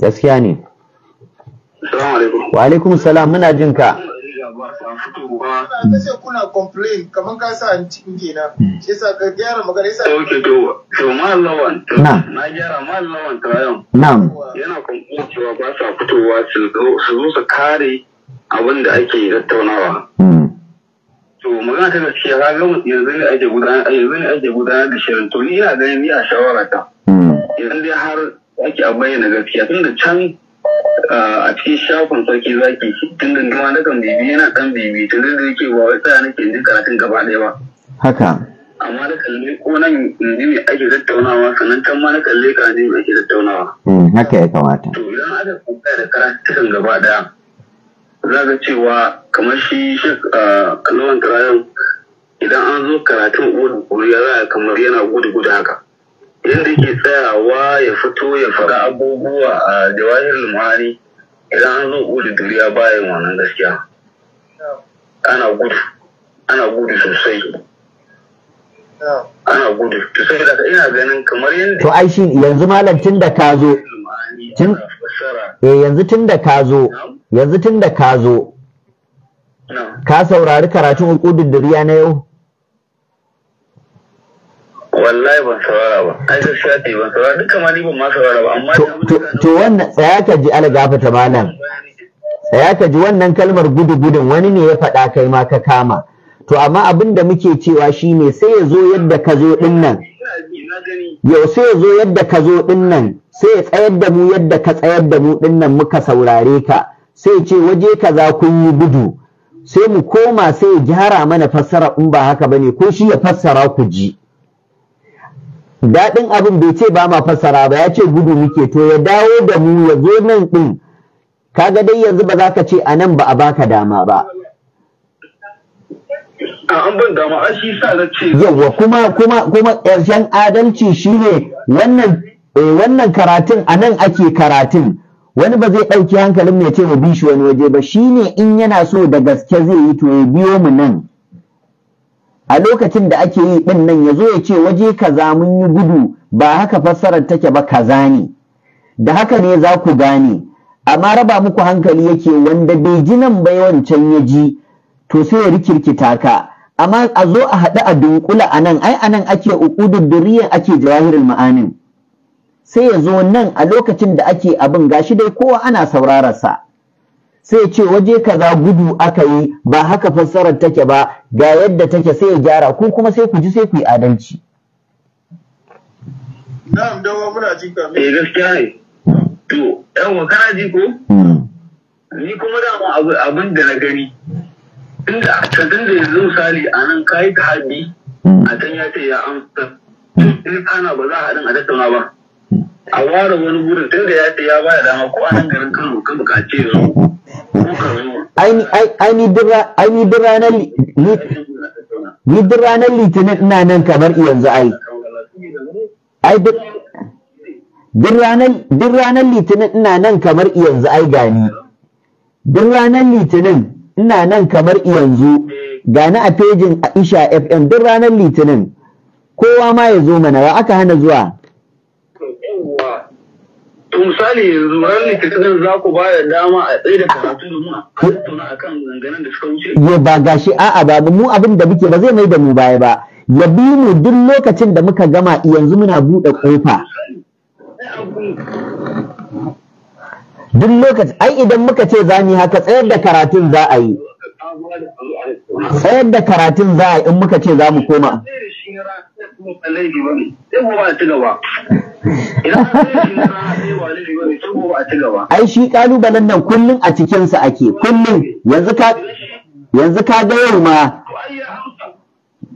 gaskiya ne wa alaikum salam muna jin ka kace kuna complain kaman ka sa an cikin kenan hmm. shi yasa ka gyara magana yasa okay to to mallawan na gyara mallawan kayan na'am yana complain cewa ba sa fitowa su zo su kare abin da ake tattaunawa hmm. to magana ta gaskiya ka ga yanzu ne ake gudanar yanzu ne ake gudanar da shirin to ni ina ganin ni a shawara ta hmm. idan dai har ake a bayyana gaskiya tun da can a cikin shafin sarki zaki tun da kuma na kan bibi yana kan bibi tun da yake ba wai tsaya nake jin karatun gaba ɗaya ba haka amma na kalle ko nan in ji me ake tattaunawa sannan can ma na kalle ka ji me ake tattaunawa mm, haka ya kamata to idan aka kuka da karatun gaba ɗaya za ka cewa kamar shi shi a lawan idan an zo karatun uwar ya za a kamar yana gudu gudu haka yadda yake tsayawa ya fito ya faɗa abubuwa a jawahir lumani idan an zo gudu duriya bayan wannan gaskiya ana gudu ana gudu sosai ana gudu to sai da ina ganin kamar yadda to ai shi yanzu malam tun da ka zo tun eh yanzu tun da ka zo yanzu tun da ka zo ka saurari karatun uqudud duriya na yau wallahi ban saurara ba ai gaskiya ce ban saurara duka ma ni ban ma saurara ba amma to wannan tsaya ka ji algafa malam tsaya ka ji wannan kalmar gudu gudun wani ne ya faɗa kai ma ka kama to amma abin da muke cewa shine sai ya zo yadda ka zo din nan yau sai ya zo yadda ka zo din nan sai ya tsayar da mu yadda ka tsayar da mu din nan muka saurare ka sai ce waje kaza kun yi gudu sai mu koma sai ya gyara mana fassara in ba haka bane ko shi ya fassara ku ji daɗin abin bai ce ba ma fassara ba ya ce gudu muke to ya dawo da mu ya zo nan ɗin kaga dai yanzu ba za ka ce a nan ba a baka dama ba yawwa kuma kuma kuma ƙarshen adalci shine wannan eh, wannan karatun a nan ake karatun wani ba zai ɗauki hankalin mai ce mu bi shi wani waje ba shine in yana so da gaske zai yi to ya biyo mu nan a lokacin da ake yi ɗin nan ya zo ya ce waje kaza mun yi gudu ba haka fassarar take ba kaza ne da haka ne za ku gane amma raba muku hankali yake wanda bai ji nan ba yawancan ya ji to sai ya rikirkita ka amma a zo a haɗu a dunkula a nan ai a nan ake uƙudu duriya ake jawahirin ma'anin sai ya zo nan a lokacin da ake abin gashi dai kowa ana saurararsa sai ce waje kaza gudu aka yi ba haka fassarar take ba ga yadda take sai ya gyara ko kuma sai ku ji sai ku yi adalci na'am dawa muna ji ka eh gaskiya ne to yawa kana ji ko hmm. ni kuma da abin da na gani inda aka dinda yanzu misali a nan ka yi ta haɗi hmm. a can ya ce ya amsa in kana ba za a haɗin a tattauna ba a ware wani gurin tunda ya ce ya baya dama ko a nan garin kano ka buƙaci yanzu Ai duk ranar ni duk ranar litinin ina nan kamar yanzu ai duk ranar litinin ina nan kamar yanzu ai gani duk ranar litinin ina nan kamar yanzu gani a fejin Aisha FM duk ranar litinin kowa ma ya zo mana ba aka hana zuwa To misali yanzu ran litinin za ku ba da dama a tsaye da karatu domin a tattauna akan zanganan da suka wuce. Yau ba gashi a'a ba mu abin da muke ba zai mai da mu baya ba. Ya bi mu duk lokacin da muka gama yanzu muna buɗe ƙofa. Duk lokacin ai idan muka ce za mu haka tsayar da karatun za a yi. Tsayar da karatun za a yi in muka ce za mu koma. kuma ba laifi ba ne sai na ba ne sai a ci gaba ai shi kalubalen nan kullum a cikinsa ake kullum yanzu ka yanzu ka ga yau ma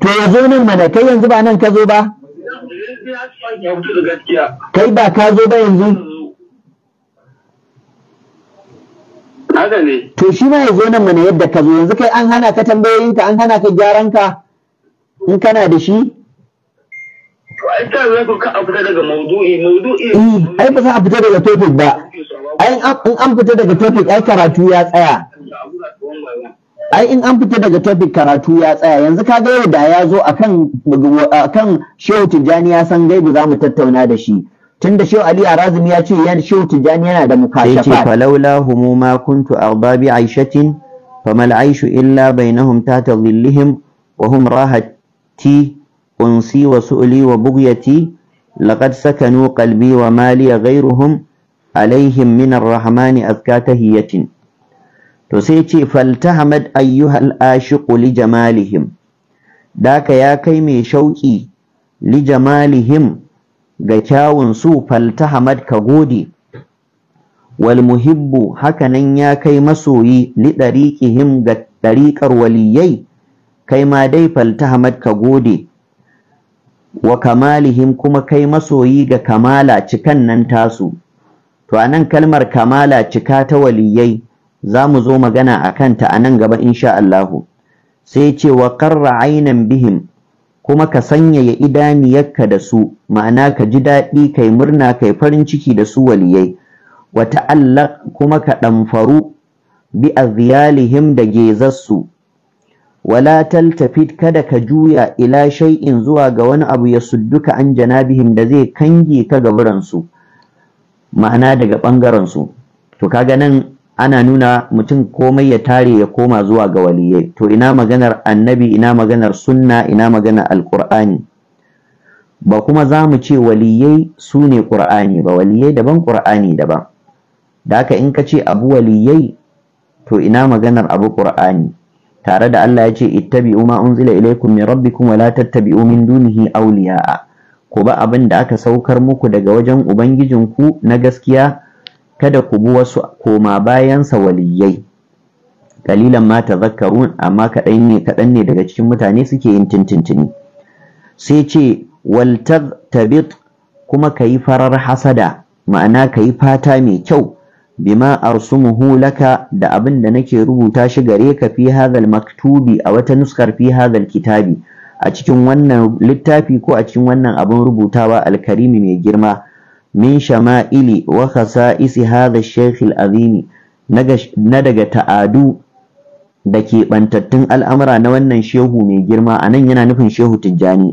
to ya zo nan mana kai yanzu ba nan ka zo ba kai ba ka zo ba yanzu Haka ne. To shi ma ya zo nan mana yadda ka zo yanzu kai an hana ka tambayoyinka an hana ka gyaran ka in kana da shi? Eh, ai ba za a fita daga topic ba ai in an fita daga topic ai karatu ya tsaya ai in an fita daga topic karatu ya tsaya yanzu ka gaya da ya zo akan akan Shehu Tijjani ya san gaibu za mu tattauna da shi tunda Shehu Ali Arazumi ya ce yan Shehu Tijjani yana da mukashafa yace falaula humuma kuntu arda aishatin famal aishu illa bainahum ta dhillihim wa hum rahati أنسي وسؤلي وبغيتي لقد سكنوا قلبي ومالي غيرهم عليهم من الرحمن أذكى تهية تسيتي فالتهمت أيها الآشق لجمالهم داك يا كيمي شوكي لجمالهم غتاون سو فالتهمت كغودي والمحب هكذا يا كي مسوي لطريقهم غتريق الوليي كيما دي فالتهمت كغودي wa kamalihim kuma kai masoyi ga kamala cikan nan tasu to anan kalmar kamala cika ta waliyai za mu zo magana a kanta a nan gaba insha Allahu sai ce wa qarra ainan bihim kuma ka sanyaya idaniyarka da su ma'ana ka ji daɗi kai murna kai farin ciki da su waliyai wa ta'allaq kuma ka ɗamfaru bi azyalihim da gezassu wala taltafid kada ka juya ila shay'in zuwa ga wani abu ya sudduka an janabihim da zai kange ka gaburan su ma'ana daga bangaren su to kaga nan ana nuna mutum komai ya tare ya koma zuwa ga waliyai to ina maganar annabi ina maganar sunna ina maganar alqur'ani ba kuma za mu ce waliyai su ne ƙur'ani ba waliyai daban ƙur'ani daban da haka in ka ce abu waliyai to ina maganar abu ƙur'ani tare da Allah ya ce ittabi'u ma unzila ilaykum min rabbikum wa la tattabi'u min dunihi awliya ku ba abin da aka saukar muku daga wajen ubangijinku na gaskiya kada ku bi wasu koma bayan sa waliyyai. kalilan ma tazakkarun amma kaɗan ne ne daga cikin mutane suke yin tintintini sai ce wal tabit kuma kayi farar hasada ma'ana kayi fata mai kyau bima arsumuhu laka da abin da nake rubuta shi gare ka fi hadhal maktubi a wata nuskar fi hadhal kitabi a cikin wannan littafi ko a cikin wannan abin rubutawa alkarimi mai girma min shama'ili wa khasa'isi hadha shaykh al-azimi na daga ta'adu da ke bantattun al'amura na wannan shehu mai girma anan yana nufin shehu tijjani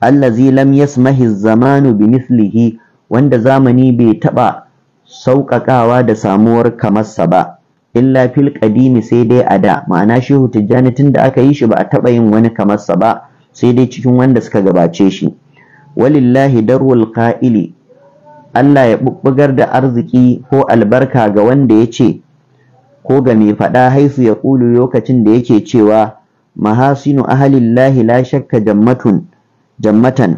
allazi lam yasmahi zamanu bi mislihi wanda zamani bai taba sauƙaƙawa da samuwar kamarsa ba illa fil ƙadimi sai dai a da ma'ana shehu tijjani tun da aka yi shi ba a taɓa yin wani kamarsa ba sai dai cikin wanda suka gabace shi walillahi darwal ƙa'ili Allah ya ɓuɓɓugar da arziki ko albarka ga wanda ya ce ko ga mai faɗa haisu ya ƙulu lokacin da yake cewa mahasinu ahalillahi la shakka jammatan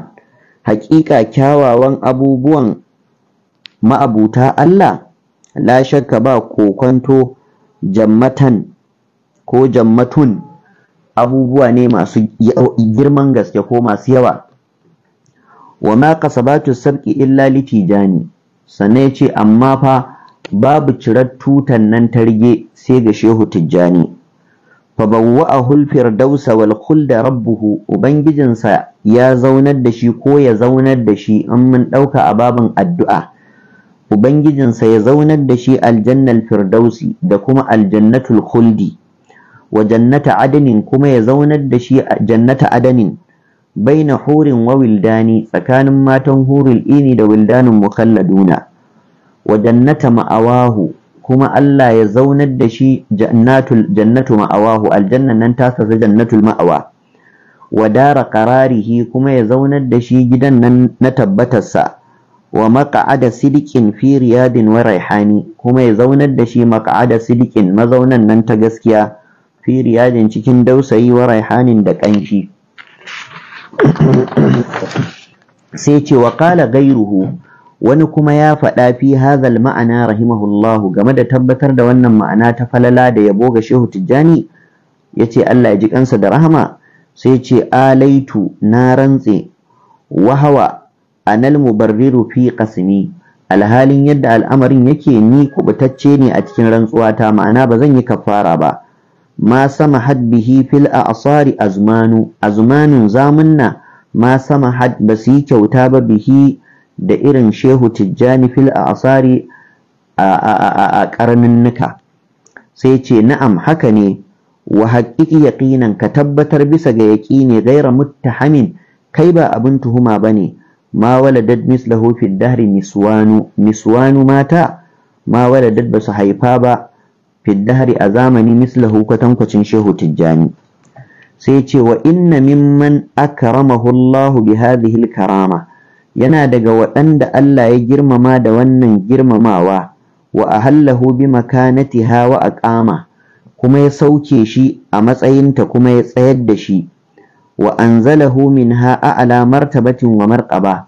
haƙiƙa kyawawan abubuwan ma'abuta Allah la shakka ba kokonto jammatan ko jammatun abubuwa ne masu girman gaske ko masu yawa wa ma kasabatu sabqi illa litijani sannan ce, amma fa babu cirar tutan nan ta sai ga shehu tijjani fa bawwa'ahu al dausa wal khulda rabbuhu ubangijinsa ya zaunar da shi ko ya zaunar da shi in mun ɗauka a babin addu'a ubangijinsa ya zaunar da shi aljannal firdausi da kuma aljannatul khuldi wa jannata adanin kuma ya zaunar da shi jannata adanin baina hurin wa wildani tsakanin matan hurin ini da wildanin mukalladuna wa jannata ma'awahu kuma Allah ya zaunar da shi jannatul jannatu ma'awahu aljannan nan ta jannatul ma'awa wa dara kuma ya zaunar da shi gidan nan na tabbatarsa wa maka'ada sidikin fi riyadin wa raihani kuma ya zaunar da shi maka'ada sidikin mazaunan nan ta gaskiya fi riyadin cikin dausayi wa raihanin da kanshi sai ce wa kala gairuhu wani kuma ya faɗa fi hazal ma'ana rahimahullahu game da tabbatar da wannan ma'ana ta falala da yabo ga shehu tijjani Yace Allah ya ji kansa da rahama sai ce alaitu na rantse wahawa anal mubarriru fi qasmi alhalin yadda al'amarin yake ni kubutacce ne a cikin rantsuwata ma'ana ba zan yi kafara ba ma sama hadbihi fil a'sari azmanu azmanun zamunna ma sama had ba su yi kyauta ba bihi da irin shehu tijjani fil a'sari a karamin nuka sai ce na'am haka ne wa haƙiƙi yaqinan ka tabbatar bisa ga yaƙini gaira muttahamin kai ba abin tuhuma bane ma waladat mislahu fi dahri niswanu mata ma waladat ba su haifa ba fi dahri a zamani mislahu kwatankwacin shehu tijjani sai ce wa inna mimman akramahu Allahu bi hadhihi karama yana daga waɗanda Allah ya girmama da wannan girmamawa wa ahallahu bi makanatiha a aqama kuma ya sauke shi a matsayinta kuma ya tsayar da shi wa anzalahu minha a'la martabatin wa marqaba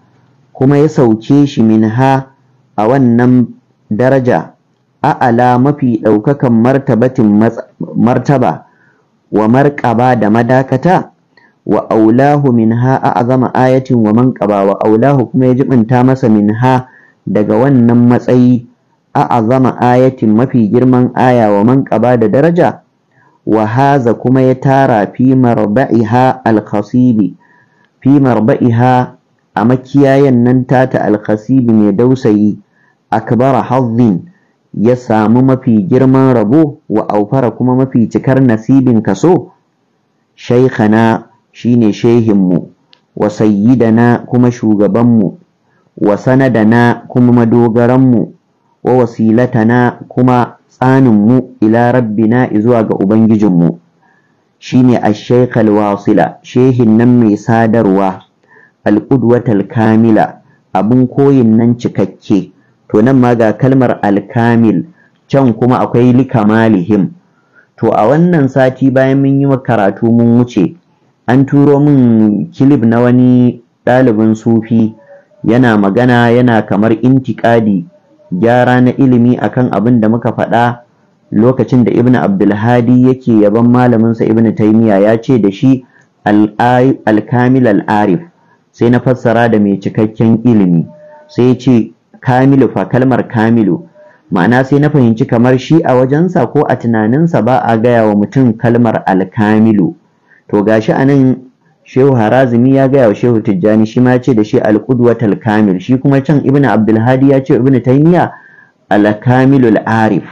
kuma ya sauke shi minha a wannan daraja a'la mafi ɗaukakan martabatin martaba wa marqaba da madakata wa aulahu minha a'zama ayatin wa manqaba wa aulahu kuma ya jibinta masa minha daga wannan matsayi a'zama ayatin mafi girman aya wa manqaba da daraja Wahaza kuma ya tara fi marba'iha alkhasibi fi marba'iha a makiyayan nan tata alkhasibi mai dausayi akbara hazzin ya samu mafi girman rabo wa aufara kuma mafi cikar nasibin kaso shaikhana shine shehinmu wa na kuma shugabanmu wa sanadana kuma madogaranmu wa wasilatana kuma tsaninmu ila rabbina izuwa ga ubangijinmu shine ne a wasila shehin nan mai sadarwa alƙudwatal kamila abun koyin nan cikakke to nan ma ga kalmar alkamil can kuma akwai likamalihim to a wannan sati bayan mun yi karatu mun wuce an turo min kilib na wani ɗalibin sufi yana magana yana kamar intikadi gyara na ilimi akan abin da muka faɗa lokacin da ibn abdulhadi yake yaban malaminsa ibn taimiya ya ce da shi alkamil al'arif sai na fassara da mai cikakken ilimi sai ce kamilu fa kalmar kamilu ma'ana sai na fahimci kamar shi a wajensa ko a tunaninsa ba a gaya wa mutum kalmar alkamilu to gashi a nan shehu harazimi ya gaya wa shehu tijjani shi ma ya ce da shi alƙudwatal kamil shi kuma can ibnu abdulhadi ya ce ibnu taymiya al-kamilul arif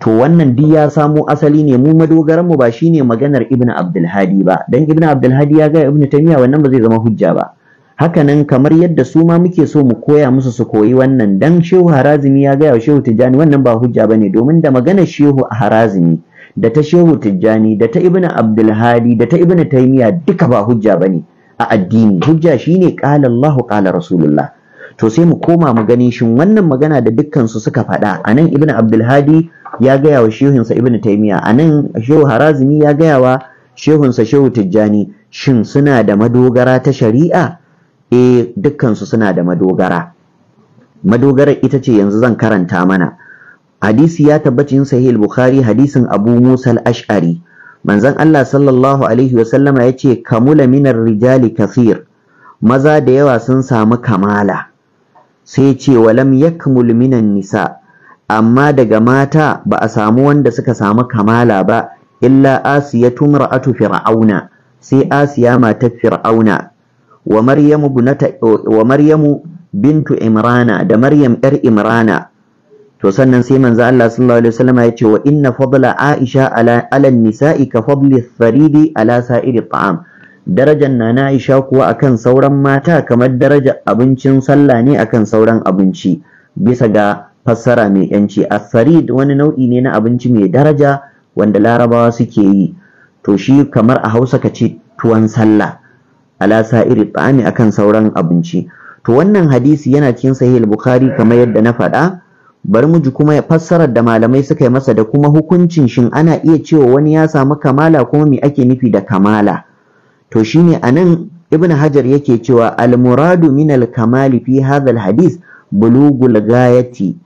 to wannan duk ya samo asali ne mu madogaran mu ba shine maganar ibnu abdulhadi ba dan ibnu abdulhadi ya gaya ibnu taymiya wannan ba zai zama hujja ba hakanan kamar yadda su ma muke so mu koya musu su koyi wannan dan shehu harazimi ya gaya wa shehu tijjani wannan ba hujja bane domin da maganar shehu harazimi da ta shehu tijjani da ta ibnu abdulhadi da ta ibnu taimiya duka ba hujja bane a addini hujja shine qala Allahu qala rasulullah to sai mu koma mu gani shin wannan magana da dukkan su suka faɗa anan ibnu abdulhadi ya gaya wa shehunsa ibnu A anan shehu harazimi ya gaya wa shehunsa shehu tijjani shin suna da madogara ta shari'a eh dukkan su suna da madogara madogarar ita ce yanzu zan karanta mana hadisi ya tabbaci yin sahih bukhari hadisin abu musa al-ash'ari manzon Allah sallallahu alaihi wa sallama yace kamula minar rijali kathir maza da yawa sun samu kamala sai yace walam yakmul minan nisa amma daga mata ba a samu wanda suka samu kamala ba illa asiyatu tumra'atu fir'auna sai asiya matar fir'auna wa maryamu bintu imrana da maryam yar imrana to sannan sai manzo Allah sallallahu alaihi wasallam ya ce wa inna fadla Aisha ala alan nisa'i ka fadli faridi ala sa'iri ta'am darajar nana Aisha kuwa akan sauran mata kamar darajar abincin sallah ne akan sauran abinci bisa ga fassara mai yanci as-sarid wani nau'i ne na abinci mai daraja wanda larabawa suke yi to shi kamar a Hausa ka ce tuwon sallah ala sa'iri ta'ami akan sauran abinci to wannan hadisi yana cikin sahih al-bukhari kamar yadda na faɗa bari mu ji kuma fassarar da malamai suka yi masa da kuma hukuncin shin ana iya cewa wani ya samu kamala kuma me ake nufi da kamala to shine anan ibnu hajar yake cewa al-muradu min al-kamali fi hadha al-hadith bulugul ghayati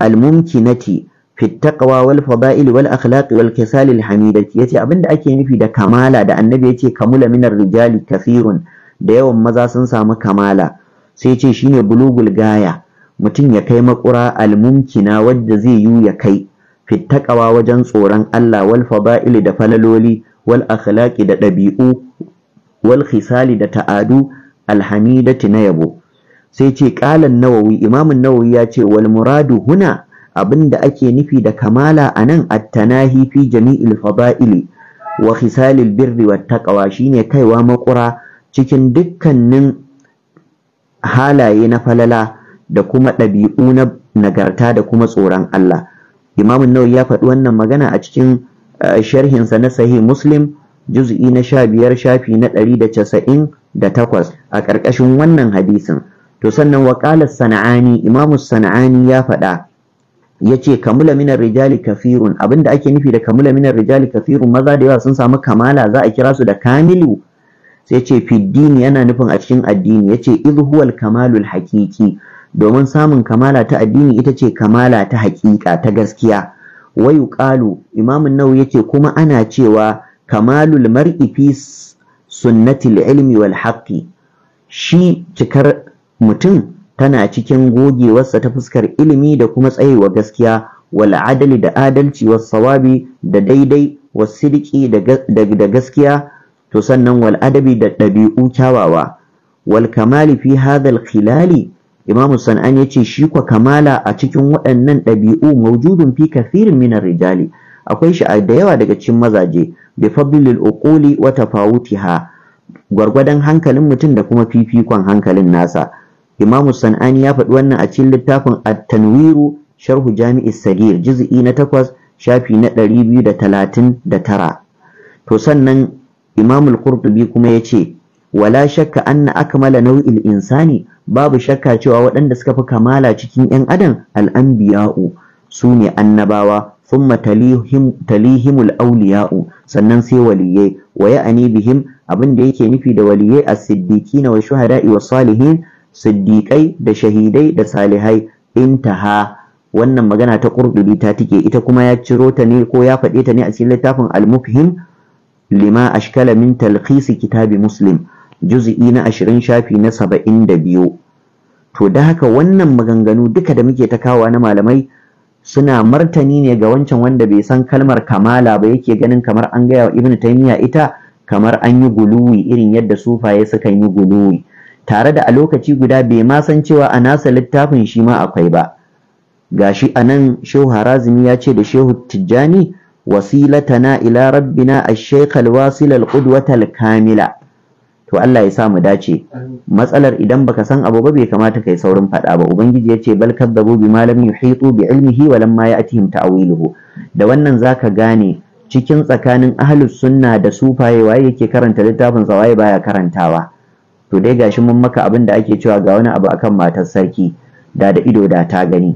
al-mumkinati fi taqwa wal fada'il wal akhlaq wal kisal al hamidati yace abinda ake nufi da kamala da annabi yace kamula min ar-rijali kathirun da yawan maza sun samu kamala sai yace shine bulugul ghayati mutum ya kai makura almumkina wadda zai yi ya kai fittakawa wajen tsoron Allah wal fada'ili da falaloli wal akhlaqi da ɗabi'u wal khisali da ta'adu alhamidati na yabo sai ce qalan nawawi imamun nawawi ya ce wal muradu huna abinda ake nufi da kamala anan attanahi fi jami'il fada'ili wa khisalil birri wat taqwa shine kaiwa makura cikin dukkanin halaye na falala da kuma ɗabi'u na nagarta da kuma tsoron Allah imamun nawawi ya faɗi wannan magana a cikin eh, sharhinsa na sahih muslim juz'i na sha biyar shafi na ɗari da casa'in da takwas a ƙarƙashin wannan hadisin to sannan waƙala sana'ani imamu sana'ani ya faɗa ya ce kamula minar rijali kafirun abinda ake nufi da kamula minar rijali kafirun maza da yawa sun samu kamala za a kira su da kamilu sai ce fiddini yana nufin a cikin addini ya ce idhuwal kamalul hakiki domin samun kamala ta addini ita ce kamala ta haƙiƙa ta gaskiya Wai yuqalu imamun nau yake kuma ana cewa kamalul mar'i fi sunnatil ilmi wal haqqi shi cikar mutum tana cikin gogewarsa ta fuskar ilimi da kuma tsayewa gaskiya wal adali da adalci was sawabi da daidai was sidiki da gaskiya to sannan wal adabi da ɗabi'u kyawawa wal kamali fi hadha al khilali imamu san'an ya ce shi kwa kamala a cikin waɗannan ɗabi'u maujudun fi kafirin minar rijali akwai shi da yawa daga cikin mazaje bi fadlil uquli wa tafawutiha gwargwadon hankalin mutum da kuma fifikon hankalin nasa imamu san'ani ya faɗi wannan a cikin littafin at-tanwiru sharhu jami'is sagir juz'i na takwas shafi na ɗari da talatin da tara to sannan imamul qurtubi kuma ya ce wala shakka anna akmala nau'il insani babu shakka cewa waɗanda suka fi kamala cikin 'yan adam al'anbiya'u su ne annabawa thumma talihimul auliya'u sannan sai waliyai wa ya'ani bihim abin da yake nufi da waliyai as-siddiqina wa shuhada'i wa salihin siddiqai da shahidai da salihai intaha wannan magana ta ƙurɗuri ta tike ita kuma ya ciro ta ne ko ya faɗe ta ne a cikin littafin al-mufhim lima ashkala min talkhisi kitabi muslim juz'i na ashirin shafi na saba'in da biyu to da haka wannan maganganu duka da muke ta na malamai suna martani ne ga wancan wanda bai san kalmar kamala ba yake ganin kamar an gaya wa ibnu taymiya ita kamar an yi guluwi irin yadda sufaye sukan yi guluwi tare da a lokaci guda bai ma san cewa a nasa littafin shi ma akwai ba gashi anan shehu harazimi ya ce da shehu tijjani wasilatana ila rabbina ash-shaykh al-wasil al-qudwata al-kamila to Allah ya sa mu dace matsalar idan baka san abu ba bai kamata kai saurin faɗa ba ubangiji ya ce bal kadzabu bima lam yuhitu bi ilmihi wa lamma ya'tihim ta'wiluhu da wannan zaka gane cikin tsakanin ahlus sunna da sufaye waye yake karanta littafin sa waye baya karantawa to dai gashi mun maka abin da ake cewa ga wani abu akan matar sarki da da ido da ta gani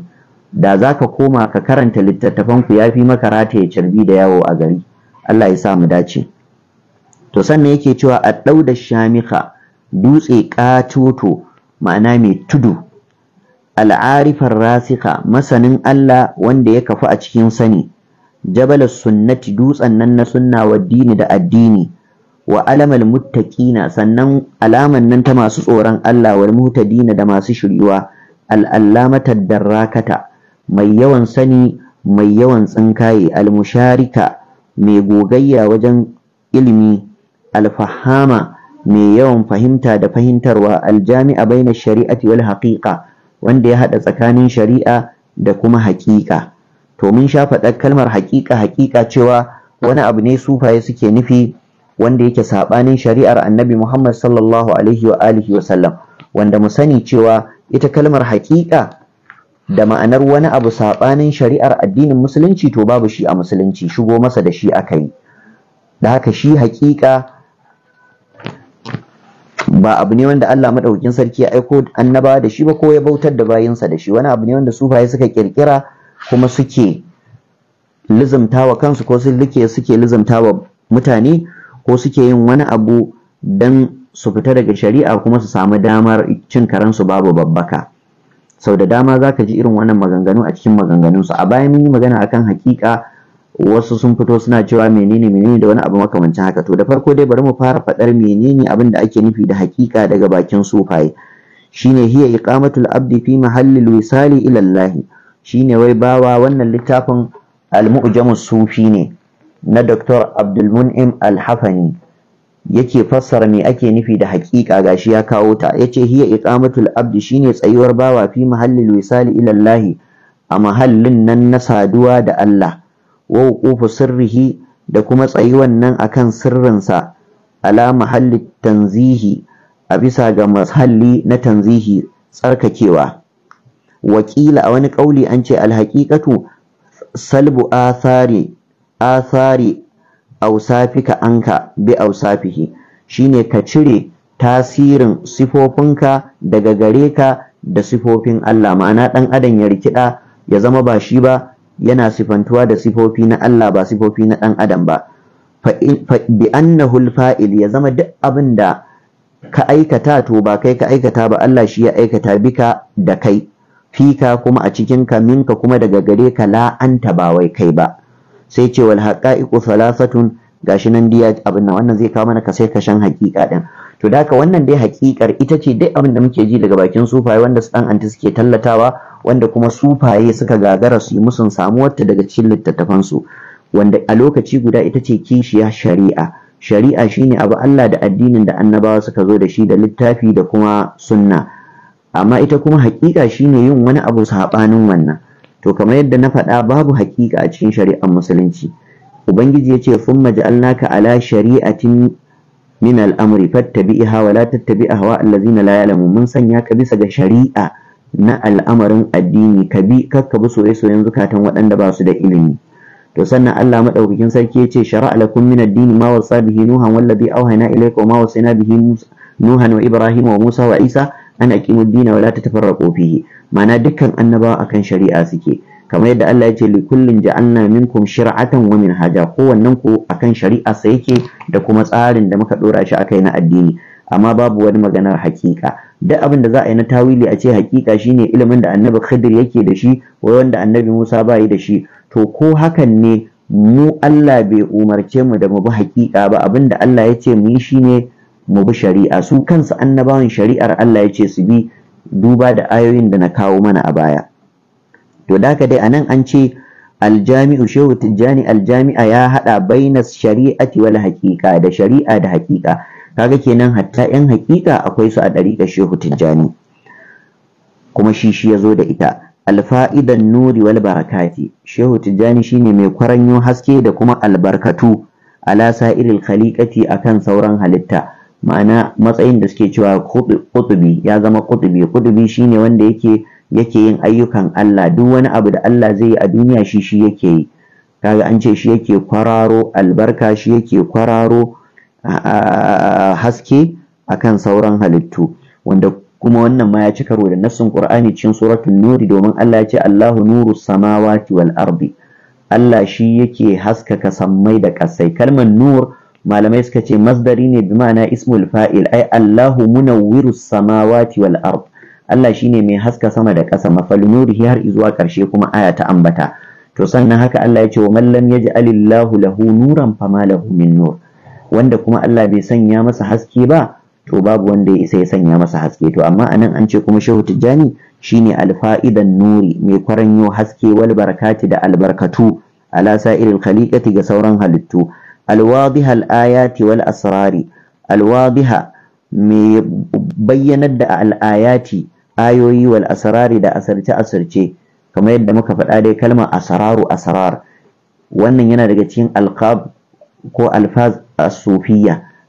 da zaka koma ka karanta littattafan ku yafi maka rataye cirbi da yawo a gari Allah ya sa mu dace to sannan yake cewa a ɗau da shamika dutse ƙatoto ma'ana mai tudu al'arifar rasika masanin Allah wanda ya kafu a cikin sani jabalar sunnati dutsen nan na sunna wa dini da addini wa alamal muttaqina sannan alaman nan ta masu tsoron Allah wal dina da masu shiryuwa al'allamatar darrakata mai yawan sani mai yawan tsinkaye al mai gogayya wajen ilimi alfahama mai yawan fahimta da fahimtarwa aljami'a baina shari'ati wal haqiqa wanda ya hada tsakanin shari'a da kuma haqiqa to mun sha faɗar kalmar haqiqa haqiqa cewa wani abu ne sufaye suke nufi wanda yake sabanin shari'ar annabi Muhammad sallallahu alaihi wa alihi wa sallam wanda mu sani cewa ita kalmar haqiqa da ma'anar wani abu sabanin shari'ar addinin musulunci to babu shi a musulunci shigo masa da shi akai da haka shi haqiqa ba abu ne wanda Allah maɗaukin sarki ya aiko annaba da shi ba ko ya bautar da bayinsa da shi wani abu ne wanda sufaye suka kirkira kuma suke lizumtawa kansu ko su like suke lizumtawa mutane ko suke yin wani abu dan su fita daga shari'a kuma su samu damar cin su babu babbaka sau da dama zaka ji irin wannan maganganu a cikin maganganunsu a baya mun yi magana akan hakika wasu sun fito suna cewa menene menene da wani abu makamancin haka to da farko dai bari mu fara faɗar menene abin da ake nufi da haƙiƙa daga bakin sufaye shine hiya iqamatul abdi fi mahallil wisali ila Allah shine wai bawa wannan littafin al-mu'jamus sufi ne na Dr. Abdul Mun'im Al-Hafani yake fassara me ake nufi da haƙiƙa gashi ya kawo ta yace hiya iqamatul abdi shine tsayuwar bawa fi mahallil wisali ila Allah a mahallin nan na saduwa da Allah wa sirrihi da kuma tsayi wannan akan sirrinsa ala mahalli tanzihi a bisa ga mahalli na tanzihi tsarkakewa wakila a wani kauli an ce alhaqiqatu salbu athari athari ausafika anka bi ausafihi shine ka cire tasirin sifofinka daga gare ka da sifofin Allah ma'ana dan adam ya rikida ya zama ba shi ba yana sifantuwa da sifofi na Allah ba sifofi na ɗan adam ba bi annahu fa'il ya zama duk abin da ka aikata to ba kai ka aikata ba Allah shi ya aikata bika da kai fika kuma a cikin ka minka kuma daga gare ka la'anta ba wai kai ba sai ce wal haqa'iqu ga gashi nan diya abin nan wannan zai kawo mana ka sai ka shan haƙiƙa din to da haka wannan dai hakikar ita ce duk abin da muke ji daga bakin sufaye wanda su dan anti suke tallatawa wanda kuma sufaye suka gagara su yi musu samuwarta daga cikin littattafan su wanda a lokaci guda ita ce kishiya shari'a shari'a shine abu Allah da addinin da annabawa suka zo da shi da littafi da kuma sunna amma ita kuma hakika shine yin wani abu sabanin wannan to kamar yadda na faɗa babu hakika a cikin shari'ar musulunci ubangiji ya ce fumma ja'alnaka ala shari'atin min al'amri fattabi'iha wa la a hawa, allazina la ya'lamun mun sanya ka bisa ga shari'a na al'amarin addini ka bi kakka bi soye-soyen zukatan waɗanda ba su da ilimi to sannan Allah madaukakin sarki ce, shara'a lakum min addini, ma wasa bihi nuhan wallabi, awhayna ilayka wa ma wasayna bihi nuhan wa ibrahim wa musa wa isa an aqimu ad-dina wa la tatafarraqu fihi ma'ana dukkan annabawa akan shari'a suke kamar yadda Allah ya ce li kullin ja'anna minkum shir'atan wa minhaja kowannen ku akan shari'a sa yake da kuma tsarin da muka dora shi akai na addini amma babu wani maganar hakika duk abin da za a yi na tawili a ce hakika shine ilimin da annabi Khidir yake da shi wanda annabi Musa ba da shi to ko hakan ne mu Allah bai umarce mu da mu bi hakika ba abinda Allah ya ce mu yi shine mu bi shari'a su kansu annabawan shari'ar Allah ya ce su bi duba da ayoyin da na kawo mana a baya to da dai anan an ce aljami'u shehu tijjani aljami'a ya hada baina shari'ati wal haqiqa da shari'a da haqiqa kaga kenan hatta yan haqiqa akwai su a dariƙa shehu tijjani kuma shi shi yazo da ita alfa'idan nuri wal barakati shehu tijjani shine mai kwaranyo haske da kuma albarkatu ala sa'iril khaliqati akan sauran halitta ma'ana matsayin da suke cewa kutubi ya zama kutubi kutubi shine wanda yake yake yin ayyukan Allah duk wani abu da Allah zai yi a duniya shi shi yake yi kaga an ce shi yake kwararo albarka shi yake kwararo haske akan sauran halittu wanda kuma wannan ma ya ci karo da nassin Qur'ani cikin suratul nuri domin Allah ya ce Allahu nuru samawati wal ardi Allah shi yake haskaka sammai da kasai kalmar nur malamai suka ce masdari ne bi ma'ana ismul fa'il ai Allahu munawwiru samawati wal ardi Allah shine mai haska sama da ƙasa mafalin nurihi har zuwa ƙarshe kuma aya ta ambata to sannan haka Allah ya ce wa man lam yaj'alillahu lahu nuran fama lahu min nur wanda kuma Allah bai sanya masa haske ba to babu wanda ya isa ya sanya masa haske to amma anan an ce kuma Shehu Tijjani shine alfa'idan nuri mai kwaranyo haske wal barakati da albarkatu ala sa'iril khaliqati ga sauran halittu alwadiha al-ayati wal asrari alwadiha mai bayyanar da al'ayati ayoyi wal asrari da asarce asarce kamar yadda muka faɗa dai kalmar asararu asrar wannan yana daga cikin alqab ko alfaz as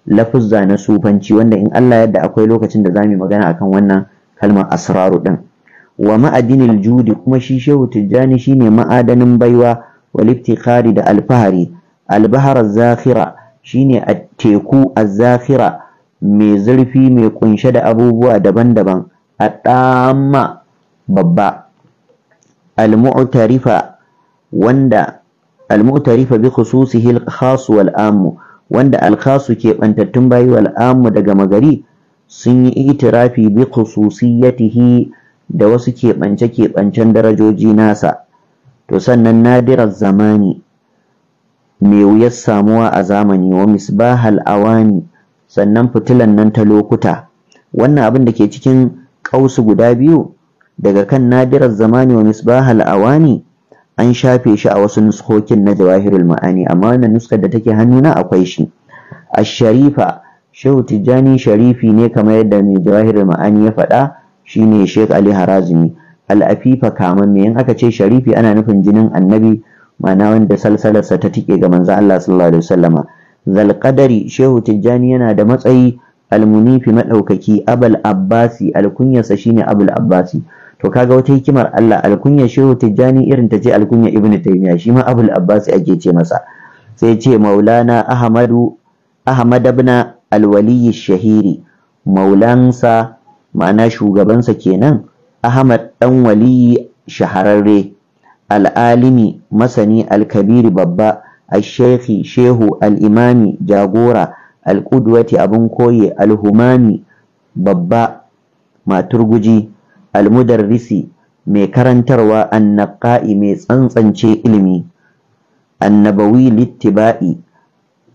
lafuzza na sufanci wanda in Allah yadda akwai lokacin da zamu magana akan wannan kalmar asraru din wa ma'adinil judi kuma shi shehu tijjani shine ma'adanin baiwa wal iftikhari da alfahari albahar zakhira shine a teku a zakhira mai zurfi mai kunshe da abubuwa daban-daban aɗamma babba almu'tarifa wanda almu'tarifa bi khususihi al wal amu wanda al-khas ke bantattun bayi wal amu daga magari sun yi itirafi bi khususiyatihi da wasu keɓance keɓancen darajoji nasa to sannan nadirar zamani mai wuyar samuwa a zamani wa misbahal awani sannan fitilan nan ta lokuta wannan abin da ke cikin ƙausu guda biyu daga kan nadirar zamani wa misbahal awani an shafe shi a wasu nuskokin na jawahirul ma'ani amma wannan nuskar da take hannuna akwai shi A sharifa shehu tijjani sharifi ne kamar yadda mai jawahirul ma'ani ya faɗa shine sheikh ali harazmi al-afifa kaman me in aka ce sharifi ana nufin jinin annabi ma'ana wanda salsalarsa ta tike ga manzo Allah sallallahu alaihi wasallama zal qadari shehu tijjani yana da matsayi almunifi maɗaukaki abul abbasi alkunyarsa shine abul abbasi to kaga wata hikimar Allah Alkunya shehu tijjani irin ta ce Alkunya ibn taymiya shi ma abul abbasi ake ce masa sai ce maulana ahmadu ahmad ibn alwali shahiri maulansa ma'ana shugabansa kenan ahmad dan waliyi shahararre al'alimi masani alkabiri babba الشيخ shehu Al-Imami jagora alƙudwati abin koyi alhumami babba maturguji almudarrisi mai karantarwa annaqa'i mai tsantsance ilimi annabawi littiba'i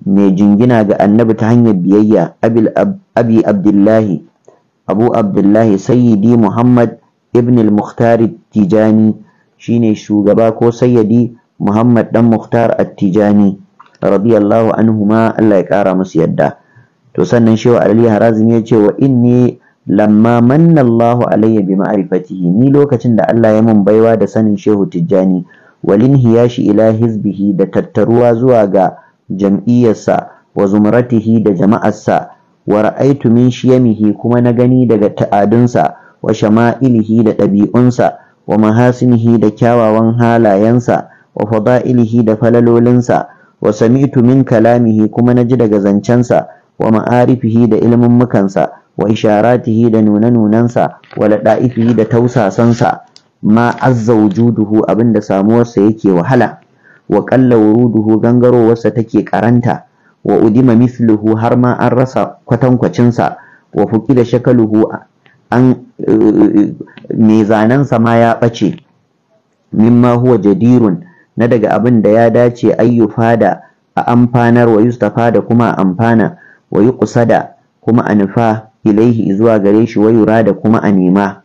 mai jingina ga annabi ta hanyar biyayya abi abdullahi abu abdullahi sayyidi muhammad ibn al-mukhtar tijani shine shugaba ko sayyidi muhammad dan mukhtar at-tijani radiyallahu anhu ma Allah ya kara musu yadda to sannan shehu alali harazim ya ce wa inni lamma manna Allahu alayya bi ma'rifatihi ni lokacin da Allah ya mun baiwa da sanin shehu tijjani walin hiyashi ila hizbihi da tattaruwa zuwa ga jam'iyyarsa wa zumratihi da jama'arsa wa ra'aitu min shiyamihi kuma na gani daga ta'adunsa wa shama'ilihi da ɗabi'unsa wa mahasinihi da kyawawan halayensa wa fada'ilihi da falalolinsa wa sami'tu min kalamihi kuma ji daga zancensa wa ma'arifihi da ilmin mukansa wa isharatihi da nune-nunensa wa lada'ifihi da tausasansa ma azza wujuduhu abinda samuwarsa yake wahala wa qalla wuruduhu gangarowarsa take karanta wa udima misluhu har ma an rasa kwatankwacinsa wa fuki da shakaluhu an eh, eh, eh, zanensa ma ya bace mimma huwa jadirun na daga abin da ya dace ayyufada a amfanar wa yustafa da kuma a amfana wa yi kusa da kuma a nufa ilaihi zuwa gare shi wayura da kuma a nema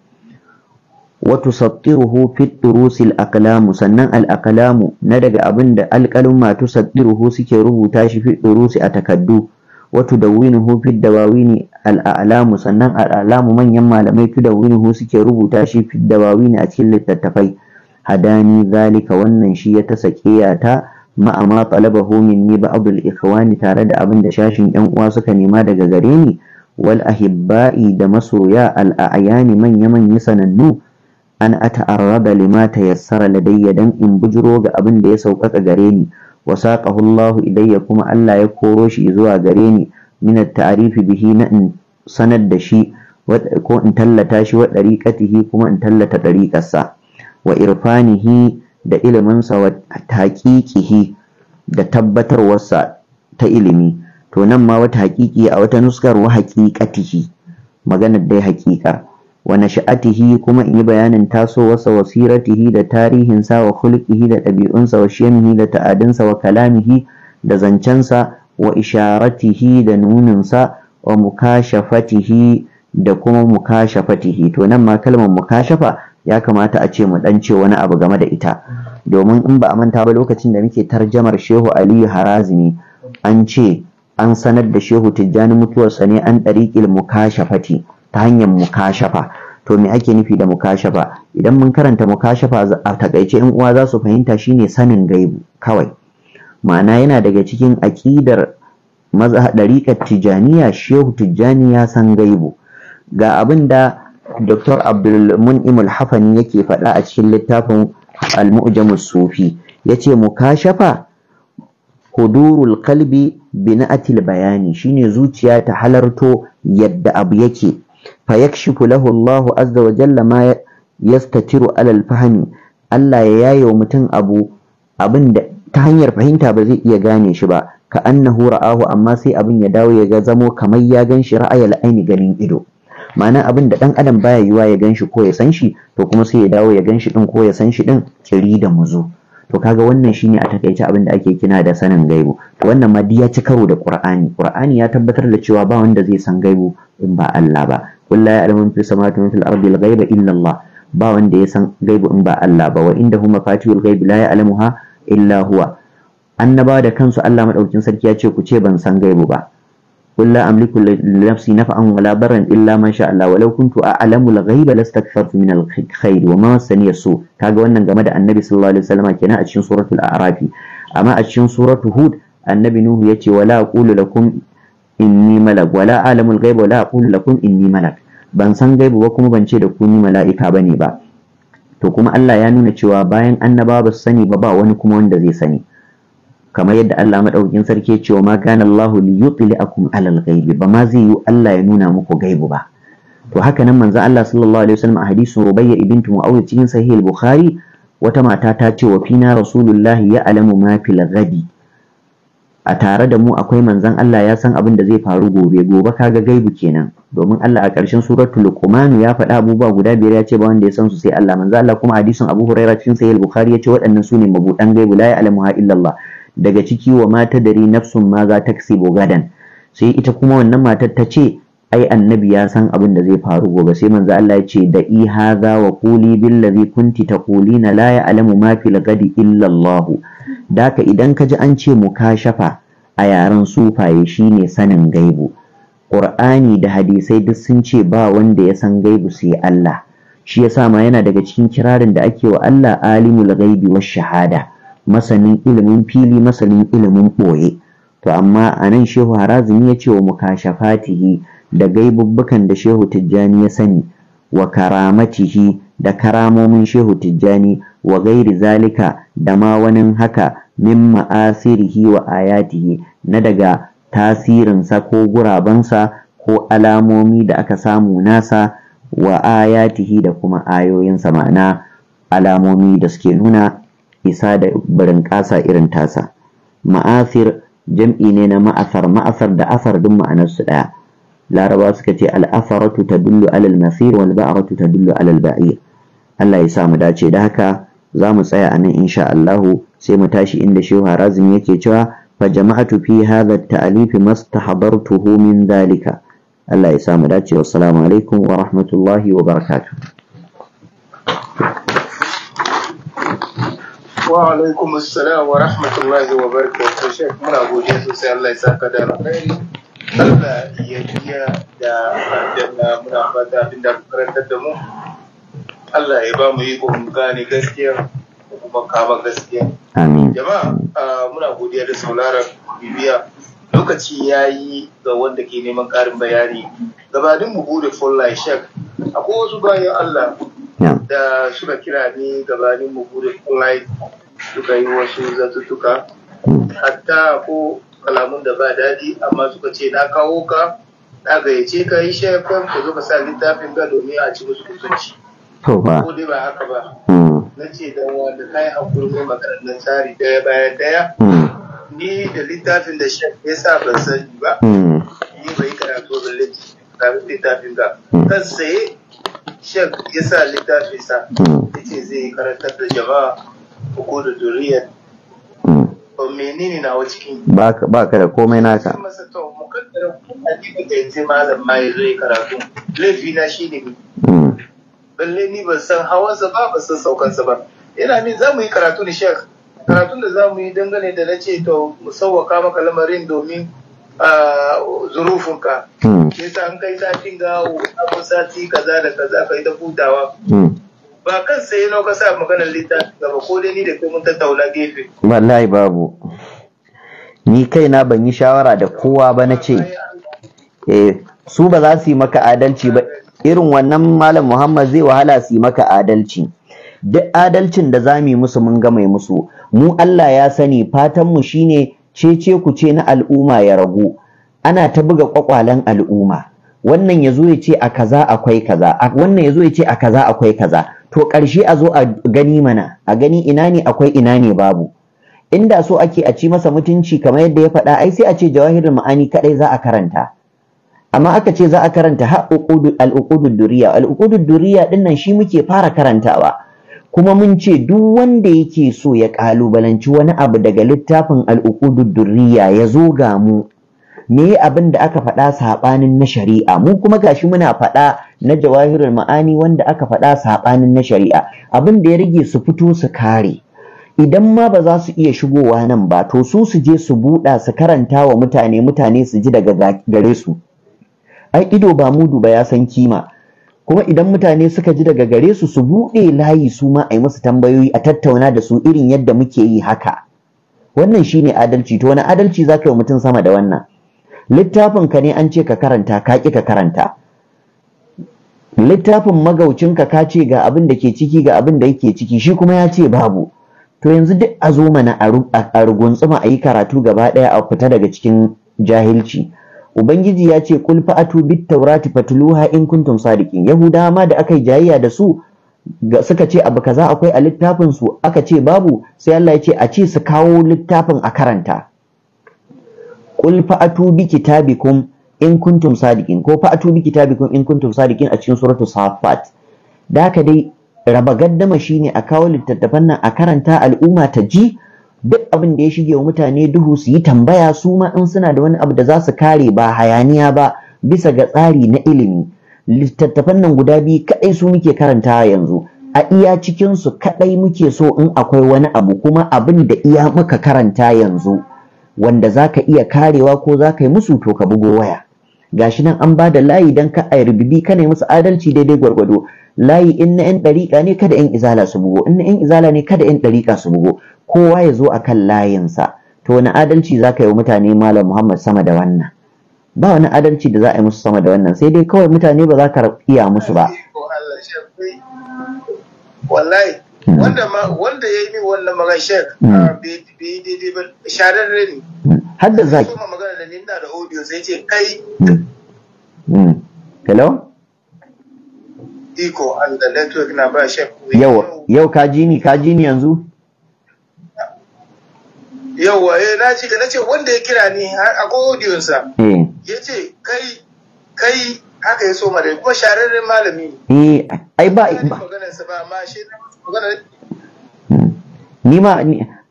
Watu tusattiruhu fi durusil aqlamu sannan al na daga abin da matu tusattiruhu suke rubuta shi fi durusi a takaddu wa tudawwinuhu fi dawawini al al'alamu, sannan al manyan malamai hu suke rubuta shi fi dawawini a cikin littattafai hadani zalika wannan shi ya ta saƙiya ta ma'a ma talabahu minni ba'dul ikhwani tare da abin da shashin yan uwa suka nema daga gare ni wal ahibba'i da masoya al a'yani manya manya sanannu an ata'arraba lima tayassara ladayya dan in bujiro ga abin da ya sauƙaƙa gare ni wa saqahu Allahu idayya kuma Allah ya koro shi zuwa gare ni min at-ta'rifi bihi na in sanar da shi ko in tallata shi wa dariqatihi kuma in tallata dariqarsa wa irfanihi da iliminsa wa taƙiƙihi da tabbatarwarsa ta ilimi to nan ma wata haƙiƙi a wata nuskar wa haƙiƙatihi maganar dai haƙiƙar wa nasha'atihi kuma in yi bayanin tasowarsa wa siratihi da tarihinsa wa hulkihi da ɗabi'unsa wa shiyanihi da ta'adinsa wa kalamihi da zancensa wa isharatihi da nuninsa wa mukashafatihi da kuma mukashafatihi to nan ma kalmar mukashafa ya kamata a ce mu dan ce wani abu game da ita domin in ba a manta ba lokacin da muke tarjamar shehu aliyu harazimi an ce an sanar da shehu tijjani mutuwarsa ne an ɗariƙil mukashafati ta hanyar mukashafa to me ake nufi da mukashafa idan mun karanta mukashafa a takaice in uwa za su fahimta shine sanin gaibu kawai ma'ana yana daga cikin aƙidar ɗariƙar tijjaniya shehu tijjani ya san gaibu ga abin da Dr. Mun'im Al-Hafani yake faɗa a cikin littafin Al-Mu'jam sufi yace mukashafa hudurul kalbi bina'atil bayani shine zuciya ta halarto yadda abu yake fa yakshifu lahu Allah azza wa jalla ma yastatiru alal fahmi Allah ya yayo mutum abu abinda ta hanyar fahimta ba zai iya gane shi ba ka annahu ra'ahu amma sai abin ya dawo ya ga zamo kamar ya ganshi shi ra'ayal aini ganin ido ma'ana abin da ɗan adam baya yiwa ya ganshi ko ya san shi to kuma sai ya dawo ya ganshi shi ɗin ko ya san shi ɗin kiri da muzo to kaga wannan shine a takaice abin da ake kina da sanin gaibu to wannan ma ya ci karo da qur'ani qur'ani ya tabbatar da cewa ba wanda zai san gaibu in ba Allah ba kullu alamin fi samawati wa fil ardi al-ghaiba illa Allah ba wanda ya san gaibu in ba Allah ba wa huma fatiul ghaibi la ya'lamuha illa huwa annaba da kansu Allah madaukin sarki ya ce ku ce ban san gaibu ba قل لا أملك لنفسي نفعا ولا illa إلا ما شاء الله ولو كنت أعلم الغيب لاستكثرت من الخير وما مسني السوء كاغا wannan game da Annabi sallallahu alaihi wasallam kenan a cikin suratul a'raf amma a cikin suratul hud Annabi Nuhu yace wala aqulu lakum inni malak wala a'lamu al-ghaiba wala aqulu lakum inni malak ban san gaibu ba kuma ban ce da kuni ni mala'ika bane ba to kuma Allah ya nuna cewa bayan annabawa ba su sani ba ba wani kuma wanda zai sani kamar yadda Allah madaukakin sarki ya ce wa ma kana Allah li yutli'akum alal ghaibi ba ma zai yi Allah ya nuna muku gaibu ba to haka nan manzo Allah sallallahu alaihi wasallam a hadisin Rubayya ibn Mu'awiyah cikin sahih al-Bukhari wata mata ta ce wa fina rasulullahi ya alamu ma fil ghadi a tare da mu akwai manzon Allah ya san abin da zai faru gobe gobe kaga gaibu kenan domin Allah a ƙarshen suratul Luqman ya faɗa abubuwa guda biyar ya ce ba wanda ya san su sai Allah manzo Allah kuma hadisin Abu Huraira cikin sahih al-Bukhari ya ce waɗannan sune mabudan gaibu la ya'lamuha illa Allah daga ciki wa mata dari nafsun ma za ta kasibo gadan sai ita kuma wannan matar ta ce ai annabi ya san abin da zai faru gobe sai manzo Allah ya ce da i hadha wa quli ladhi kunti taqulina la ya'lamu ma fil ghadi illa Allah daka idan ka ji an ce mukashafa a yaren sufaye shine sanin gaibu Qur'ani da hadisai duk sun ce ba wanda ya san gaibu sai Allah shi yasa ma yana daga cikin kirarin da ake wa Allah alimul ghaibi wash shahada masanin ilimin fili masanin ilimin ɓoye to amma a nan shehu harazumi ya ce wa mukashafatihi da gaibubbukan da shehu tijjani ya sani wa karamatihi da karamomin shehu tijjani wa gairi zalika da ma wani haka min ma'asirihi wa ayatihi na daga tasirinsa ko gurabansa ko alamomi da aka samu nasa wa ayatihi da kuma ayoyinsa ma'ana alamomi da suke nuna isa da barin ƙasa irin tasa ma'afir jam'i ne na ma'afar ma'afar da afar duk ma'anar su ɗaya laraba suka ce al'afaratu dullu alal masir wal ta dullu alal ba'ir Allah ya sa mu dace da haka za mu tsaya a nan insha Allahu sai mu tashi inda Shehu Harazim yake cewa fa jama'atu fi hadha at-ta'lif mastahadartuhu min dhalika Allah ya sa mu dace wassalamu alaikum wa rahmatullahi wa barakatuh wa alaikum assalam wa rahmatullahi wa barakatuh shek muna godiya sosai Allah ya saka da alkhairi Allah ya biya da aljanna muna fata abin da karantar da mu Allah ya ba mu yi kun gane gaskiya da kuma ba gaskiya amin jama'a muna godiya da sauraron bibiya lokaci ya yi ga wanda ke neman karin bayani gabanin mu bude full shek akwai wasu bayan Allah da suka kira ni gabanin mu online suka yi wasu zatuttuka hmm. hatta ko kalamun da ba daɗi amma suka ce na kawo ka na gayyace ka yi shafin ka zo ka sa littafin ka domin a ci musu kusanci ko dai ba haka ba hmm. na ce da wanda yi hakuri ko makarantar tsari daya bayan daya hmm. ni da littafin da shek ya sa ban sani ba ni bai karatu da littafin ka kan saye shek ya sa littafi sa ya ce zai karantar da jama'a ko da duriyar to menene nawa cikin ba ka da komai naka masa to mu kaddara addini da yanzu malam ma ya zo ya karatu laifi na shine ne hmm. balle ni ban san hawansa ba ban san saukansa ba yana min za mu yi karatu ne shek karatun da za mu yi dangane da na ce to mu sauwaka maka lamarin domin zurufunka ke sa an kai satin ga abun sati kaza da kaza kai ta hutawa hmm. ba kan sai nau ka sa maganar littafi gaba ko dai ni da kai mun tattauna gefe wallahi babu ni kaina ban yi shawara da kowa ba na ce eh, su ba za su yi maka adalci ba irin wannan malam muhammad zai wahala su yi maka adalci duk adalcin da za mu yi musu mun gama musu mu allah ya sani fatanmu shine cece ku ce na al'umma ya ragu ana ta buga kwakwalen al'umma wannan yazo zo ya ce a kaza akwai kaza wannan yazo ya ce a kaza akwai kaza to ƙarshe a zo a gani mana a gani ina ne akwai ina ne babu inda so ake a ci masa mutunci kamar yadda ya faɗa ai sai a ce jawahirul ma'ani kadai za a karanta amma aka ce za a karanta ha al-uqudud duriya al-uqudud duriya dinnan shi muke fara karantawa kuma mun ce duk wanda yake so ya ƙalubalanci wani abu daga littafin al'uqudud durriya ya zo ga mu me abin da aka faɗa saɓanin na shari'a mu kuma gashi muna faɗa na jawahirul ma'ani wanda aka faɗa saɓanin na shari'a abin da ya rage su fito su kare idan ma ba za su iya shigowa nan ba to su su je su buɗa su karanta wa mutane mutane su ji daga gare su ai ido ba mudu ba ya san kima kuma idan mutane suka ji daga gare su su buɗe layi su ma a yi masu tambayoyi a tattauna da su irin yadda muke yi haka wannan shi ne adalci to wani adalci za ka yi mutum sama da wannan littafin ka ne an ce ka karanta ka ƙi ka karanta littafin magaucinka ka ce ga abin da ke ciki ga abin da yake ciki shi kuma ya ce babu to yanzu duk a zo mana a rugunsuma a yi karatu gaba ɗaya a fita daga cikin jahilci ubangiji ya ce kul fa'atu bit taurati fatluha in kuntum sadiqin Yahuda ma da aka yi jayayya da su suka ce abu kaza akwai a littafin su aka ce babu sai Allah ya ce a ce su kawo littafin a karanta kul fa'atu bi kitabikum in kuntum sadiqin ko fa'atu bi kitabikum in kuntum sadiqin a cikin suratu safat da ka dai raba gaddama shine a kawo littattafan nan a karanta al'umma ta ji duk abin da ya shige wa mutane duhu su yi tambaya su ma in suna da wani abu da za su kare ba hayaniya ba bisa ga tsari na ilimi littattafan nan guda biyu kaɗai su muke karanta yanzu a iya cikin su kaɗai muke so in akwai wani abu kuma abin da iya muka karanta yanzu wanda za ka iya karewa ko za ka yi musu to ka bugo waya gashi nan an ba da layi don ka a rububi kana yi musu adalci daidai gwargwado layi in na 'yan ɗariƙa ne kada 'yan izala su bugo in na 'yan izala ne kada 'yan ɗariƙa su bugo kowa ya zo a kan layinsa to wani adalci za ka yi wa mutane malam muhammad sama da wannan ba wani adalci da za a yi musu sama da wannan sai dai kawai mutane ba za ka iya musu ba wallahi wanda iko an da network yau yau ka ji ni ka ji ni yanzu yawwa eh na ji na ce wanda ya kira ni har akwai sa hmm. ya ce kai kai haka ya so da kuma shararren malami eh ai ba ba ni hmm. ma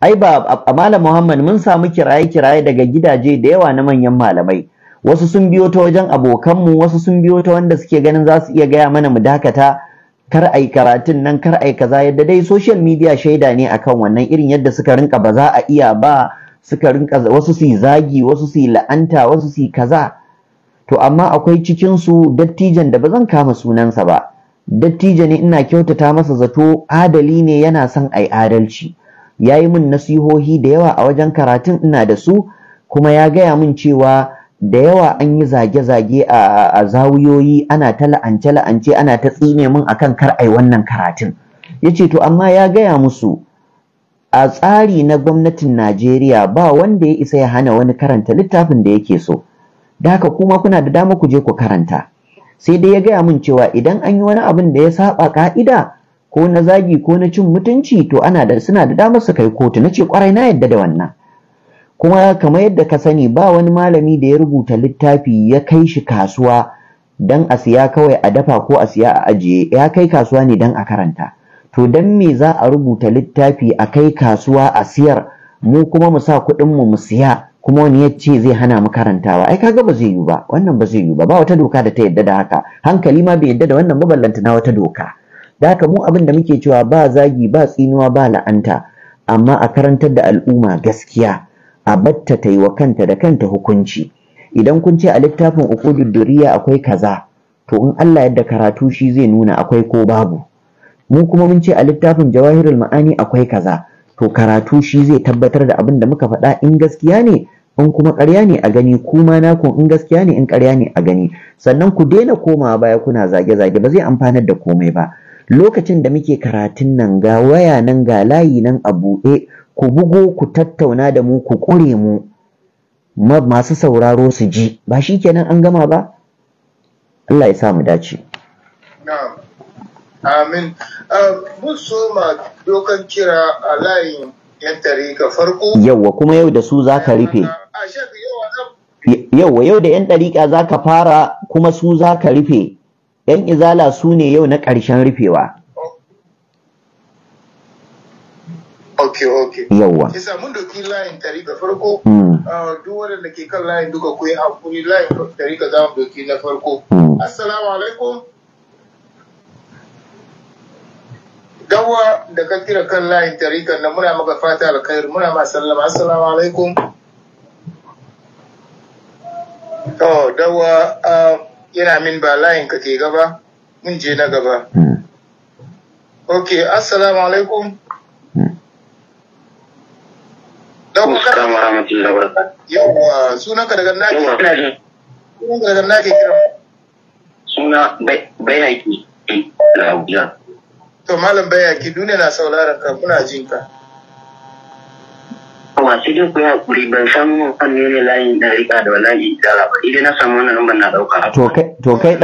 ai ba a malam Muhammad mun samu kiraye kiraye daga gidaje da yawa na manyan malamai wasu sun biyo ta wajen abokanmu wasu sun biyo ta wanda suke ganin za su iya gaya mana mu dakata kar a yi karatun nan kar a yi kaza yadda dai social media shaida ne akan wannan irin yadda suka rinka ba za a iya ba suka rinka wasu su zagi wasu su la'anta wasu su kaza to amma akwai cikin su dattijan da ba zan kama sunansa ba dattijo ne ina kyautata masa zato adali ne yana son ai adalci ya yi min nasihohi da yawa a wajen karatun ina da su kuma ya gaya min cewa da yawa an yi zage-zage a zawuyoyi, ana ta la'ance-la'ance ana ta tsine min akan kar ai wannan karatun ya ce to amma ya gaya musu a tsari na gwamnatin najeriya ba wanda ya isa ya hana wani karanta littafin da yake so da haka kuma kuna da dama ku je ku karanta sai dai ya gaya min cewa idan an yi wani abin da ya saba ka'ida ko na zagi ko na cin mutunci to ana da suna da damar su kai kotu na ce kwarai na yadda da wannan kuma kamar yadda ka sani ba wani malami da ya rubuta littafi ya kai shi kasuwa dan a siya kawai a dafa ko a siya a ajiye ya kai kasuwa ne dan a karanta to dan me za a rubuta littafi a kai kasuwa a siyar mu kuma mu sa kuɗin mu mu siya kuma wani ya ce zai hana mu karantawa ai kaga ba zai yi ba wannan ba zai yi ba ba wata doka da ta yadda da haka hankali ma bai yadda da wannan ba ballanta na wata doka da haka mu abin da muke cewa ba zagi ba tsinuwa ba la'anta amma a karantar da al'umma gaskiya a batta ta yi wa kanta da kanta hukunci idan kun ce a littafin uqudud duriya akwai kaza to in Allah yadda karatu shi zai nuna akwai ko babu mu kuma mun ce a littafin jawahirul ma'ani akwai kaza to karatu shi zai tabbatar da abin da muka faɗa in gaskiya ne in kuma ƙarya ne a gani kuma ku in gaskiya ne in ƙarya ne a gani sannan ku daina komawa baya kuna zage-zage ba zai amfanar da komai ba lokacin da muke karatun nan ga waya nan ga layi nan a buɗe ku bugo ku tattauna da mu ku ƙure mu masu sauraro su ji ba shi kenan an gama ba Allah ya sa mu dace amin ah, mun soma dokan kira a layin yan tarika farko yawa kuma yau da su za ka rufe ah, yauwa yau da 'yan ɗariƙa za ka fara kuma su za ka rufe 'yan izala su ne yau na ƙarshen rufewa ok. okay yawa yasa mun doki layin tari ga farko hmm. ah, duk wanda ke kan layin duka ku yi hakuri layin tari ga zamu doki na farko hmm. assalamu alaikum gawa da ka kira kan layin tarikan na muna maka fata alkhairu, muna ma sallama assalamu alaikum to dawa ah, yana min ba layin ka ke gaba mun je na gaba hmm. Ok, assalamu alaikum dan ku kar mu rahmatullahi wa barakatuh yawa suna bai to malam bai duniya na sauraron ka kuna jin ka duk ya ban san kan ne layin da da wallahi da ba idan na samu wannan na dauka to kai to ka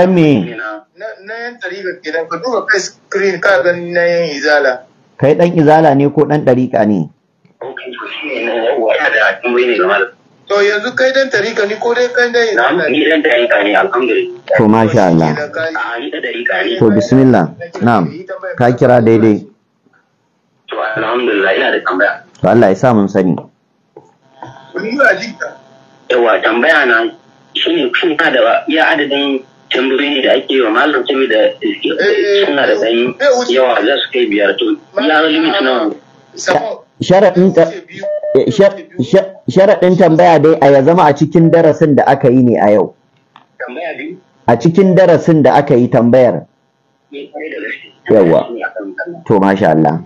duba izala ne ko ɗan ɗariƙa. ne To yanzu kai dan tarika ni ko dai kai dai na ni dan tarika ne alhamdulillah. To masha Allah. ni To bismillah. Na'am. Ka kira daidai. To alhamdulillah ina da tambaya. To Allah ya sa mun sani. Yawa tambaya na shine kun ka da Ya adadin tambayoyi da ake yi wa malam saboda eh, eh, suna da tsayi yawa za su kai biyar to ya limit nawa. Eh, sharaɗin tambaya dai a ya zama a cikin darasin da aka yi ne a yau a cikin darasin da aka yi tambayar eh, yawa to masha Allah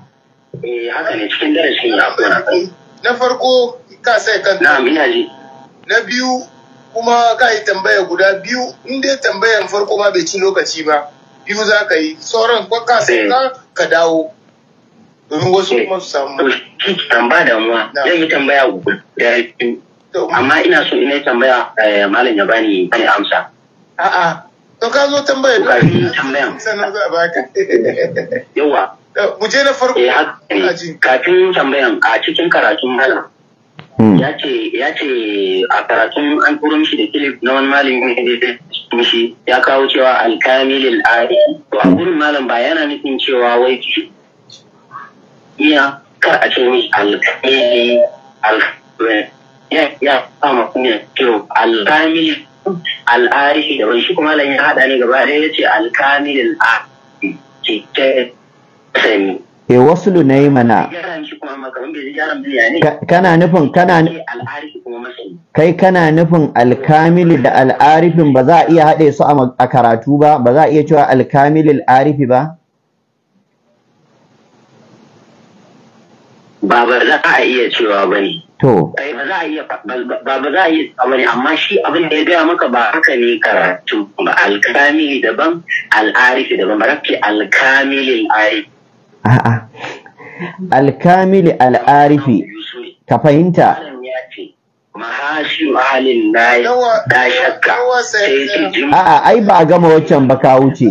eh, haka ne cikin darasin na farko ka sai kan na biyu kuma ka yi tambaya guda biyu inda tambayan farko ma bai ci lokaci ba biyu za ka yi sauran ka ka dawo domin wasu eh. kuma su samu kan ba damuwa zan yi tambaya da rafi um. amma ina so ina tambaya eh, malam ya bani bani amsa a'a to ka zo tambaya da tambaya sannan za a baka yawa mu je na farko eh, kafin tambayan a cikin karatun malam hmm. ya ce ya ce a karatun an turo mishi da kilif na wani malin mishi ya kawo cewa alkamilil ari to a gurin malam ba yana nufin cewa wai iya kar a ce ni alƙali ya sa kama kunya kyau alƙamil al'ari da wani shi kuma lanyar haɗa ne gaba ɗaya ya ce alƙamil al'arifi ce sani. E eh, wasu na yi mana. Kana nufin kana kai kana nufin alkamil da al'arifin ba za a iya haɗe su a karatu ba ba za a iya cewa alkamil al'arifi ba? ba ba za a iya cewa ba ne. To. ba za a iya ba ba za a iya ba ne amma shi abin da ya gaya maka ba haka ne karatu ba alkamili daban al'arifi daban ba za ce alkamilin ari. A'a. Alkamili al'arifi ka fahimta. Mahashin halin na da shakka. A'a ai ba a gama waccan ba ka wuce.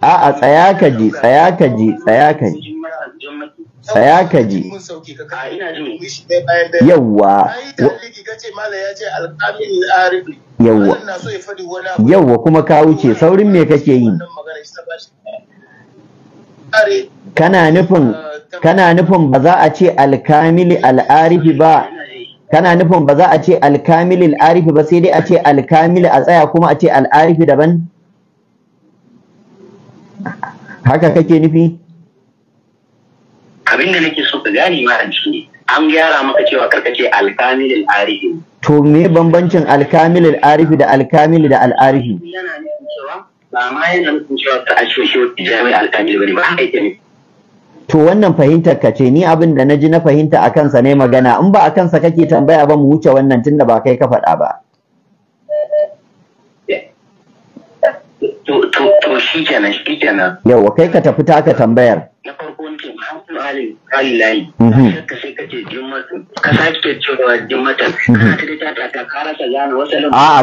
A'a tsaya ka ji tsaya ka ji tsaya ka ji. Saya ka ji yawwa yawwa yawwa kuma ka wuce saurin me kake yi kana nufin kana nufin ba za a ce alkamili al'arifi ba kana nufin ba za a ce alkamili al'arifi ba sai dai a ce alkamili a tsaya kuma a ce al'arifi daban haka kake nufi abin da nake so ka gane ma a ne an gyara maka cewa karka ce alkamilil arifi to me bambancin alkamilil arifi da alkamil da al'arihi yana nufin cewa ba ma yana nufin cewa ta ashe shi jami'a alkamil bane ba haka ne to wannan fahimtar ka ce ni abin da na ji na fahimta a kansa ne magana in ba a kansa kake tambaya ba mu wuce wannan tunda ba kai ka faɗa ba to shi kenan shi kenan yawa kai ka tafi taka tambayar na farko a'a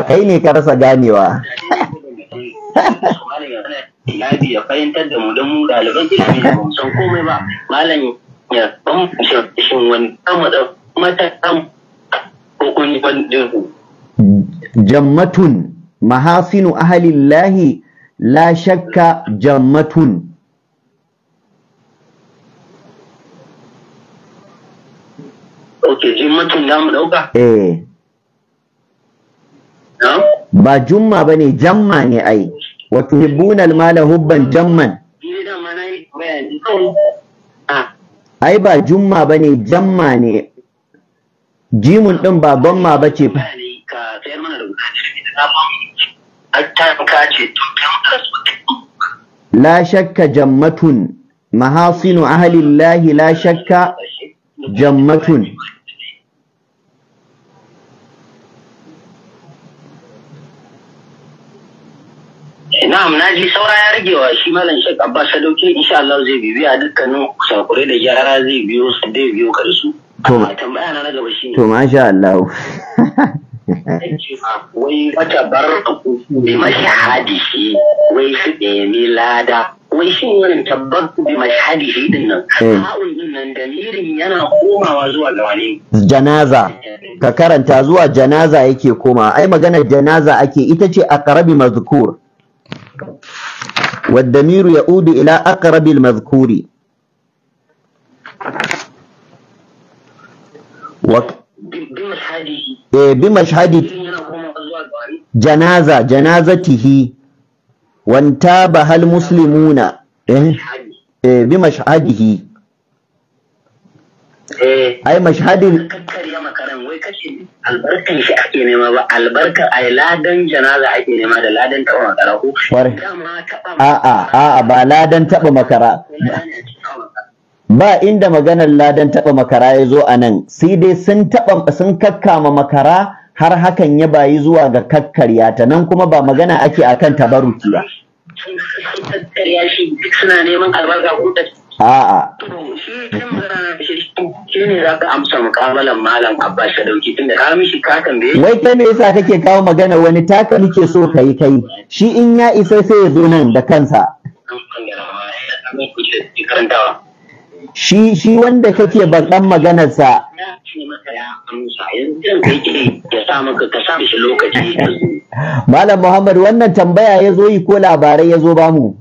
kai ne ka rasa ganewa malam ya fahimtar da jammatun mahasinu ahalillahi la shakka jammatun ok za mu eh ba jumma ba ne jamma ne ai wato hibbunal mala hubban jamman ai ba jumma ba ne jamma ne jimun ɗin ba bace ba ce la shakka jammatun mahasinu ahalillahi la shakka jammatun Na'am na ji saura ya rage wa shi malam Sheikh Abbas Sadauki insha Allah zai bibiya dukkanin sakure da gyara zai biyo su dai biyo karsu. To ma tambaya na gaba shi. To sha Allah. Wai wata bar ku bi mashahadi shi wai su ɗemi lada wai shin yin tabbar ku bi mashahadi shi din nan. Eh. Ha'ul din nan damirin yana komawa zuwa lawani. Janaza. Ka karanta zuwa janaza yake koma ai maganar janaza ake ita ce a karabi mazkur. والدمير يعود إلى أقرب المذكور بمشهد جنازة جنازته وانتابها المسلمون بمشهده Eh. ai mashahadin. kakkarya makaran wai kace albarkan shi ake nema ba albarkar ai ladan janaza ake nema da ladan taba makara ko a a a ba ladan taba makara ba inda maganar ladan taba makara ya zo a nan sai dai sun taba sun kakkama makara har hakan ya bayi zuwa ga kakkarya ta nan kuma ba magana ake akan tabaruki ba sun kakkarya shi duk suna neman albarka ko A'a. Eh, shi ne za ka amsa Malam tun da ka mishi ka tambaye. Wai me yasa kake kawo magana wani taka nake so ka yi kai shi in ya isa sai ya zo nan da kansa. Shi shi wanda kake bakan maganarsa. Malam Muhammad wannan tambaya ya zo yi ko labarai ya zo bamu.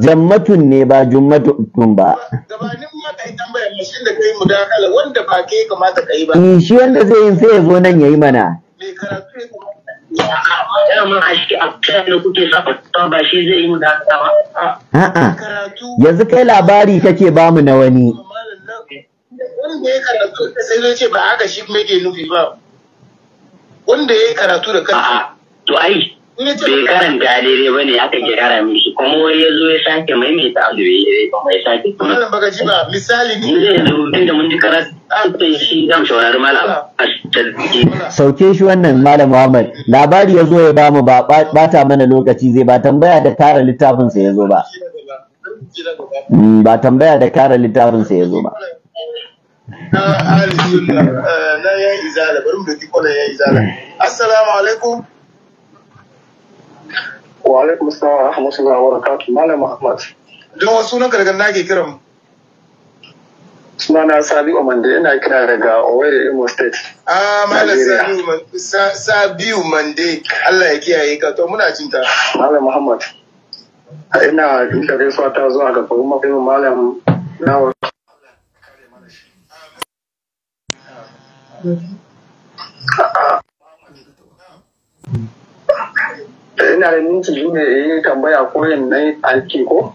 jammatun ne ba jummatun ba gabanin ma ka yi tambayar mashin da yi mudakala wanda ba ke kamata ka yi ba eh, shi wanda zai yin sai ya zo nan ya yi mana mai karatu ya A'a, yanzu kai labari kake mu na wani. Wanda ya karatu sai zai ce ba haka shi mai nufi ba. Wanda ya karatu da kansa. To ai, bai karanta daidai ba ne aka gyara mishi kuma wani ya zo ya sake maimaita abu ya yi ya sake kuma wannan baka ji ba misali ne zai zo tun da mun ji karas, an shi zan saurari malam sauke shi wannan malam muhammad labari ya zo ya bamu ba bata mana lokaci zai ba tambaya da kara littafin sa ya zo ba hmm, ba tambaya da kara littafin sa ya zo ba na ahli eh, na ya izala bari mu da tikola ya izala assalamu alaikum Wa alaikum salam wa rahmatullahi wa barakatuh. Malam Muhammad. Don wasu nan gargar na ke kiran. na Sabi'u Mande ina kira daga Owerri Imo State. Ah, Malam Sabi'u Mande. Allah ya kiyaye ka to muna cinta. Malam Muhammad. Ina da gaisuwa ta zuwa ga babban mafi malam na Mm-hmm. ina da minti biyu ya yi eh, tambaya ko yin na aiki ko?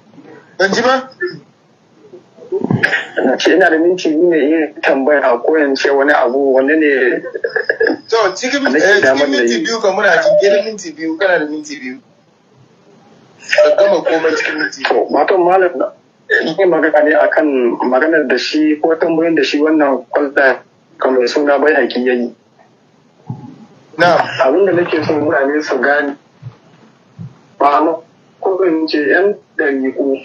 Ban ji ba? ce ina da minti biyu ya yi eh, tambaya ko yin ce wani abu wani ne to cikin eh, minti biyu ka muna cikin minti biyu kana da minti biyu ka gama komai cikin minti biyu matan malam na yi magana ne akan maganar da shi ko tambayin da shi wannan kwalta kamar suna bai haƙi yayi abin da nake son mutane su gane ba ko in ce yan ɗariƙu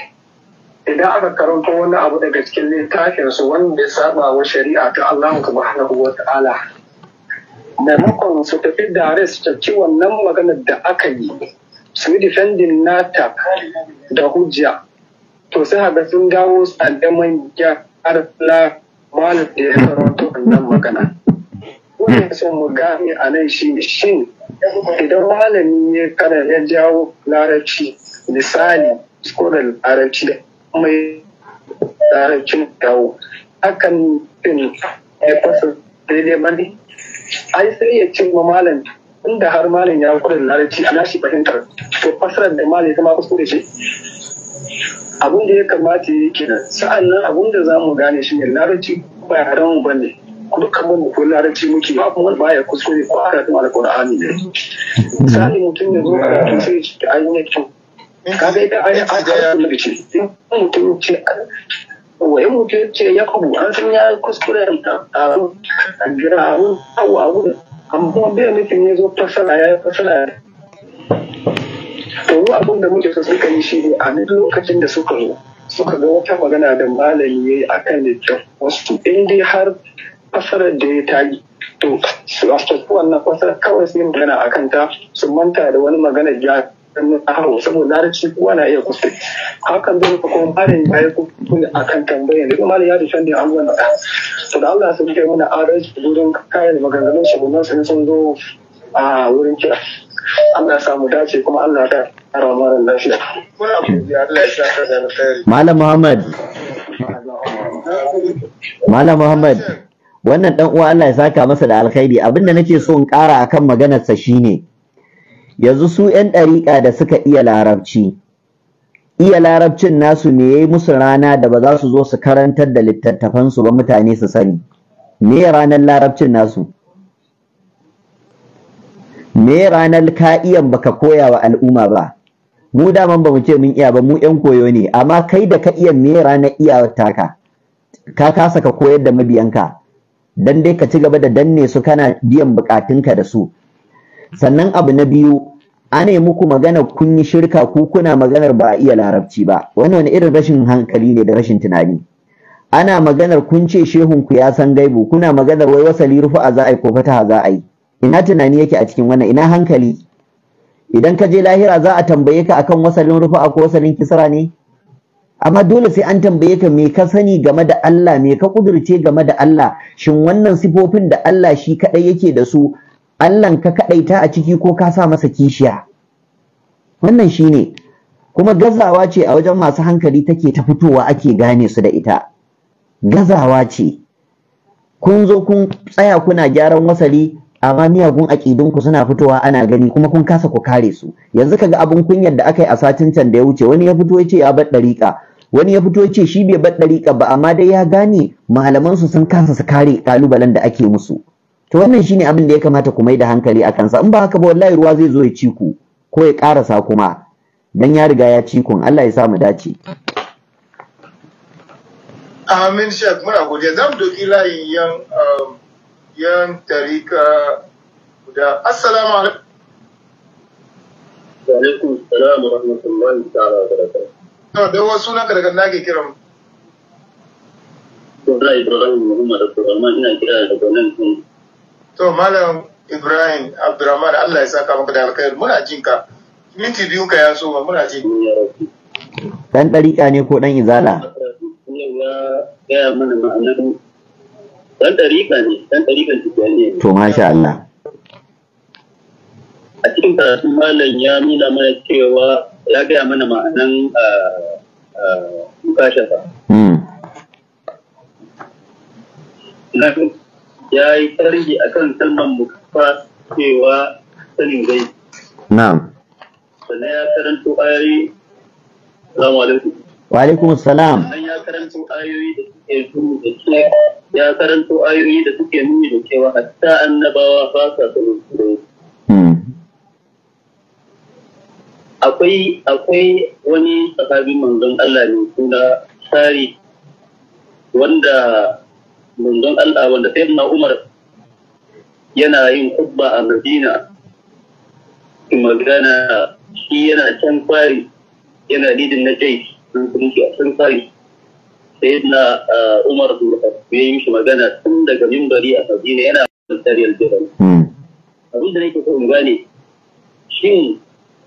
idan aka karanta wani abu daga cikin littafinsu wanda ya saba wa shari'a ta Allah subhanahu wa ta'ala makon su tafi dare su cakki wannan maganar da aka yi su yi defending nata da hujja to sai haga sun dawo har gyara malam da ya karanto wannan magana muna hmm. son mu gane a nan shi shin idan malami ya kana ya jawo larabci misali skolar larabci da mai larabcin jawo hakan fin ya fasa daidai bane ai sai ya cimma malam inda har malam ya kula da larabci a nashi fahimtar to fasarar da malam ya kusa da shi. abin da ya kamata ya kenan sa'an nan abin da za mu gane shi ne larabci ba yaran ba ne. dukkan mu ko larabci muke ba ya kuskure ko karatun alkur'ani ne misali mutum ya zo karatu sai ya ce an yi kyau kaga ita ai a kuma ce mutum ce wai mutum ce ya kubu an san ya kuskure a jira a hawa wurin amma bai nufin ya zo fasala ya fasala to mu abin da muke so suka yi shi ne a duk lokacin da suka zo suka ga wata magana da malami ya yi akan littafin wasu in dai har fasarar da ya tagi to su wannan fasarar kawai sai magana a kanta su manta da wani magana ya hau saboda da ci kuwa na iya kuskure hakan zai fa kuma bari ya yi kuskure a kan tambayan da malam ya dushen da abubuwan da to da Allah sun kai mana arz wurin kayan maganganun shi gudun sun sun zo a wurin kira Allah samu dace kuma Allah ta kara mara lafiya. Malam Muhammad. Malam Muhammad. wannan dan uwa Allah ya saka masa da alkhairi abinda nake so in ƙara akan maganar sa shine yanzu su ƴan ɗariƙa da suka iya larabci iya larabcin nasu me yayi musu rana da ba za su zo su karantar da littattafan su ba mutane su sani me ranar larabcin nasu me ranar ka'iyan baka koya wa al'umma ba mu daman ba mu ce mun iya ba mu yan koyo ne amma kai da ka iya me ranar iyawar taka ka kasa ka koyar da mabiyanka dan dai ka ci gaba da danne su kana biyan bukatunka da su sannan abu na biyu an yi muku magana kun yi shirka ku kuna maganar ba a iya larabci ba wani wani irin rashin hankali ne da rashin tunani ana maganar kun ce shehun ku ya san gaibu kuna maganar wai wasali rufu a za a yi ko fataha a yi ina tunani yake a cikin wannan ina hankali idan ka je lahira za a tambaye ka akan wasalin rufa ko wasalin kisra ne amma dole sai an tambaye ka me ka sani game da Allah me ka kudirce game da Allah shin wannan sifofin da Allah shi kadai yake da su Allahn ka ta a ciki ko ka sa masa kishiya wannan shine kuma gazawa ce a wajen masu hankali take ta fitowa ake gane su da ita gazawa ce kun zo kun tsaya kuna gyaran wasali amma miyagun aƙidunku suna fitowa ana gani kuma kun kasa ku kare su yanzu kaga abin kunyar da aka yi a satin can da ya wuce wani ya fito ya ce ya bar ɗariƙa wani ya fito ce shi bai bar dariƙa ba amma dai ya gane malamansu sun kasa su kare ƙalubalen da ake musu to wannan shine abin da ya kamata ku mai da hankali a kansa in ba haka ba wallahi ruwa zai zo ya ci ku ko ya karasa kuma dan ya riga ya ci kun Allah ya sa mu dace amin shek muna godiya za mu doki layin yan um, yan tarika guda assalamu alaikum wa alaikum assalam wa rahmatullahi wa barakatuh don wasu sunan ka daga na ke kiran Ibrahim Ibrahim Muhammad Abdulrahman ina kira da daga nan To Malam Ibrahim Abdulrahman Allah ya saka maka da alkhairi muna jin ka minti biyu ka ya so ba muna jin Dan ɗariƙa ne ko ɗan izala? gaya mana ma'anar dan ɗariƙa ne dan ɗariƙan tijjani ne. To masha Allah. A cikin karatun malam ya nuna mana cewa ya gaya mana ma'anan mukashafa. Eh, eh, hmm. Ya yi tarihi a kan kalmar mukafa cewa sanin gai. Na'am. Sannan ya karanto ayoyi. Salamu alaikum. Wa alaikum salam. Sannan ya karanto ayoyi da suke nuni da ke ya karanto ayoyi da suke nuni da cewa hatta annabawa ba sa sanin gai. akwai akwai wani sahabi manzon Allah ne suna sari wanda manzon Allah wanda sai na Umar yana yin kubba a Madina magana shi yana can fari yana lidin na jai sun kunshi a can fari sai na uh, Umar ya yi mishi magana tun daga mimbari a Madina yana da tsariyar abinda hmm. abin da nake so in gane shin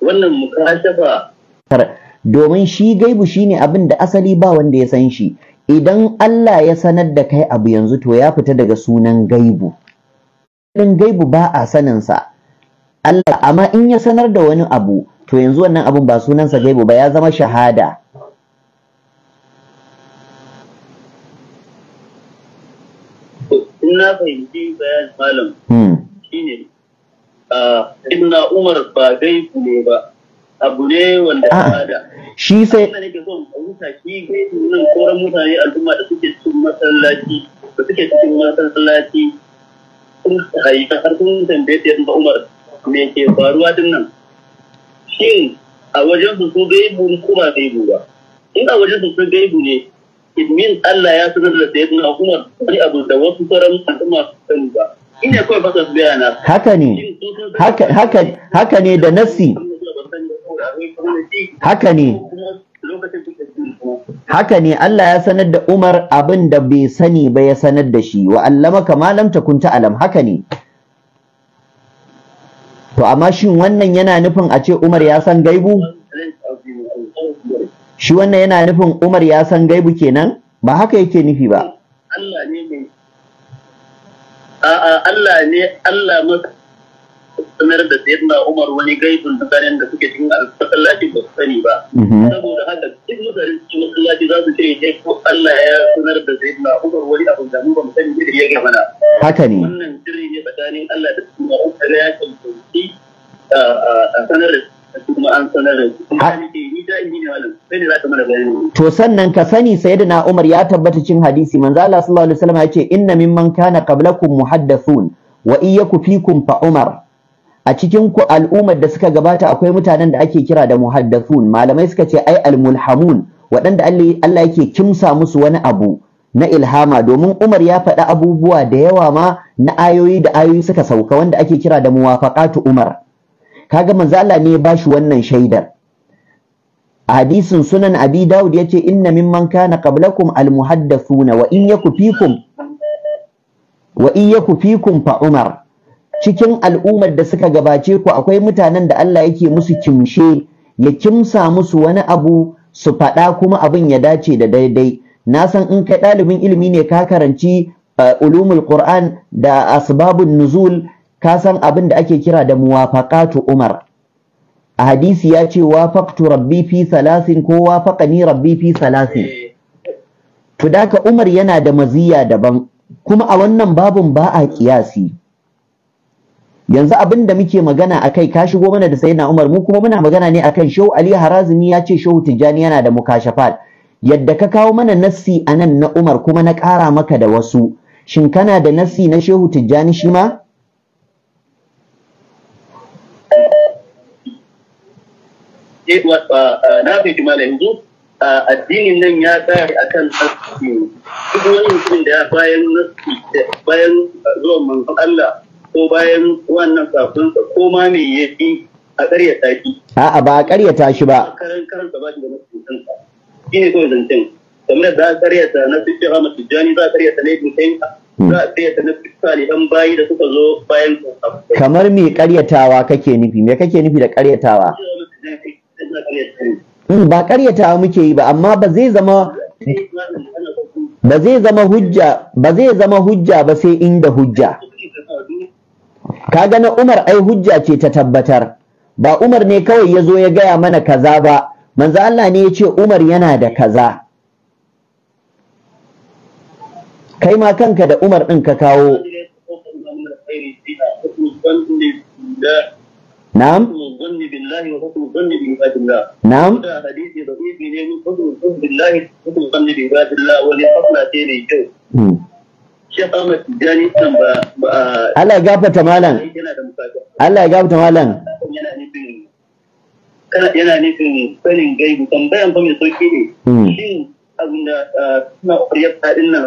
wannan mukashafa domin shi gaibu shine abin da asali ba wanda ya san shi idan Allah ya sanar da kai abu yanzu to ya fita daga sunan gaibu sunan gaibu ba a saninsa Allah amma in ya sanar da wani abu to yanzu wannan abun ba sunansa gaibu ba ya zama shahada na fahimci bayan malam hmm. shine ibna umar ba gaibu ne ba abu ne wanda ah, ba da shi sai da nake son fahimta shi gaibu nan sauran mutane al'umma da suke cikin masallaci da suke cikin masallaci sun hayyar har sun tambaye da yadda umar me ke faruwa din nan shin a wajen su su gaibu kuma gaibu ba in a wajen su su gaibu ne idmin Allah ya sanar da sayyidina Umar wani abu da wasu sauran al'umma su sani ba ina kawai na haka ne haka haka haka ne da nasi haka ne haka ne Allah ya sanar da Umar abin da bai sani ba ya sanar da shi wa allama kama lam takun alam haka ne to amma shin wannan yana nufin a ce Umar ya san gaibu shi wannan yana nufin Umar ya san gaibu kenan ba haka yake nufi ba Allah ne a'a Allah ne Allah sanar da sayyidina Umar wani gaibin mutanen da suke cikin masallaci ba su sani ba mhm. saboda haka duk mutanen cikin masallaci za su ce dai ko Allah ya sanar da sayyidina Umar wani abu da mu ba mu sani da ya ga mana haka ne wannan sirri ne tsakanin Allah da sayyidina Umar ya kanci a sanar da kuma an sanar da to sannan ka sani sayyidina Umar ya tabbata cin hadisi manzo Allah sallallahu alaihi wasallam ya ce inna mimman kana qablakum muhaddathun wa iyyaku fikum fa Umar a cikin ku al'ummar da suka gabata akwai mutanen da ake kira da muhaddathun malamai suka ce ai almulhamun waɗanda Allah yake kimsa musu wani abu na ilhama domin Umar ya faɗi abubuwa da yawa ma na ayoyi da ayoyi suka sauka wanda ake kira da muwafaqatu Umar kaga manzo Allah ne ya bashi wannan shaidar hadisin sunan abi daud yace inna mimman kana qablakum almuhaddathuna wa in yaku fikum wa in yaku fikum fa umar cikin al'ummar da suka gabace ku akwai mutanen da Allah yake musu kimshe ya kimsa musu wani abu su faɗa kuma abin ya dace da daidai na san in kai ɗalibin ilimi ne ka karanci uh, ulumul qur'an da asbabun nuzul ka san abin da ake kira da muwafaqatu Umar a hadisi ya ce wafaqtu rabbi fi salasin ko wafaqani rabbi fi salasin to daka Umar yana da maziya daban kuma a wannan babun ba a kiyasi yanzu abin da muke magana akai ka shigo mana da sayyidina Umar mu kuma muna magana ne akan Shehu Ali Harazimi ya ce Shehu Tijjani yana da mukashafat yadda ka kawo mana nassi anan na Umar kuma na kara maka da wasu shin kana da nassi na Shehu Tijjani shi ma Eh, na fahimci malam yanzu addinin nan ya duk wani mutum da bayan bayan zuwan manzon Allah ko bayan wannan kafin ko ma me ya a a'a ba a ƙaryata shi ba karan karan ba shi da kawai zancen kamar za a ƙaryata nasi shi Ahmad Tijjani za a ƙaryata laifin kanka hmm. za a ƙaryata salihan bayi da suka zo bayan kamar me ƙaryatawa kake nufi me kake nufi da ƙaryatawa Hmm, ba karyata muke yi ba amma ba zai zama ba zai zama hujja ba zai zama hujja ba sai inda hujja kaga na Umar ai hujja ce ta tabbatar ba Umar ne kawai ya zo ya gaya mana kaza ba manzo Allah ne ya ce Umar yana da kaza kai ma kanka da Umar ɗin ka kawo نعم الظن بالله وحسن الظن malam ya nufin sanin gaibu tambayan mai sauki ne shin abin da suna ɗaɗin nan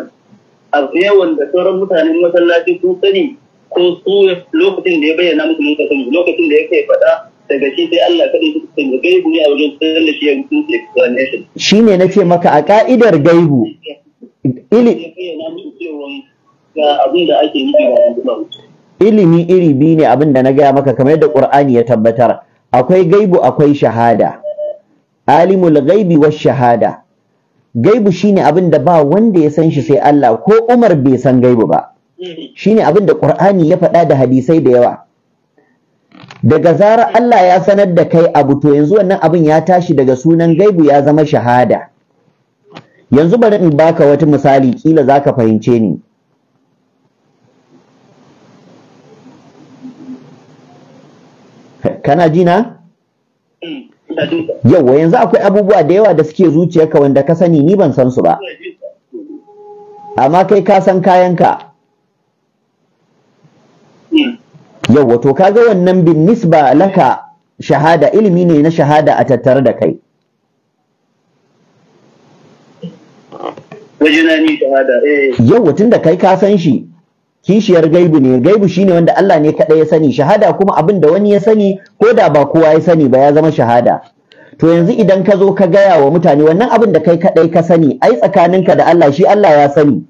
abu ne wanda sauran mutanen masallaci sun sani ko su lokacin da ya bayyana musu mun kasan lokacin da yake faɗa daga shi sai Allah kaɗai su kusa da gaibu ne a wajen tallafi da shi ya mutum explanation. Shi ne na ce maka a ka'idar gaibu. Ilimi iri biyu ne abin da na gaya maka kamar yadda Ƙur'ani ya tabbatar. Akwai gaibu akwai shahada. Alimul gaibi wa shahada. Gaibu shine abin da ba wanda ya san shi sai Allah ko Umar bai san gaibu ba. shine abin da Qur'ani ya faɗa da hadisai da yawa daga zarar Allah ya sanar da kai abu to yanzu wannan abin ya tashi daga sunan gaibu ya zama shahada yanzu bari in baka wata misali kila zaka fahimce ni kana ji na yawa yanzu akwai abubuwa da yawa da suke zuciyarka wanda ka sani ni ban san su ba amma kai ka san kayanka yawwa to kaga wannan bin nisba laka shahada ilimi ne na shahada a tattare da kai eh. yau tun da kai ka san shi kishiyar gaibu ne gaibu shine wanda Allah ne kaɗai ya sani shahada kuma abin da wani ya sani ko da ba kowa ya sani ba ya zama shahada to yanzu idan ka zo ka gaya wa mutane wannan abin da kai kaɗai ka sani ai tsakaninka da Allah shi Allah ya sani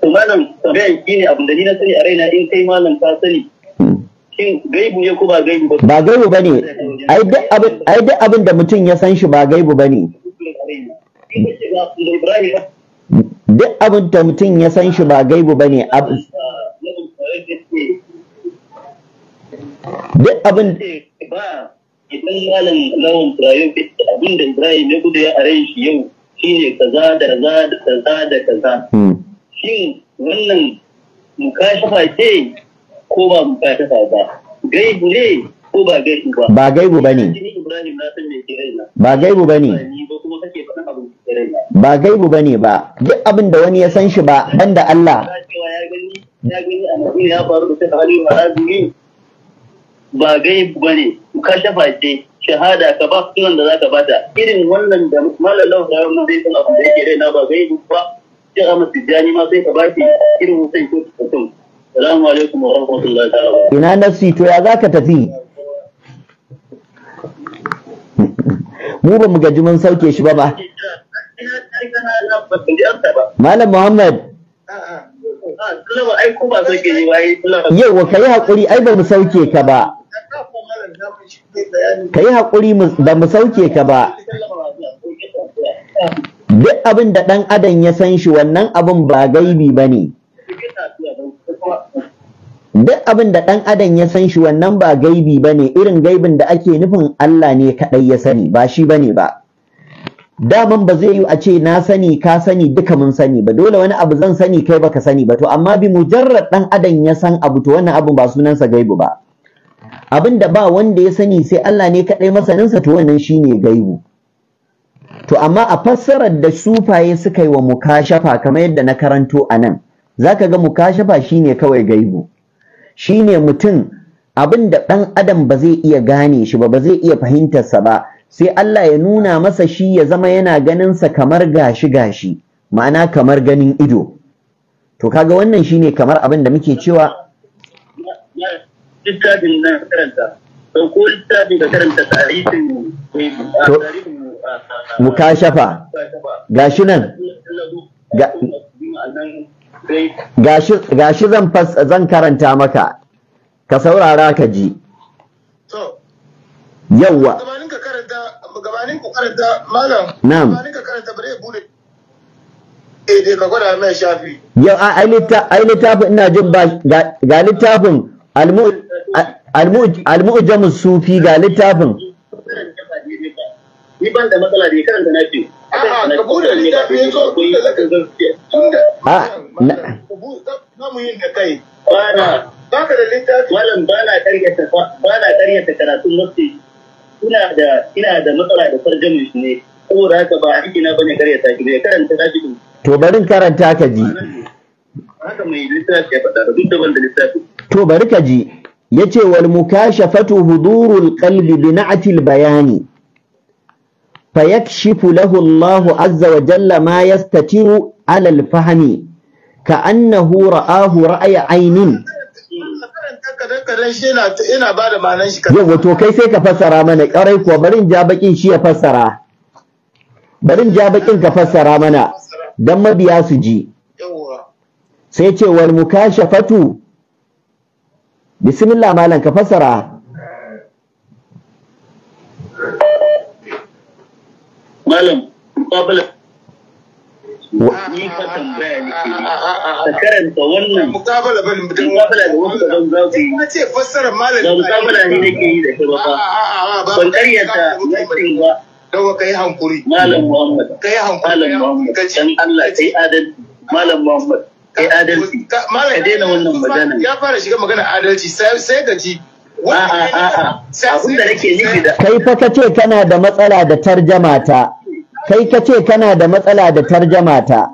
to malam tambayan ne a raina in kai malam ka sani shin ba gaibu ba ba gaibu bane duk abin da mutum ya san shi ba gaibu bane duk abin da mutum ya san shi ba gaibu bane duk abin idan malam lawan Ibrahim abin da Ibrahim ya gudu ya are shi yau shine kaza da kaza da kaza da kaza hmm. shin wannan mukashafa ce ko ba mukashafa ba gaibu ne ko ba gaibu ba ba gaibu bane ba gaibu bane ba gaibu bane ba duk abin da wani ya san shi ba banda Allah ba gaibu bane mukashafa ce shahada ka ba sunan da zaka bata irin wannan da malalau da wannan zai san abin da yake raina ba gaibu ba ina nafsi to ya zaka tafi mu ba mu gaji mun sauke shi ba ba Malam Muhammad Yau ka yi haƙuri ai ba mu sauke ka ba. Ka yi haƙuri ba mu sauke ka ba. duk abin da ɗan adam ya san shi wannan abin ba gaibi ba ne duk abin da ɗan adam ya san shi wannan ba gaibi ba ne irin gaibin da ake nufin Allah ne kaɗai ya sani ba shi ba ne ba daman ba zai yi a ce na sani ka sani duka mun sani ba dole wani abu zan sani kai baka sani ba to amma bi mujarrad ɗan adam ya san abu to wannan abu ba sunansa gaibu ba abin da ba wanda ya sani sai Allah ne kaɗai masaninsa to wannan shine gaibu to amma a fassarar da sufaye suka yi wa mukashafa kamar yadda na karanto a nan za ka ga mukashafa shi ne kawai gaibu ne mutum abin da ɗan adam ba zai iya gane shi ba ba zai iya fahimtarsa ba sai Allah ya nuna masa shi ya zama yana ganinsa kamar gashi gashi ma'ana kamar ganin ido to kaga wannan shi ne kamar abin da muke cewa littafin na karanta ko littafin da karanta tarihin mukashafa gashi nan gashi zan zan karanta maka ka saurara ka ji yawwa gabanin ka karanta malam gabanin ka karanta bare bude eh ka gwada mai shafi yau ai ai littafin ina jin ba ga littafin almu almu almu sufi ga littafin ni ban da matsala ne karanta na fi a'a ka bude ne ka fi so kun da zaka tunda a na mu yin da kai bana baka da littafi malam bana karyata bana karyata karatun musti ina da ina da matsala da farjamin shi ne saboda haka ba aiki na bane karyata shi ne karanta na fi to barin karanta ka ji haka mai littafi ya faɗa duk daban da littafi to bari ka ji yace wal mukashafatu hudurul qalbi bi na'til bayani فيكشف له الله عز وجل ما يستتر على الفهم كأنه رآه رأي عين yau kai sai ka fassara mana ƙarai kuwa barin ja shi ya fassara barin ja ka fassara mana don mabiya su ji sai ce wal mukashafatu bismillah malam ka fassara malam mukabala ni ka tambaya ne ka karanta wannan mukabala bane mutum mukabala da wasu za ku yi ce fassarar malam da mukabala ne nake yi da kai ba ban karyata wannan ba kai hankuri malam muhammad kai hankuri malam muhammad dan Allah kai adalci malam muhammad kai adalci ka daina wannan magana ya fara shiga magana adalci sai ka a'a da nake nufi da kai fa kace kana da matsala da tarjama ta kai kace kana da matsala da tarjama ta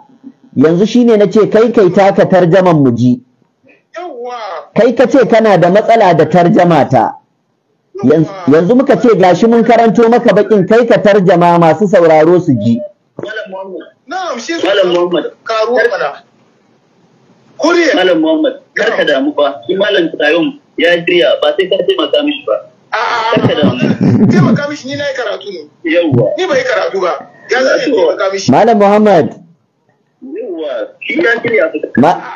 yanzu shine nace kai kai taka tarjaman mu ji kai kace kana da matsala da tarjama ta yanzu muka ce gashi mun karanto maka bakin kai ka tarjama masu sauraro su ji na'am shi kar ka damu ba malam tayyum ya shirya ba sai ka taimaka mishi ba A'a, taimaka mishi ni na yi karatu ne yawwa ni ba yi karatu ba ya zai taimaka mishi malam muhammad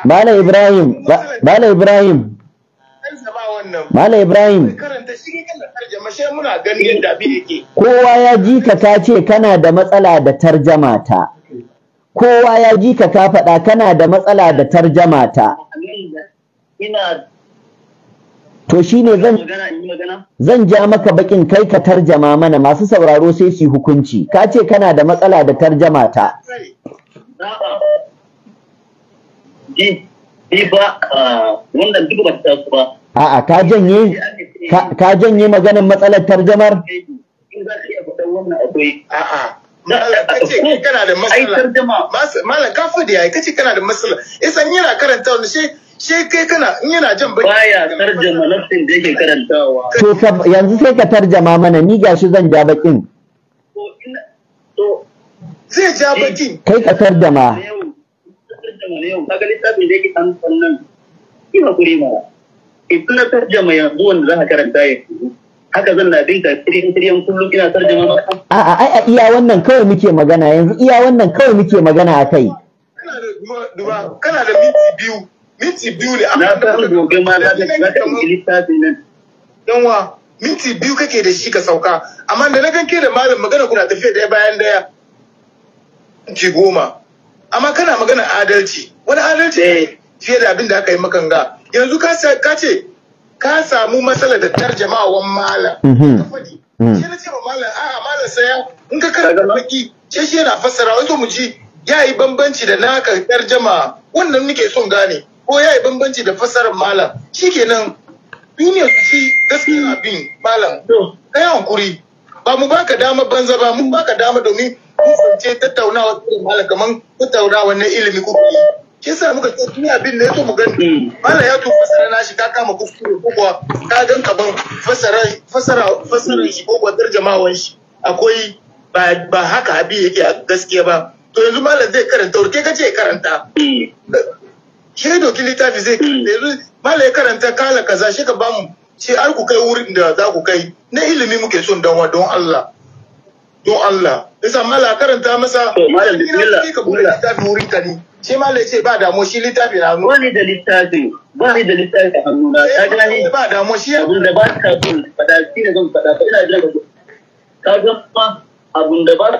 Malam Ibrahim, Malam Ibrahim. Malam Ibrahim. Kowa ya ji ka ta ce kana da matsala da tarjama ta. Kowa ya ji ka ka faɗa kana da matsala da tarjama ta. Ina to shi zan zan ja maka bakin kai ka tarjama mana masu sauraro sai su hukunci ka ce kana da matsala da tarjama ta a'a ka janye ka janye maganar matsalar tarjamar a'a kana da matsala malam ka kace kana da matsala isan yana karanta wani shi sai kai kana in yana jan baki baya da yake karantawa to yanzu sai ka tarjama mana ni gashi zan ja bakin zai ja bakin kai ka tarjama kaga littafin da yake kan sannan ki mara na tarjama yanzu za ka karanta haka zan na binta a'a iya wannan kawai muke magana yanzu iya wannan kawai muke magana a kana da minti biyu minti biyu ne na ka gobe ma za ta za ta yi littafi nan minti biyu kake da shi ka sauka amma da na ganke da malam magana kuna tafiya daya bayan daya minti goma amma kana magana adalci wani adalci eh. fiye da abin da aka yi maka ga yanzu ka ce ka samu matsala da tarjamawan malam shi mhm. mhm. na ce ma malam a'a malam saya in ka karanta baki ce shi yana fassara wato mu ji ya yi bambanci da naka tarjama wannan nake son gane ko ya yi bambanci da fasarar malam shikenan duniya ku ci gaskiya abin malam yawan hankuri ba mu baka dama banza ba mu baka dama domin mun fahimce tattaunawa da malam kaman tattaunawa na ilimi ko yi ke sa muka ce duniya abin ne to mu gani hmm. malam ya to fasara na shi ka kama kuskure ko kuwa ka gan kaman fasara fasara fasara shi ko kuwa tarjamawan shi akwai ba haka abin yake gaskiya ba to yanzu malam zai karanta ke ka ce karanta hmm. shi doki littafi zai hmm. yanzu mala ya karanta kala kaza shi ka bamu shi har ku kai wurin da za ku kai na ilimi muke son danwa don Allah don Allah isa mala karanta masa malam bismillah ka bude littafi wurin ka ne shi mala ce ba damu shi littafi na hannu wani da littafi ba ni da littafi a hannu na eh, ka gani ba damu shi abun da ba ka son fada shi ne zan fada fa ina jira ka ka zama abun da ba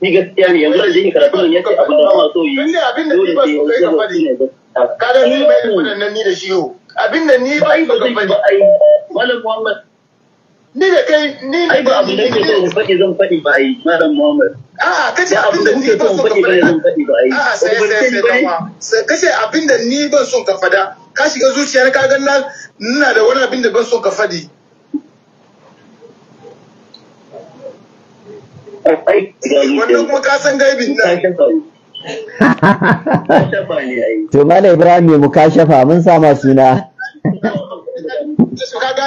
ni gaskiya ne yanzu da jin karatu ne yace abin da ba so yi inda abin da ni ba so kai ka faɗi kaga ni bai da hmm. wannan ni da shi yo abin da ni ba so ka faɗi malam Muhammad ni da kai ni da ba abin da ke so faɗi zan faɗi ba ai malam Muhammad a'a kace abin da ni ba so faɗi ba zan faɗi ba ai a'a sai sai sai kace abin da ni ban so ka fada, ka shiga zuciyar ka ga na ina da wani abin da ban so ka fadi. wannan kuma kasan gaibin nan to mala ibrahim mun sa ma suna gane dai yanzu kaga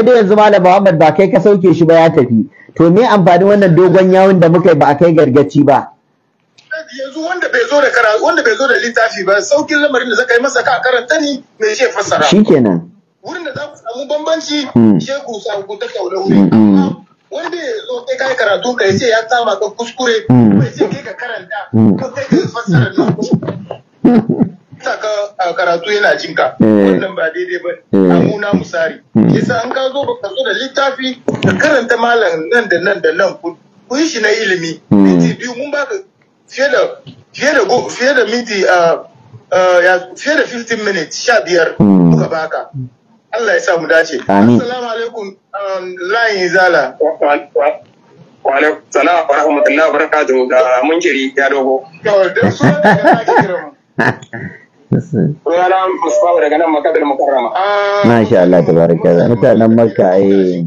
dai yanzu malam Muhammad ba kai ka sauke shi ba ya tafi to me amfanin wannan dogon yawon da muka yi ba a kai gargaci ba yanzu wanda bai zo da wanda bai zo da littafi ba saukin lamarin da zaka yi masa ka karanta ni me shi fassara shikenan wurin da za ku samu bambanci shi sabu ta ku tattauna wanda ya zo kai kai karatu kai ce ya kama ka kuskure hmm. kai ce kai ka karanta hmm. ko kai ka fassara nan saka karatu yana jinka eh. wannan ba daidai ba eh. amuna musari hmm. yasa an ka zo ka zo da littafi ka karanta malam nan da nan da nan ku yi shi na ilimi minti biyu mun baka fiye da fiye da fiye da minti ah, ah, fiye da 15 minutes sha biyar muka hmm. baka Allah ya sa mu dace assalamu alaikum um, layin zala. wa alaikum salam wa rahmatullahi wa barakatuhu ga munjiri ya dogo Rana Musbahu daga nan Makka da Mukarrama. Ah, Masha Allah tabaraka mutanen Makka ai. Eh.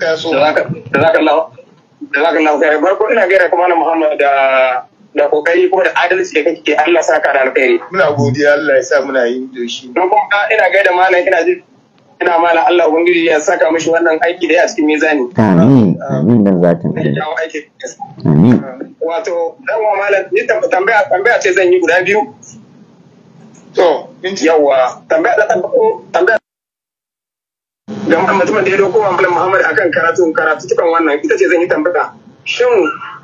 Da zaka Allah da za ka na lafiya farko ina gaira kuma na muhammad da da kokari kuma da adalci da kake Allah sa ka da alkhairi muna godiya Allah ya sa muna yin doshi don kuma ina gaida malam ina ji ina malam Allah ubangiji ya saka mishi wannan aiki da ya cikin mizani amin amin dan zatin amin wato dan wa malam ni tambaya tambaya ce zan yi guda biyu to yawa tambaya tambaya ga mutumin da ya dauko wa malam Muhammad akan karatu karatu tukan wannan ita ce zan yi tambaya shin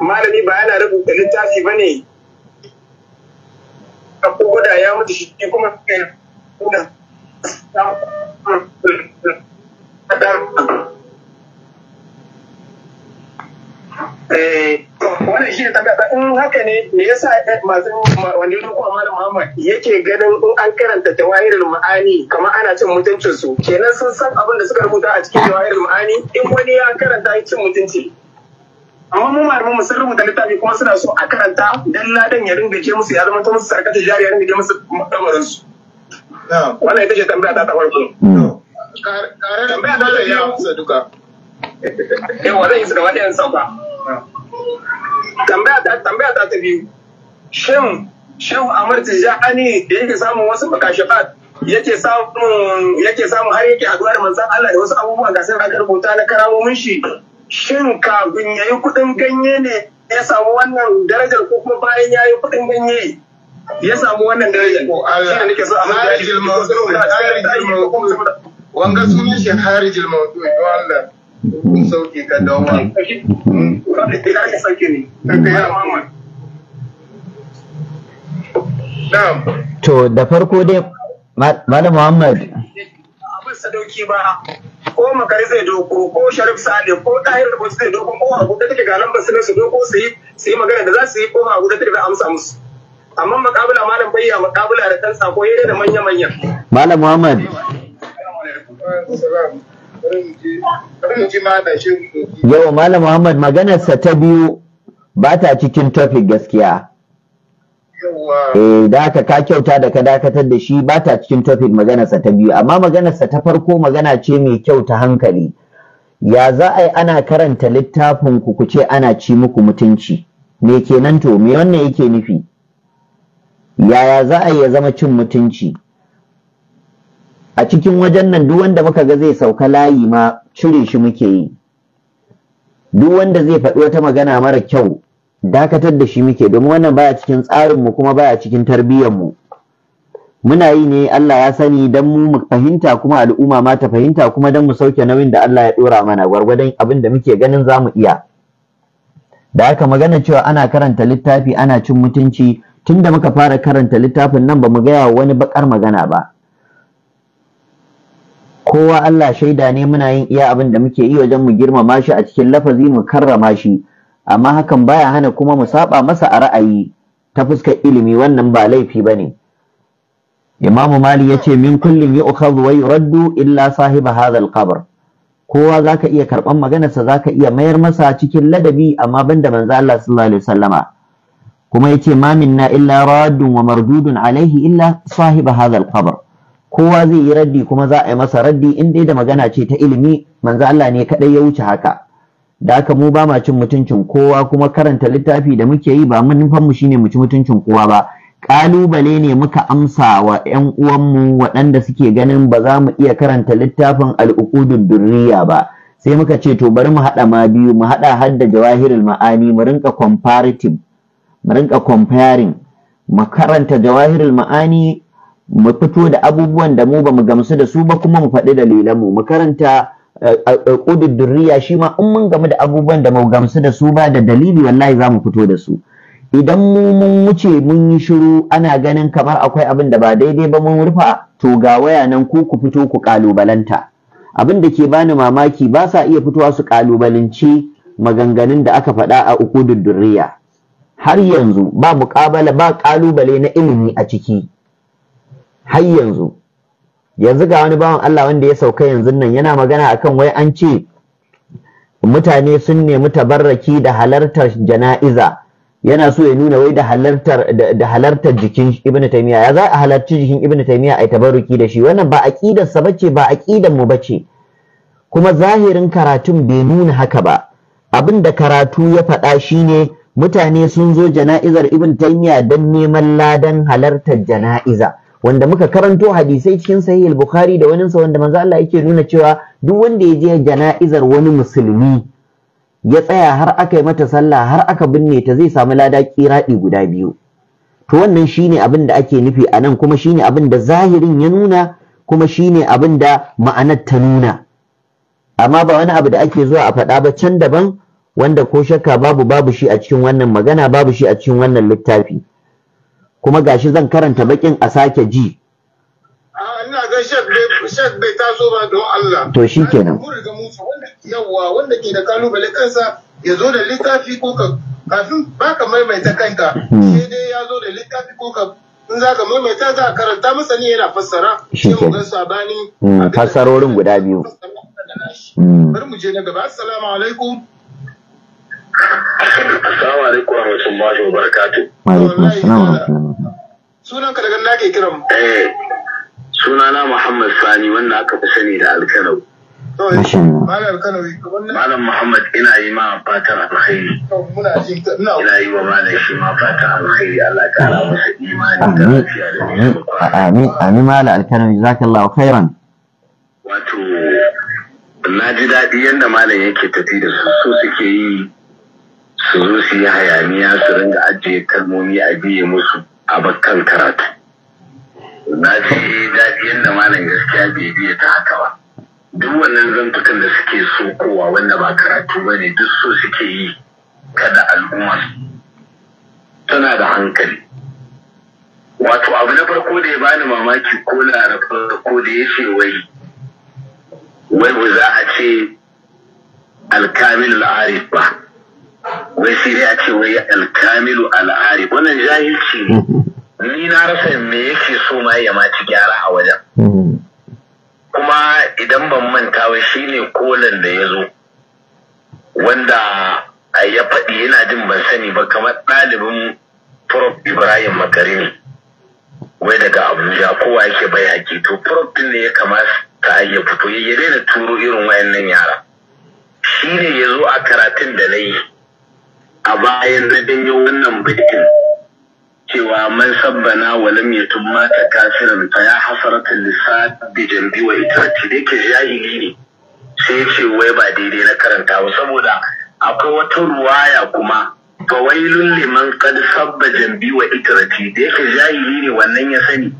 malami ba yana rubuta littafi ba ne a koda ya mutu shi kuma kai wannan shi ta tambaya in haka ne me yasa masu wani yau ko Malam Muhammad yake ganin in an karanta jawahirul ma'ani kamar ana cin mutuncin su kenan sun san abin da suka rubuta a cikin jawahirul ma'ani in wani ya karanta ya cin mutunci amma mu malaman mu sun rubuta littafi kuma suna so a karanta dan ladan ya ringa je musu ya zama ta musu sarkata jari ya ringa je musu kamarin su wannan ita ce tambaya ta ta farko tambaya ta ta ya kusa duka yawa zan yi su gaba ɗayan sauka tambaya ta tambaya ta ta biyu shin shehu amur tijjani da yake samun wasu makashifat yake samun yake samun har yake haɗuwa da manzon Allah da wasu abubuwa ga sai ka rubuta na karamomin shi shin kafin yi kuɗin ganye ne ya samu wannan darajar ko kuma bayan ya yi kuɗin ganye ya samu wannan darajar ko Allah nake so a harijil mawdu'i harijil mawdu'i wanga sunan shi harijil mawdu'i don Allah sauke ka da wani ka sauke ne ka ya mamman to da farko dai malam muhammad abin sa dauki ba ko makari zai doko ko sharif sale ko tahir ko zai doko ko hagu da take ga lambar sunan su doko su yi su yi magana da za su yi ko hagu da take amsa musu amma makabula malam bayya makabula da kan sako yayin da manya manya malam muhammad Yau Malam Muhammad maganarsa ta biyu ba ta cikin topic gaskiya. Eh da ka ka kyauta da ka dakatar da shi ba ta cikin topic maganarsa ta biyu amma maganarsa ta farko magana ce mai kyau ta hankali. Ya za a yi ana karanta littafin ku ku ce ana ci muku mutunci. Me kenan to me wannan yake nufi? Yaya za a yi ya zama cin mutunci? a cikin wajen nan duk wanda muka ga zai sauka layi ma cire shi muke yi duk wanda zai faɗi wata magana mara kyau dakatar da shi muke domin wannan baya cikin tsarin mu kuma baya cikin tarbiyyar mu muna yi ne Allah ya sani dan mu fahimta kuma al'umma ma ta fahimta kuma dan mu sauke nauyin da Allah ya ɗora mana gwargwadon abin da muke ganin zamu iya da haka magana cewa ana karanta littafi ana cin mutunci tunda muka fara karanta littafin nan ba mu gaya wani bakar magana ba kowa Allah shaida ne muna yin iya abin da muke yi wajen mu girmama shi a cikin lafazi mu karrama shi amma hakan baya hana kuma mu saba masa a ra'ayi ta fuskar ilimi wannan ba laifi ba ne. Imamu Mali ya ce min kullum ya ukhadhu wa yuraddu illa sahiba hadha alqabr kowa zaka iya karban maganarsa zaka iya mayar masa cikin ladabi amma banda manzo Allah sallallahu alaihi wasallama kuma yace ma minna illa radun wa mardudun alaihi illa sahiba hadha alqabr kowa zai yi raddi kuma za a yi masa raddi in dai da magana ce ta ilimi manzo Allah ne kadai ya wuce haka da haka mu ba ma cin mutuncin kowa kuma karanta littafi da muke yi ba manufan mu shine mu ci mutuncin kowa ba kalubale ne muka amsa wa ƴan uwanmu waɗanda suke ganin ba za mu iya karanta littafin al'uqudud durriya ba sai muka ce to bari mu haɗa ma biyu mu haɗa har da jawahirul ma'ani mu rinka comparative mu rinka comparing mu karanta jawahirul ma'ani mu fito da abubuwan da mu ba mu gamsu da su ba kuma mu faɗi dalilan mu Mu karanta eh, eh, eh, ƙudin shi ma in mun gamu da abubuwan da mu gamsu da su ba da dalili wallahi za mu fito da su idan mu mun wuce mun yi shiru ana ganin kamar akwai abin da ba daidai ba mun rufa to ga waya nan ko ku fito ku kalubalanta abin da ke bani mamaki ba sa iya fitowa su kalubalanci maganganun da aka faɗa a uƙudin har yanzu ba muƙabala ba ƙalubale na ilimi a ciki har yanzu yanzu ga wani bawan Allah wanda ya sauka yanzu nan yana magana akan wai an ce mutane sun nemi tabarraki da halartar jana'iza yana so ya nuna wai da halartar da halartar jikin Ibn Taymiya ya za a halarci jikin Ibn Taymiya ai tabarruki da shi wannan ba aqidar sa bace ba aqidar mu bace kuma zahirin karatun bai nuna haka ba abin da karatu ya faɗa shine mutane sun zo jana'izar Ibn Taymiya don neman ladan halartar jana'iza wanda muka karanto hadisai cikin sahih al-bukhari da waninsa wanda manzo Allah yake nuna cewa duk wanda ya je jana'izar wani musulmi ya tsaya har aka yi mata sallah har aka binne ta zai samu lada kiradi guda biyu to wannan shine abin da ake nufi anan, kuma shine abin da zahirin ya nuna kuma shine abin da ma'anar ta nuna amma ba wani abu da ake zuwa a faɗa ba can daban wanda ko shakka babu babu shi a cikin wannan magana babu shi a cikin wannan littafi kuma gashi zan karanta bakin a sake ji ina ga shek bai taso ba don Allah to shikenan mun riga mun yawa wanda ke da kalubale kansa ya zo da littafi ko ka kafin ba ka maimaita kanka hmm. sai dai ya zo da littafi ko ka in za ka maimaita za a karanta masa ne yana fassara shi mu ga sabani hmm, fassarorin guda biyu hmm. bari mu je na gaba assalamu alaikum Assalamu alaikum wa rahmatullahi wa barakatuh. Wa alaikum assalam wa rahmatullahi. Sunan ka daga na ke kiran mu. Eh. Sunana Muhammad Sani wanda aka fi sani da Alkanau. Malam Muhammad ina yi ma fatan alkhairi. Ina yi wa malam shi ma fatan alkhairi Allah kara masa imani da lafiya da nisan Amin amin malam alkarami jazakallahu khairan. Wato na ji daɗi yadda malam yake tafi da su so suke yi su zo su yi hayaniya su ringa ajiye kalmomi a biye musu a bakkan karatu na ce daɗi yadda malam gaskiya bai biya ta haka ba duk wannan zantukan da suke so kowa wanda ba karatu ba ne duk so suke yi kada al'umma tana da hankali wato abu na farko da ya bani mamaki ko da ko da ya ce wai wai ba za a ce alkamil la'arif ba wai sai ya ce wai alkamilu al'ari wannan jahilci ne ni na rasa me yake so ma ya ma gyara a wajen hmm. kuma idan ban manta wai shine kolan da ya zo wanda a ya faɗi yana jin ban sani ba kamar ɗalibin prof ibrahim ne wai daga abuja kowa yake bai haƙi to prof ne ya kamata ya fito ya daina turo irin wayannan yara shi ne ya zo a karatun da na yi a bayan na janyo wannan bikin cewa man sabbana wa lam yatub mata kafirin, fa ya hasarata lisan bi jambi wa itrati da yake jahili ne sai ya ce wai ba daidai na karanta ba saboda akwai wata ruwaya kuma fa wailul liman qad sabba jambi wa itrati da yake jahili ne wannan ya sani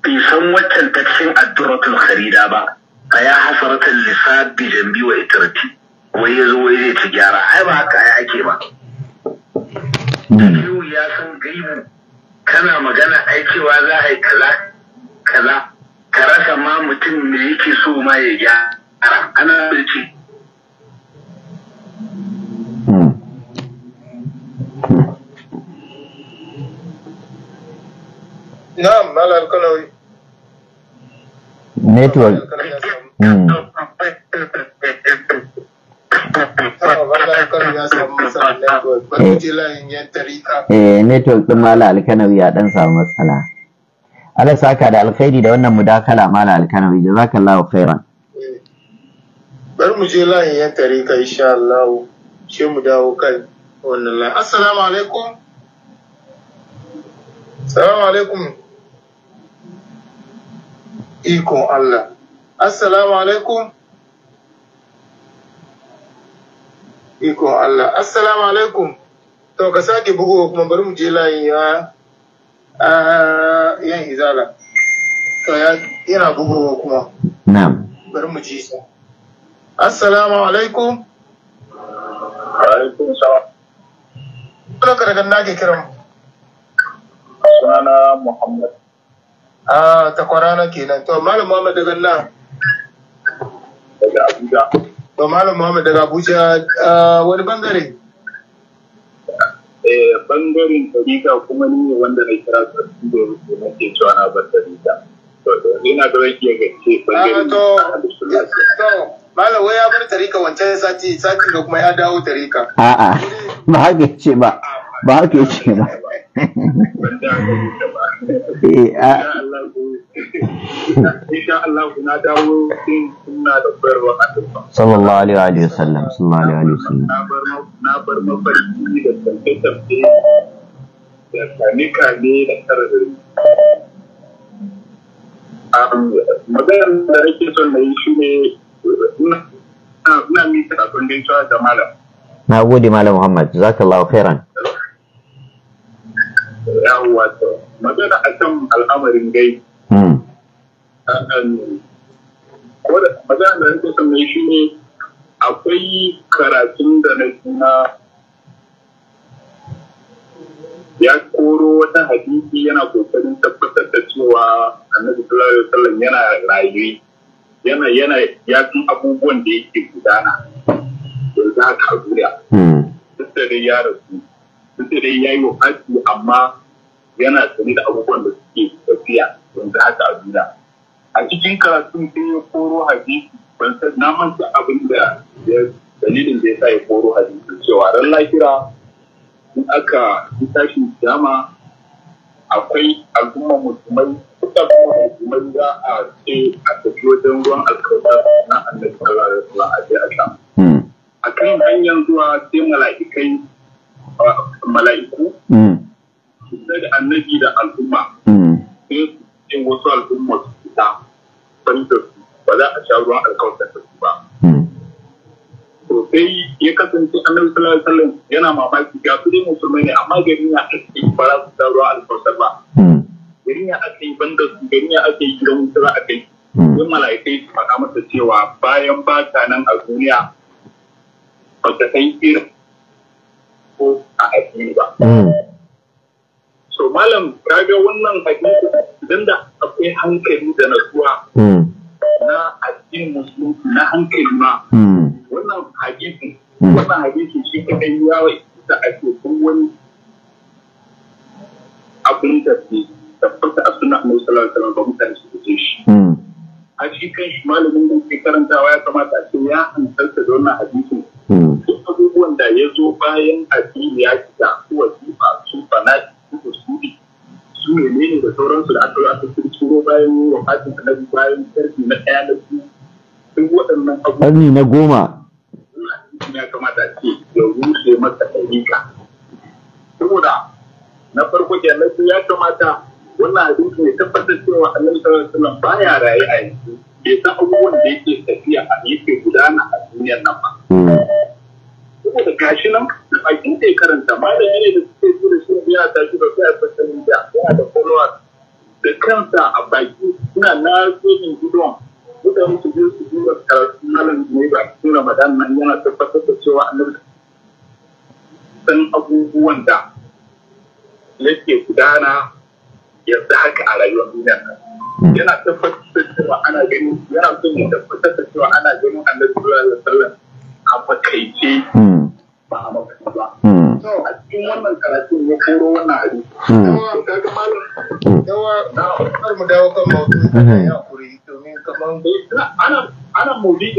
bai san waccan ta cikin addu'atul kharida ba fa ya hasarata lisan bi jambi wa itrati wai ya zo wai zai ci gyara ai ba haka ya ake ba biyu hmm. ya san gaibu kana magana ai cewa za a yi kaza kaza ka rasa ma mutum me yake so ma ya gyara ana birki hmm. Na'am, Kalawi. Network. Eh, network ɗin Mala Alkanawi ya ɗan samu matsala. Allah saka da alkhairi da wannan mudakala Mala Alkanawi, jazakallahu khairan. Bari mu je layin yan tarika insha Allah, sai mu dawo kan wannan layin. Assalamu alaikum. Assalamu alaikum. Ikon Allah. Assalamu alaikum. ikon Allah assalamu alaikum to ka sake bugu kuma bari mu je layin ya yan izala to ya yana bugu kuma na'am bari mu ji sa assalamu alaikum alaikum salam Kana ka daga nake kiran sunana muhammad ah ta na kenan to malam muhammad daga nan daga abuja to malam muhammad daga abuja ah, wani bangare eh bangaren tarika kuma ni ne wanda na kira sarki da rufe na ke cewa na bar tarika to ina da zan ke gace bangaren ah, to malam wai ya bar tarika wancan sati sati da kuma ya dawo tarika a'a ba haka ce ba ah, ba haka yake ba eh, sallallahu alaihi wa sallallahu alaihi wa na bar mafarki da tafiye da kane-kane da tsararri da nake son na yi shi ne ina mita da malam na gode malam muhammad jazakallahu khairan yawwa to magana a akan al'amarin gai hmm. magana da nake son mai shi ne akwai karatun da na suna ya koro wata hadisi yana kokarin tabbatar da cewa annabi sallallahu alaihi wasallam yana raye yana yana ya san abubuwan da yake gudana da za a duniya hmm. duk da dai ya rasu duk da dai ya yi wa fati amma yana sani da abubuwan da suke tafiya yanzu haka a duniya a cikin karatun sun yi koro hadisi ban san na manta abin da dalilin da ya sa ya koro hadisi cewa ran lahira in aka yi tashin jama, akwai al'umma musulmai kusa kuma musulmai za a ce a tafi wajen ruwan alkawari ƙarni na goma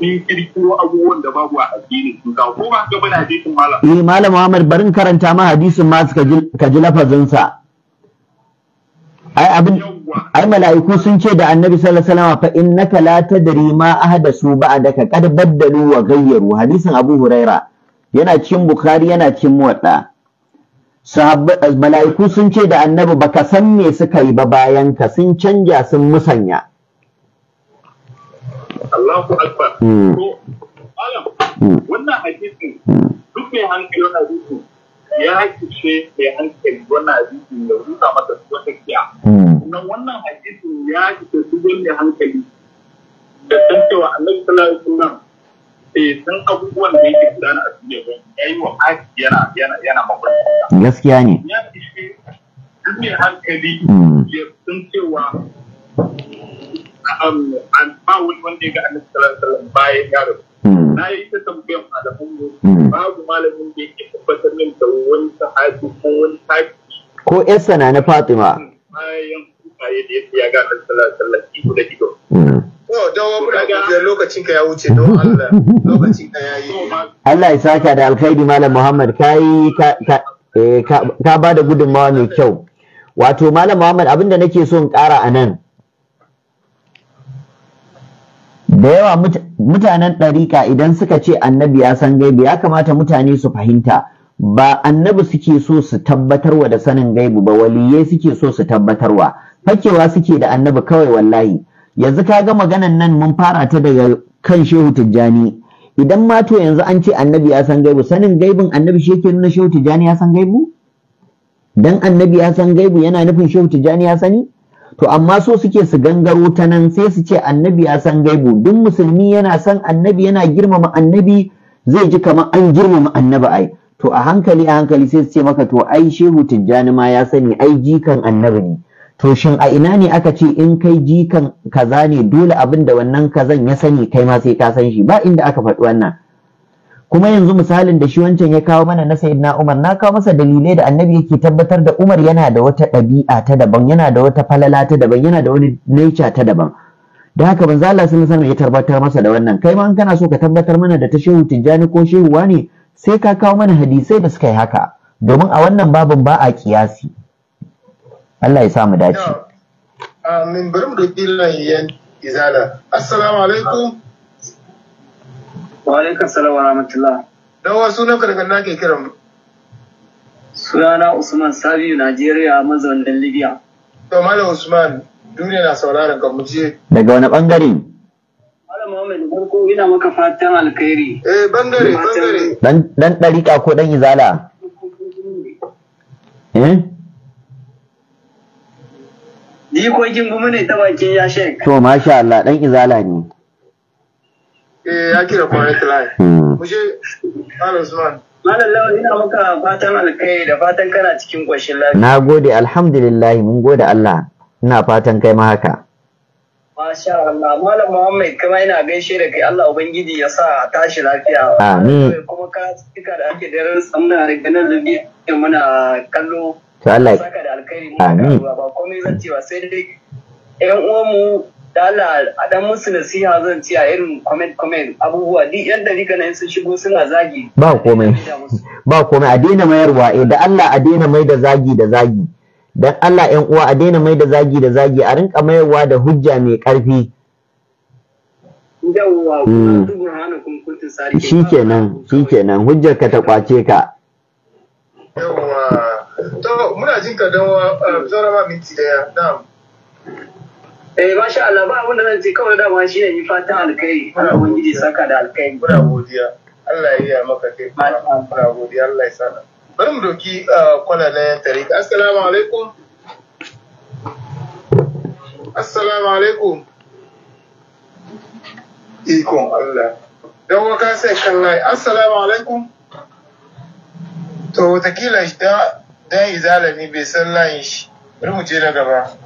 sun kirkiro abubuwan da babu a addinin su ka ko ba ka bana hadisin malam eh malam Muhammad barin karanta ma hadisin ma suka ji ka ji lafazin sa ai abin ai mala'iku sun ce da annabi sallallahu alaihi wasallam fa innaka la tadri ma ahdasu ba'daka qad baddalu wa ghayyaru hadisin Abu Huraira yana cikin Bukhari yana cikin Muwaddah mala'iku sun ce da annabi baka san me suka yi ba bayan ka sun canja sun musanya Allahu Akbar. Hmm. To, malam, hmm. wannan hadisin hmm. duk mai hankali wannan hadisin ya hakice mai hankali wannan hadisin ya rusa masa wata kiya. wannan hadisin ya hakice su mai hankali da san cewa annabi sallallahu alaihi wasallam eh san abubuwan da yake gudana a duniya ba yi wa aki yana yana yana Gaskiya ne. Ya hakice duk mai hankali ya san cewa ga annabi sallallahu alaihi wasallam hmm. mu hmm. babu malamin da yake tabbatar min da wani ko wani na Fatima Allah ya saka da alkhairi Malam Muhammad kayi eh, ka ba da gudunmawa mai kyau. Wato Malam Muhammad abinda nake so in ƙara a nan da yawa mutanen ɗarika idan suka ce annabi ya san gaibu ya kamata mutane su fahimta ba annabi suke so su tabbatarwa da sanin gaibu ba waliyai suke so su tabbatarwa fakewa suke da annabi kawai wallahi yanzu ka ga maganan nan mun fara ta daga kan shehu tijjani idan ma to yanzu an ce annabi ya san gaibu sanin gaibun annabi shi yake nuna shehu tijjani ya san gaibu dan annabi ya san gaibu yana nufin shehu tijjani ya sani to amma so suke su gangaro ta nan sai su ce annabi ya san gaibu duk musulmi yana san annabi yana girmama annabi zai ji kamar an girmama annabi ai to a hankali a hankali sai su ce maka to ai shehu tijjani ma ya sani ai jikan annabi ne to shin a ina ne aka ce in kai jikan kaza ne dole abin da wannan kazan ya sani kai ma sai ka san shi ba inda aka faɗi wannan kuma yanzu misalin da shi wancan ya kawo mana na sayyidina Umar na kawo masa dalilai da annabi yake tabbatar da Umar yana da wata ɗabi'a ta daban yana da wata falala ta daban yana da wani nature ta daban da haka Banzala Allah sun san ya tabbatar masa da wannan kai ma in kana so ka tabbatar mana da ta shehu tijjani ko shehu wani sai ka kawo mana hadisai da suka yi haka domin a wannan babin ba a kiyasi Allah ya sa mu dace amin bari mu roki Allah ya izala assalamu alaikum Wa alaikum salam wa rahmatullah. Dan sunan ka daga nake kiran mu. Sunana Usman Sabiu Najeriya mazaunin Libya. To Malam Usman duniya na sauraron ka Daga wani bangare? Malam Muhammad farko ina maka fatan alkhairi. Eh bangare bangare. Dan dan dariƙa ko dan izala? Eh? Jikokin gumi ne ta bakin ya shek. To masha Allah dan izala ne. eh ya kira correct line hmm. mu je Malam Usman ina maka fatan alkai da fatan kana cikin ƙoshin lafiya. Na gode alhamdulillah mun gode Allah ina fatan kai ma haka. Masha Allah Malam Muhammad kuma ina gaishe da kai Allah Ubangiji ya sa tashi lafiya. Amin. Kuma ka cika da ake da rantsan na ganin zubi muna kallo. To Allah. Saka da alkhairi. Amin. Ba komai zan cewa sai dai ƴan uwanmu Da Allah a dan musu nasiha zan ce a irin comment comment abubuwa duk yan dariƙa nan sun shigo suna zagi ba komai ba komai a daina mayarwa eh da Allah a daina mai da zagi da zagi dan Allah ƴan uwa a daina mai da zagi da zagi a rinka mayarwa da hujja mai ƙarfi yawwa hmm. shikenan shikenan hujjar ka ta kwace ka yawwa to muna jin ka zara zaura eh, minti daya Eh masha Allah ba abin da zan ce kawai dama shi ne yi fatan alkhairi. Allah ubangiji saka da alkhairi. Muna godiya. Allah ya yi maka kai. Muna godiya Allah ya sana. Bari mu doki ah, kwalalan tarika. Assalamu alaikum. Assalamu alaikum. Ikon Allah. Dan waka sai kallai. Assalamu alaikum. To watakila idan dan izalami bai san layin shi. Bari mu je na gaba.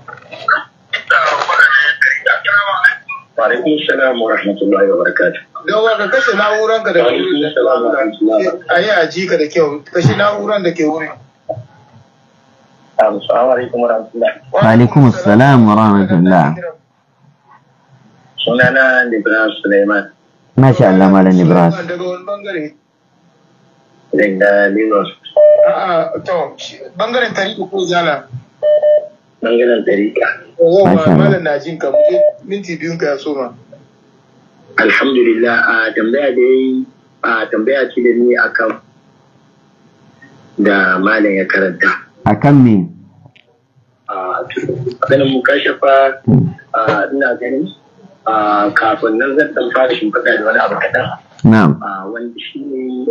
Alaikun salam wa rahmatullahi wa barakatu. Gawa ka kashe na'uran ka da ke wurin. A yi aji ka da kyau, kashe na'uran da ke wurin. Alaikun salam wa rahmatullah. Sunana Libra Suleiman. Masha Allah Malam Libra. Daga wani bangare? Daga Lagos. A'a, to, bangaren tarihi ko zala? bangaren ɗariƙa. Malam na jin ka minti biyun ka ya soma. Alhamdulillah a tambaya dai a tambaya ce da ni a kan da malam ya karanta. A kan me? A ganin mu kashafa ina ganin kafin nan zan ɗan fara shimfiɗa da wani abu kaɗan. Na'am. Wanda shi ne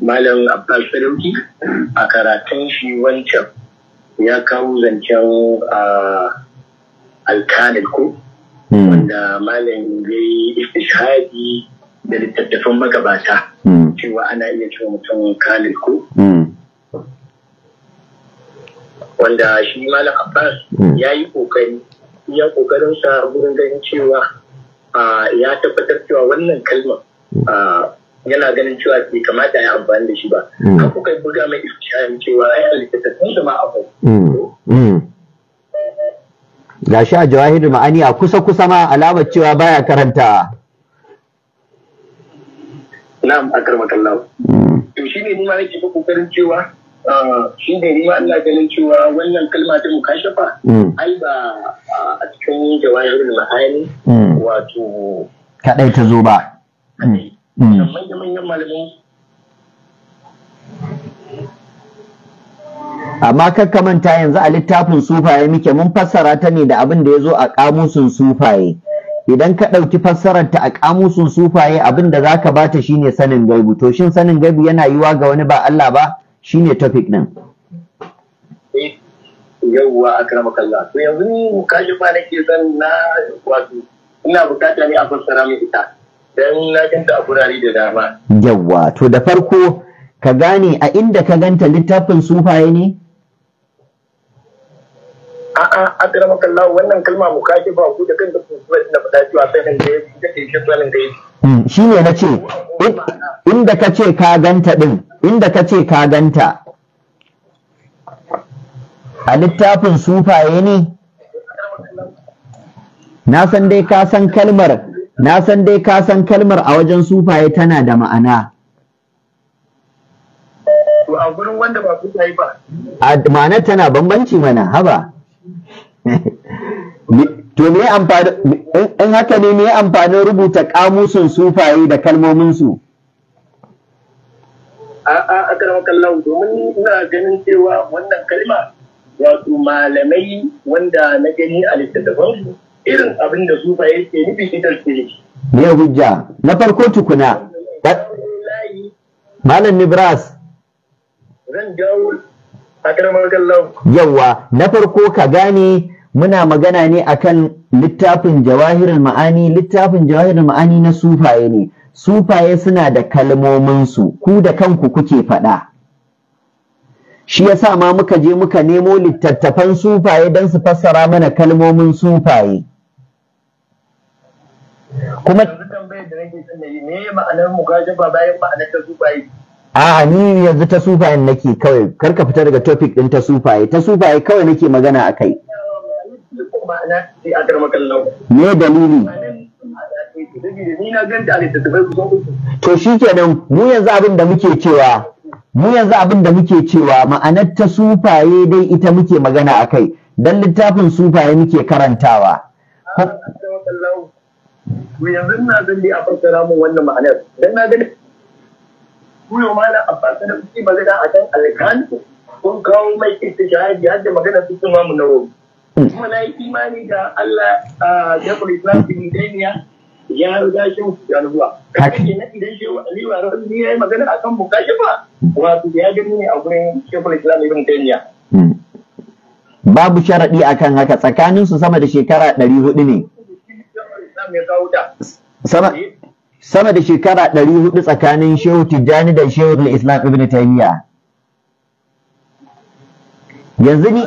Malam Abbas Sarauki a karatun shi wancan ya kawo zancen alkanil ku. Hmm. wanda malin zai yi shahadi da littattafan magabata hmm. cewa ana iya cewa mutum kanil ku hmm. wanda shi malam abbas ya yi kokari ya kokarin sa gurin ganin cewa ya tabbatar cewa wannan kalmar yana ganin cewa bai kamata ya amfani da shi ba mm. an kuka buga mai isha'in cewa ai a tun da ma akwai ga shi a mm. mm. jawahir ma'ani a kusa kusa ma alamar cewa baya karanta na'am akar makallahu to shi ne ma nake kokarin cewa ah, shi ne ma ina ganin cewa wannan kalma ta mukashafa ai ba a cikin jawahir ma'ani wato kadai ta zo ba Hmm. Amma manyan malaman amma kakkamanta yanzu a littafin sufaye muke mun fassara ta ne da abin da ya zo a kamusin sufaye idan ka ɗauki fassarar ta a kamusin sufaye abin da za ka bata shine sanin gaibu to shin sanin gaibu yana yiwa ga wani ba Allah ba shine topic din eh, yawwa kalla. to yanzu ni mukashi ma nake zan na wato ina bukata ne a fassara mai ita don na gurare da dama. Yawwa, to da farko ka gane a inda ka ganta littafin sufaye ne? A'a, akrama makalla wannan kalma mu kashi ba ku da kanta kuma ina faɗa cewa sai kan da ita ke shi tsanin da hmm, Shi ne na ce, inda ka ce ka ganta ɗin, inda ka ce ka ganta. A littafin sufaye ne? Na san dai ka san kalmar na san dai ka san kalmar a wajen sufaye tana da ma'ana a gurin wanda ba sufaye ba a ma'ana tana bambanci mana haba to me amfani in haka ne me amfanin rubuta kamusun sufaye da kalmomin su a a karama kallon domin ina ganin cewa wannan kalma wato malamai wanda na gani a littattafansu irin abin da su ke nufi idan ne. me hujja na farko tukuna malam nibras zan dawo a karamar kallon yawa na farko ka gane muna magana ne akan littafin jawahirul ma'ani littafin jawahirul ma'ani na sufaye ne sufaye suna da kalmominsu ku da kanku kuke faɗa shi yasa ma muka je muka nemo littattafan sufaye don su fassara mana kalmomin sufaye kuma a ni yanzu ta sufayen nake kawai kar ka fita daga topic din ta sufaye ta sufaye kawai nake magana a kai me dalili to shi kenan mu yanzu abin da muke cewa mu yanzu abin da muke cewa ma'anar ta sufaye dai ita muke magana a kai don littafin sufaye muke karantawa to yanzu ina zan a fassara mu wannan ma'anar dan na gani ku kuyo malam abbas na fi magana a kan alkan kun kawo mai istishahadi har da magana su kuma mu nawo kuma na yi imani da Allah ya kuma islam ibn taymiya ya riga shi mu da nubuwa kake na idan shi wa aliyu ya yi magana akan bukashi ba wato ya gani ne a gurin shekul islam ibn taymiya hmm. babu sharaɗi akan haka tsakaninsu sama da shekara ɗari hudu ne kawo eh? sama da shekara ɗari hudu tsakanin Shehu Tijjani da Shehu Islam Ibn Taymiya yanzu ni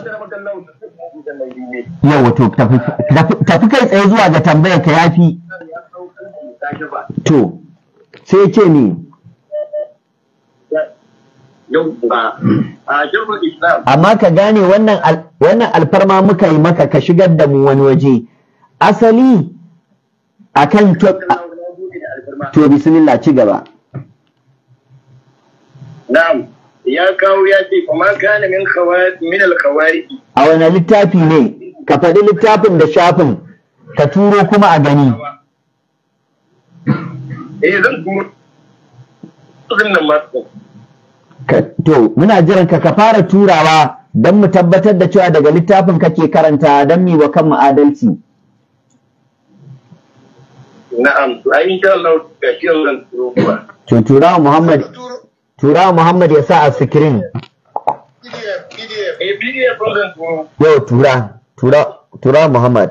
Yau to tafi kai tsaye zuwa ga tambayar ka yafi to sai ce ne amma ka gane wannan alfarma muka yi maka ka shigar da mu wani waje asali akan to to bismillah ci gaba na'am ya kawo ya ce kuma kana min khawari min al khawari a wani littafi ne ka faɗi littafin da shafin ka turo kuma a gani eh zan kuma to muna jiran ka ka fara turawa don mu tabbatar da cewa daga littafin kake karanta don mi wa kanmu adalci na'am to ai insha Allah zan turo kuwa to tura Muhammad tura Muhammad ya sa a sikirin yau tura tura tura Muhammad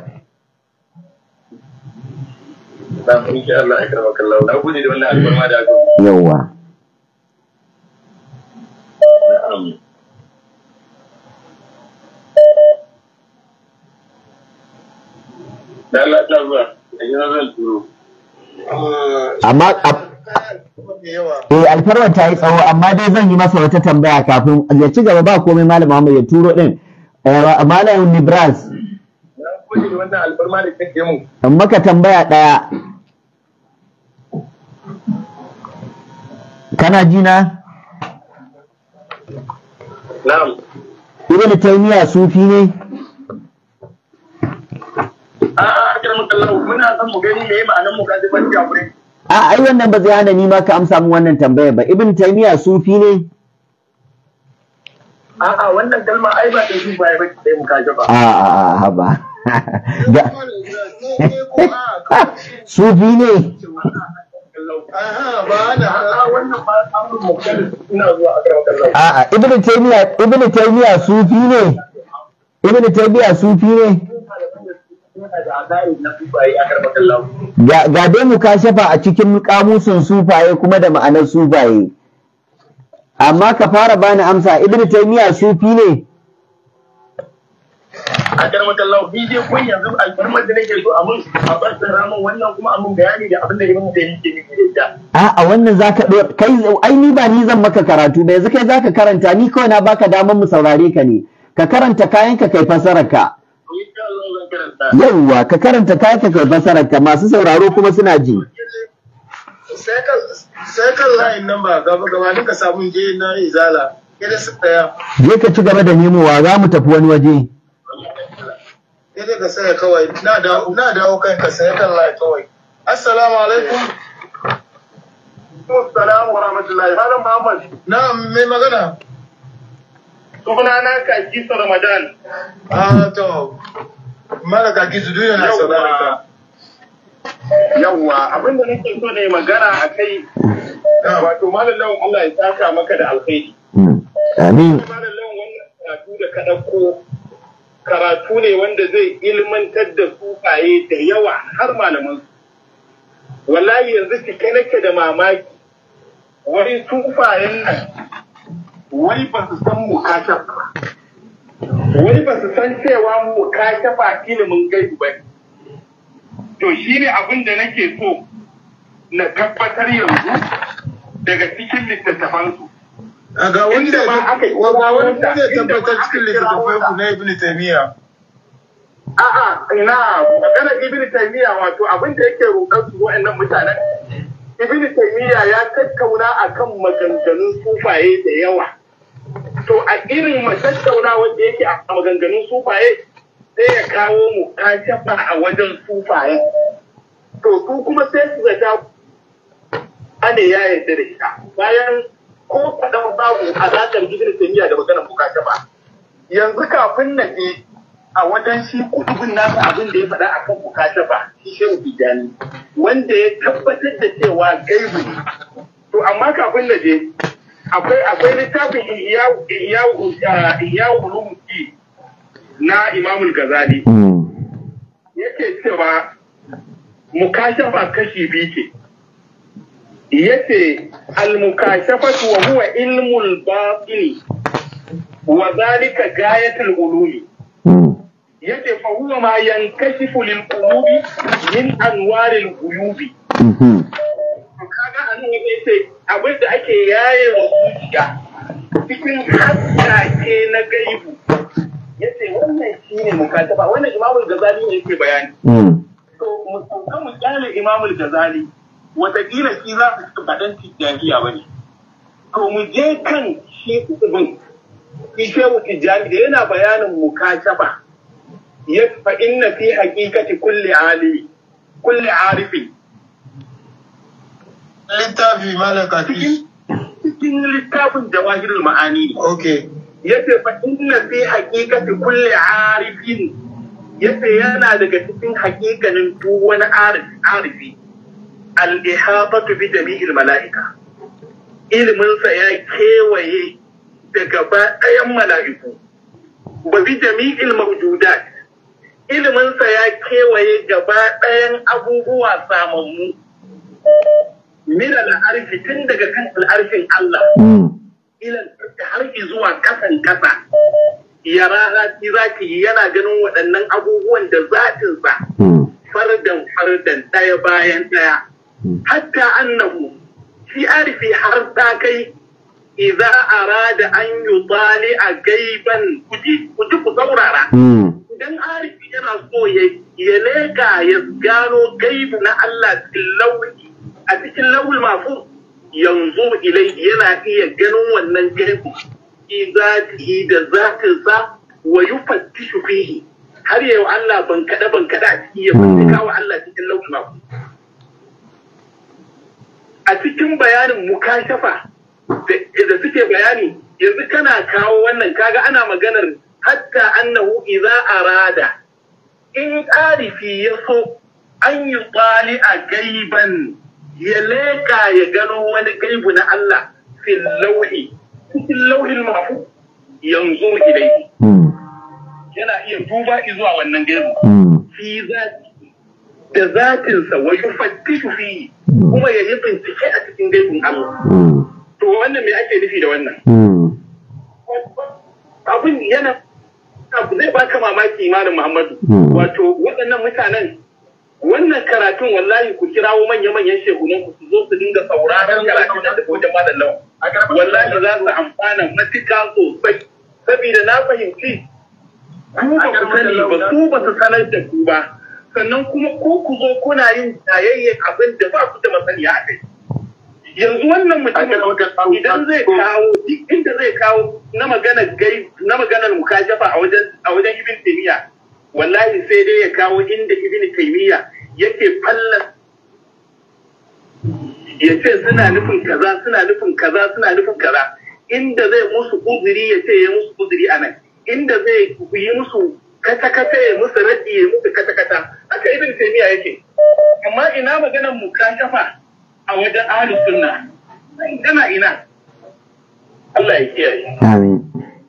yauwa Dala, dala, dala, dala, dala, amma eh alfarwar ta yi tsawo amma dai zan yi masa wata tambaya kafin ya ci gaba ba komai malam Muhammad ya turo din eh, malam Nibras in maka tambaya ɗaya kana jina na na'am ibn taymiya sufi ne a muna son mu a a ai wannan ba zai hana ni ma ka amsa min wannan tambayar ba ibn taymiya sufi ne a'a wannan kalma ai ba ta ba sai a a a ba. sufi ne A'a, Ibn Ibn sufi ne. Ibn taimiya sufi ne. Ga dai mu kashafa a cikin kamusun sufaye kuma da ma'anar sufaye. Amma ka fara bani amsa ibnu taymiya sufi ne? a dai kun yanzu a wannan kuma a bayani da abin da ke a a wannan zaka kai ai ni ba ni zan maka karatu ba yanzu kai zaka karanta ni kawai na baka damar mu saurare ka ne ka karanta kayan ka kai fasarar ka yauwa ka karanta ta ka kai fasarar ka masu sauraro kuma suna ji sai kan layin nan ba gaba gaba ka samun je na izala kada su daya je ka ci gaba da nemowa za mu tafi wani waje sai ka saya kawai na dawo kai ka saya kan layi kawai assalamu alaikum Assalamu wa rahmatullahi. Malam Muhammad. na mai magana. Sunana ka Kisa Ramadan. Ah, to. maragaki su duniya na saurarka yawwa abin da nake so ne magana a kai ah. wato malam lawan Allah ya saka maka da alkhairi hmm. amin malam lawan wannan karatu da ka dauko karatu ne wanda zai ilmantar da sufaye da yawa har malaman su wallahi yanzu cike nake da mamaki wani sufayen nan wai ba su san mukashaf ba wai ba su san cewa mu ka mun ilimin gaibu ba to shi ne abin da nake so na tabbatar yanzu daga cikin littattafansu ah, ga wani da zai tabbatar cikin littattafai ku na ibn taymiya a'a ina maganar ibn taymiya wato abin da yake roƙar su wa'annan mutanen ibn taymiya ya tattauna akan maganganun sufaye da yawa to a irin matattauna wanda yake a maganganun sufaye sai ya kawo mu a wajen sufaye to su kuma sai su zata ane ya yarda da ita bayan ko kaɗan babu alaƙar jikin taymiya da maganar mu yanzu kafin na ne a wajen shi kudubin nasa abin da ya faɗa a kan bukatar ba shi shehu wanda ya tabbatar da cewa gaibu to amma kafin na je akwai akwai littafin iyawu ihya'u uh, ihya'u ulumuddin na imamul gazali hmm. yake cewa mukashafa kashi biyu ce yace al-mukashafatu wa huwa ilmul batini wa zalika gayatul ulumi hmm. yace fa huwa ma yankashifu lil qulubi min anwaril ghuyubi hmm. hannu ya ce abin da ake yaye wa zuciya cikin haskake na gaibu ya ce wannan shi ne mukataba wannan imamul gazali ne yake bayani hmm. to mu sauka mu kyale imamul gazali wataƙila shi za su ci baɗan tijjaniya ba ne to mu je kan shi ibin shi shehu tijjani da yana bayanin mukataba ya fa inna fi haqiqati kulli alimi kulli arifi littafi malaka fi cikin littafin jawahirul ma'ani okay yace fa inna fi haqiqati kulli arifin yace yana daga cikin haƙiƙanin duk wani arifi al-ihatatu bi jami'il mala'ika ilminsa ya kewaye da gaba ɗayan mala'iku ba bi jami'il mawjudat ilminsa ya kewaye gaba ɗayan abubuwa samammu min al'arfi tun daga kan al'arfin Allah ilan har zuwa kasan kasa ya rara zaki yana ganin waɗannan abubuwan da zatinsa fardan fardan ɗaya bayan ɗaya hatta annahu shi arifi har ta kai idza arada an yutali a gaiban kuji ku saurara idan arifi yana so ya leka ya gano gaibu na Allah tilawi a cikin lawul mafu yanzu ilai yana iya ganin wannan gaibu fi zatihi da zatinsa wa yufattishu fihi har yau Allah ban kada ban kada a ciki ya bincika hmm. wa Allah cikin lawul mafu a cikin bayanin mukashafa da suke bayani yanzu kana kawo wannan kaga ana maganar hatta annahu idza arada in ƙarifi ya so, an yi tsali a gaiban ya leka ya gano wani gaibu na Allah fil lauhi cikin lauhin mafu yanzu ilai hmm. yana iya duba zuwa wannan gaibu hmm. fi da zatinsa wa yufattishu fi hmm. kuma ya yi bincike a cikin gaibun Allah to wannan me ake nufi da wannan abin yana zai baka mamaki imanin Muhammadu wato waɗannan mutanen wannan karatun wallahi ku kirawo manya-manyan shekunan ku su zo su dinga sauraron karatun da daga wajen madan lawan wallahi za su amfana matuka sosai saboda na fahimci ku ba ku sani ba su ba su sanar da ku ba sannan kuma ko ku zo kuna yin tayayyen abin da ba ku da masaniya a kai yanzu wannan mutumin idan zai kawo duk inda zai kawo na maganar gai na maganar mukajafa a wajen a wajen ibn wallahi sai dai ya kawo inda ibini taimiyya yake falla ya ce suna nufin kaza suna nufin kaza suna nufin kaza inda zai musu uzuri ya ce ya musu uzuri a nan inda zai yi musu kata-kata ya musu raɗi ya musu kata-kata haka ibin taimiyya yake amma ina maganar kafa a wajen ahlus sunna ina ina Allah ya kiyaye amin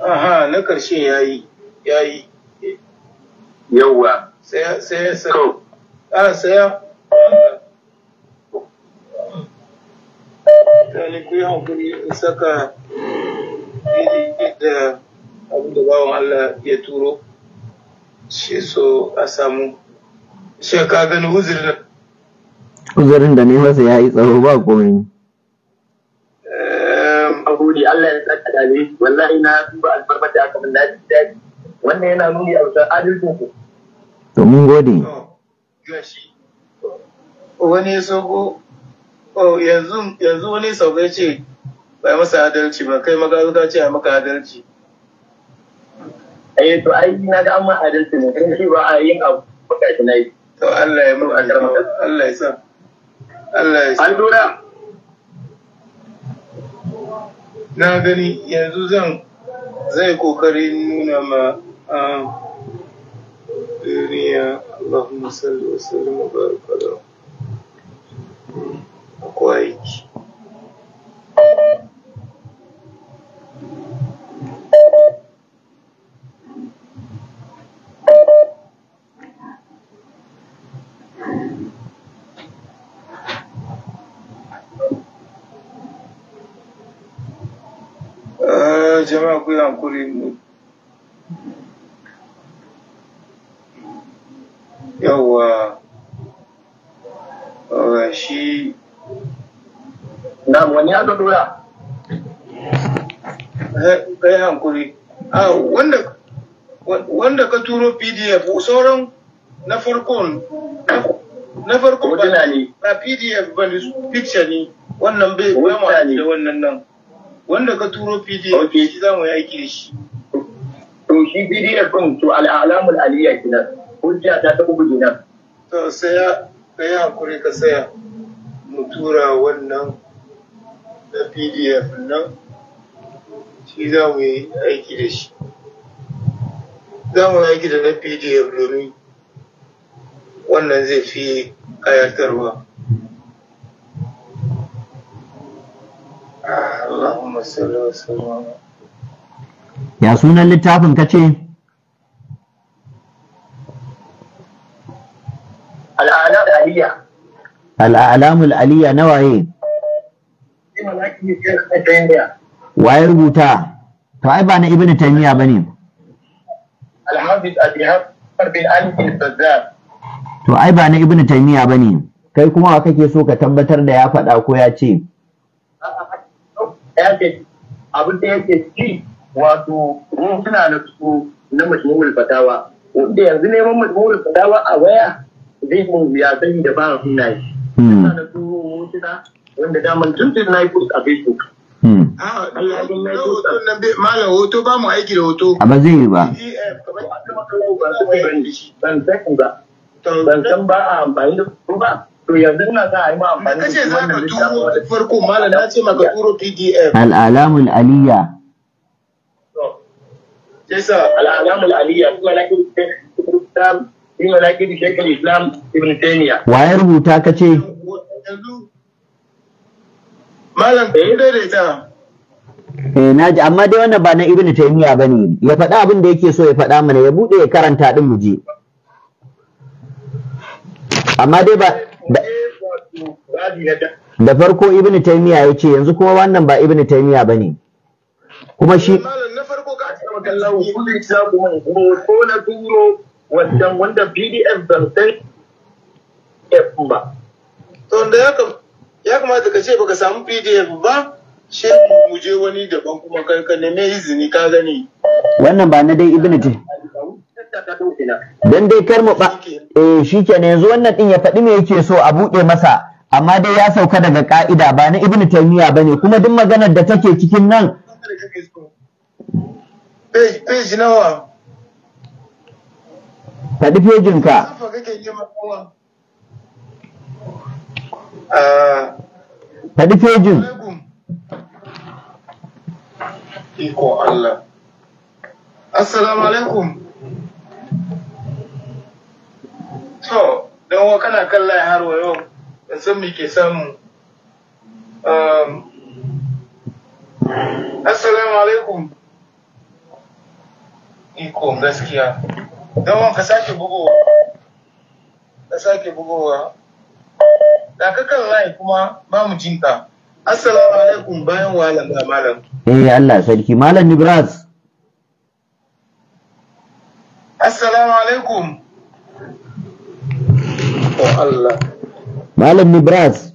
aha na karshen ya yi. yawa sai sai sai a sai mutane ku yi hankuri in saka da abu da bawan Allah ya turo shi so a samu shi ka gani uzirin. Uzirin da ne masa ya yi tsaro ba komai gode Allah ya saka ni wallahi na duba albarbar aka min daji wannan yana nuni a wutar adalcin ku to mun gode wani soko yanzu yanzu wani sauka ya ce masa adalci ba kai magazu ka ce a maka adalci eh to ai na ga amma adalci ne kan shi ba a yin abu ba to Allah ya mu Allah ya sa Allah ya sa na gani yanzu zan zai kokari nuna ma a duniya Allahumma salli wa sallim wa Thank you. Eh, jama'a ku yi hankuri yawwa shi na wani ya dora eh, ka yi ah, wanda ka turo pdf sauran na farkon na farko ba pdf ba ne picture ne wannan bai da wannan nan wanda ka turo pdf shi za mu yi aiki da shi to shi pdf ɗin to al'alamul aliyya kenan hujja ta ta uku kenan to saya ka yi hakuri ka saya mu tura wannan na pdf nan shi za mu yi aiki da shi za mu yi aiki da na pdf domin wannan zai fi ayatarwa. ya sunan littafin ka ce al'alamul aliyya al'alamul aliyya na waye waye rubuta to ai ba na ibnu taymiya bane al-hafiz abi hafiz bin ali bazzar to ai ba na ibnu ba ne. kai kuma wa kake so ka tabbatar da ya faɗa ko ya ce yake abin da yake ci wato suna na su na majmu'ul fatawa wanda yanzu neman majmu'ul fatawa a waya zai mun ya sai da ba hunna shi suna hmm. na su mutuna wanda daman tun na yi post a facebook hmm. ah, eh, Malam hoto ba mu aiki da hoto. A ba zai yi ba. Eh, eh, Ban san ba a amfani da ba. to yanzu na za a yi ma amfani da kace za ka turo farko malam na ce maka turo pdf al'alamul aliyya yasa al'alamul aliyya kuma na kin islam ina na islam ibn taymiya waye rubuta kace daidaita Eh na ji amma dai wannan ba na Ibn Taymiyyah bane ya faɗa abin da yake so ya faɗa mana ya bude ya karanta din mu je amma dai ba da farko ibn taymiya ya ce yanzu kuma wannan ba ibn taymiya ba ne kuma shi na farko ka ce maka lawo kullu kuma kuma ko na turo wanda wanda pdf ban san ba to da ya kamata ka ce baka samu pdf ba shi mu je wani daban kuma kai ka neme izini ka gani wannan ba na dai ibn taymiya dan dai kar mu ba eh shikenan yanzu wannan din ya faɗi me yake so a buɗe masa amma dai ya sauka daga ka'ida ba na ibnu taymiya bane kuma duk maganar da take cikin nan eh, page nawa faɗi pejin ka ah. faɗi pejin iko Allah assalamu alaikum so don wa kana kallon har wa yau ban san mu ke samu um, assalamu alaikum iko gaskiya don ka sake bugowa ka sake bugowa da ka kan layi kuma ba mu jinka assalamu alaikum bayan walan ga malam eh Allah sarki malam Nibras assalamu alaikum malam nibras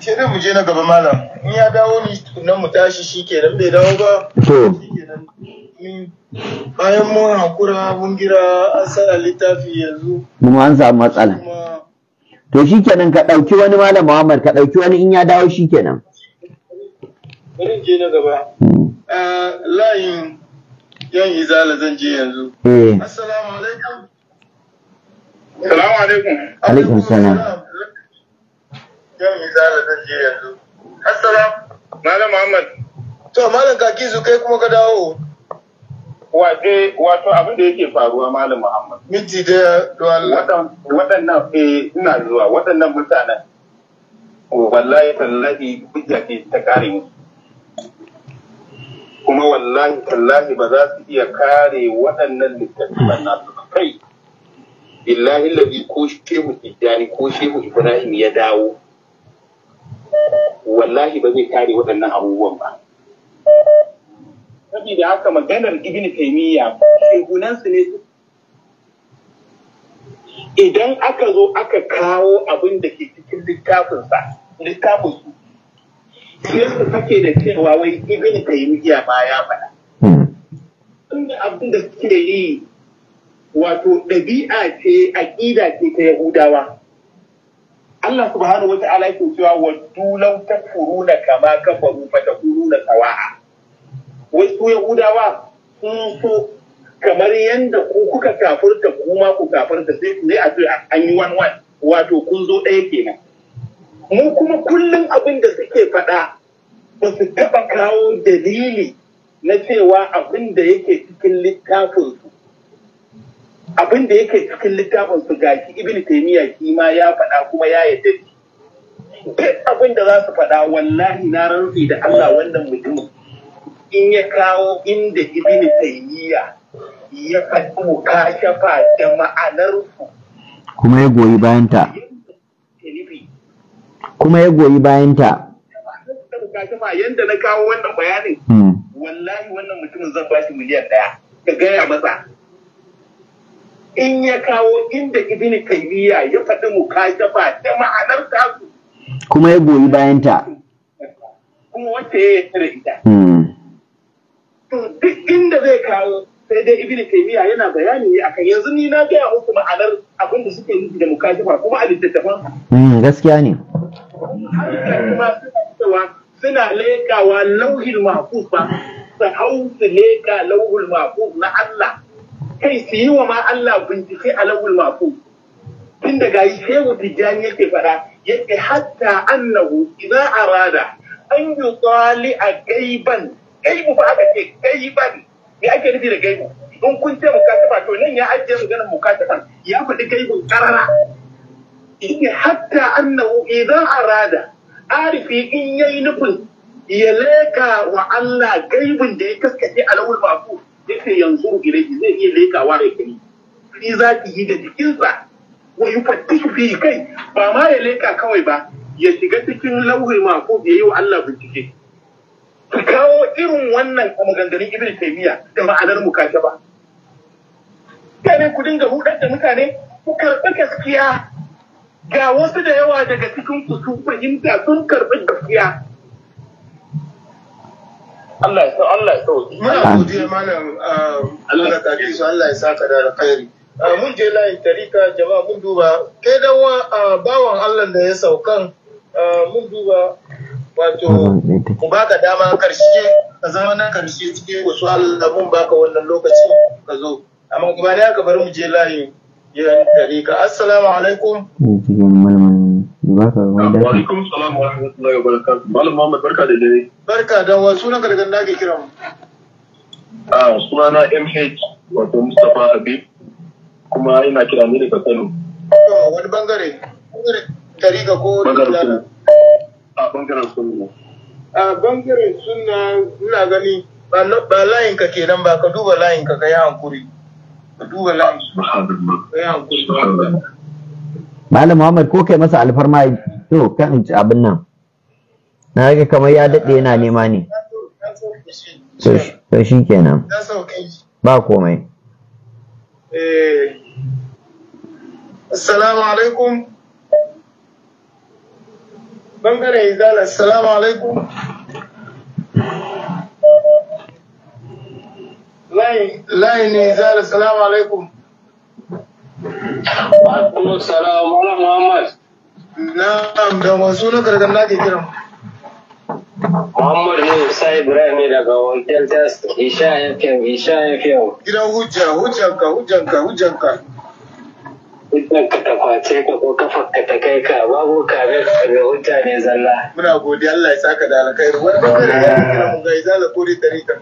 shi da mu je na gaba malam in ya dawo ni nan mu tashi shi bai dawo ba to bayan mun hakura mun gira an sana littafi yanzu mun an samu matsala to shi kenan ka ɗauki wani malam Muhammad ka ɗauki wani in ya dawo shi kenan bari je na gaba hmm. eh, layin yan izala zan je yanzu eh. assalamu alaikum Salamu alaikum. Alaikum salam. Yau mi zara zan je yanzu. Assalam. Malam Muhammad. To malam kaki su kai kuma ka dawo. Wace wato abin da yake faruwa malam Muhammad. Miti da Wadan Waɗannan eh ina zuwa waɗannan mutanen. Oh, wallahi tallahi hujja ce ta kare mu. Kuma wallahi tallahi ba za su iya kare waɗannan littattafan nasu kai. billahi lafi ko shehu tijjani ko shehu ibrahim ya dawo wallahi ba zai kare waɗannan abubuwan ba saboda haka maganar ibn taimiyya shehunansu ne su idan aka zo aka kawo abin da ke cikin littafinsa littafinsu su sai su da cewa wai ibn taimiyya ba ya faɗa hmm. da abin da suke yi wato ɗabi'a ce aƙida ce ta Yahudawa. Allah subhanahu wa ta'ala yake cewa wa dulau na kama kafaru fa na sawa'a. Wasu Yahudawa sun so kamar yadda ku kuka kafurta kuma ku kafurta sai ne a ce an yi wan wan wato kun zo ɗaya kenan. Mu kuma kullum abin da suke faɗa ba su taɓa kawo dalili na cewa abin da yake cikin littafin abin da yake cikin littafin su gashi ibn taymiya shi ma ya faɗa kuma ya yadda duk abin da za su faɗa wallahi na rantsi da Allah wannan mutumin in ya kawo inda ibn taymiya ya faɗi ka shafa da ma'anar su kuma ya goyi bayan ta kuma ya goyi bayan ta yanda na kawo wannan bayanin hmm. wallahi wannan mutumin zan bashi miliyan ɗaya ka gaya masa in ya kawo inda ibini taimiyya ya faɗi mu ba ta ma'anar tasu kuma ya goyi bayan ta kuma wacce ya yarda ita hmm. to duk inda zai kawo sai dai ibini taimiyya yana bayani ne akan yanzu ni na gaya muku ma'anar abin da suke nufi da mukajaba kuma a littattafan hmm, gaskiya ne suna leƙawa lauhin mahfuz ba su hau su leƙa lauhin mahfuz na Allah kai su yi wa ma Allah bincike a lagul mafu tun daga yi shehu tijjani yake fara yake hatta annahu idza arada an yi tsali a gaiban gaibu ba aka ce gaiban ya ake nufi da gaibu in kun ce mukatafa to nan ya ajiye maganar mukatafa ya faɗi gaibun karara yake hatta annahu idza arada arifi in yayi nufin ya leka wa Allah gaibun da ya kaskace a lagul mafu duka yanzu gireji zai iya lekawa da kai shi za ki yi da jikinsa wa yi fattishi fi kai ba ma ya leka kawai ba ya shiga cikin lauhi mako ya yi wa Allah bincike ki kawo irin wannan a maganganun ibn taymiya da ma'anar ba. mutane ku dinga hudar da mutane ku karɓi gaskiya ga wasu da yawa daga cikin su sun fahimta sun karɓi gaskiya Allah ya sa Allah ya sauki muna godiya malam uh, Allah ka ji su Allah ya saka da alkhairi uh, mun je layin tarika jama'a mun duba kai dan uh, bawan Allah da ya saukan mun duba wato ku baka dama karshe ka zama na karshe cikin wasu Allah mun baka wannan lokaci ka zo amma ba da ka bar mu je layin yan tarika assalamu alaikum baka wani dafi. Alaikum salam wa rahmatullahi wa barakatuh. Malam Muhammad barka da dare. Barka da wa sunan ka da nake kira mu. Ah sunana MH wato Mustapha Habib kuma ina kira ni daga Kano. To wani bangare? Bangare tariga ko A ah, bangaren sunna. A ah, bangaren sunna ina gani ba layin ka kenan ba ka duba layin ka ka yi hankuri. Ka duba layin ah, ka yi hankuri. malam muhammad ko kai masa alfarma to kan abin nan na ga kamar ya daɗe yana nema ne to shi kenan ba komai eh, assalamu alaikum Bangare izala assalamu alaikum layi ne izala assalamu alaikum Assalamu alaikum Malam Muhammad. Na'am da wasu na gargan na ke kiran. Muhammad ne Isa Ibrahim ne daga Hotel Test Isha FM Isha FM. Gidan hujja hujjanka hujjanka hujjanka. Hujjanka ta kwace ka ko kafarka ta kai ka babu kare kare hujja ne zalla. Muna godiya Allah ya saka da alkhairi wani bangare ya kira mu ga izala kore ka.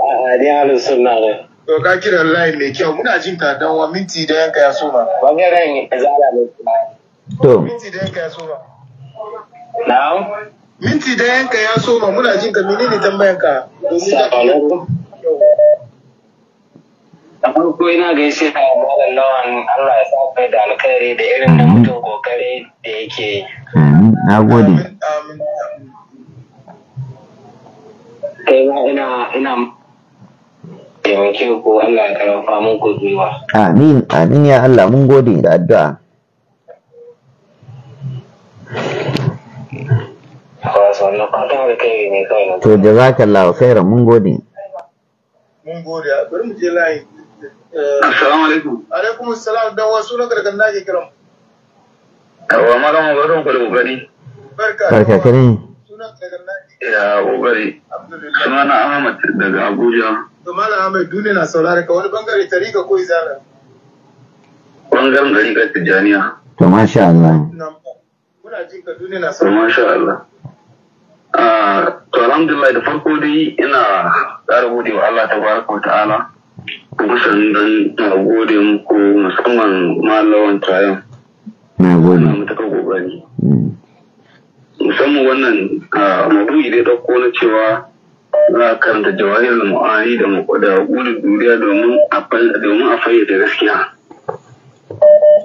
A'a ni halin sunna ne. To ka kira line mai kyau muna jin ka dan wa minti da yanka ya soma. Bangaren izala ne. To. Minti da yanka ya soma. Na'am. Minti da yanka ya soma muna jin ka menene tambayan ka? Assalamu Da farko ina gaishe da malam Lawan Allah ya sa kai da alkhairi da irin da mutum kokari da yake yi. Na gode. Amin. Kai ma ina ina taimake ku Allah ya karfafa mun ku gwiwa. Amin, amin ya Allah mun gode da addu'a. To da jazakallah wa khairan mun gode. Mun gode, bari mu je layi. Assalamu alaikum. Alaikum assalam dan wasu na gargan nake kiran. Kawo malam barkan ku da kokari. Barka. Barka kare. Ya kokari. Sunana Ahmad daga Abuja. Tumana Ahmad duniya na saurare ka wani bangare tarika ko izala. Bangaren tarika Tijjaniya. To masha Allah. Muna jin ka duniya na saurare. Masha Allah. Ah, to alhamdulillah da farko dai ina ƙara gode wa Allah tabaraka wa ta'ala kuma sannan na gode muku musamman malawan tayan na gode mu ta kokari musamman wannan maudu'i da ɗauko na cewa za a karanta jawahir ma'ani da gudun duniya domin a fayyada gaskiya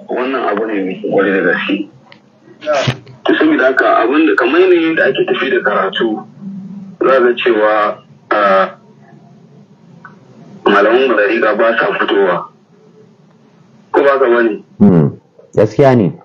wannan abu ne wani da gaske ta da haka abin da kamar yanayin da ake tafi da karatu za ga cewa malamin malariga ba sa fitowa ko ba ka bane hmm, gaskiya ne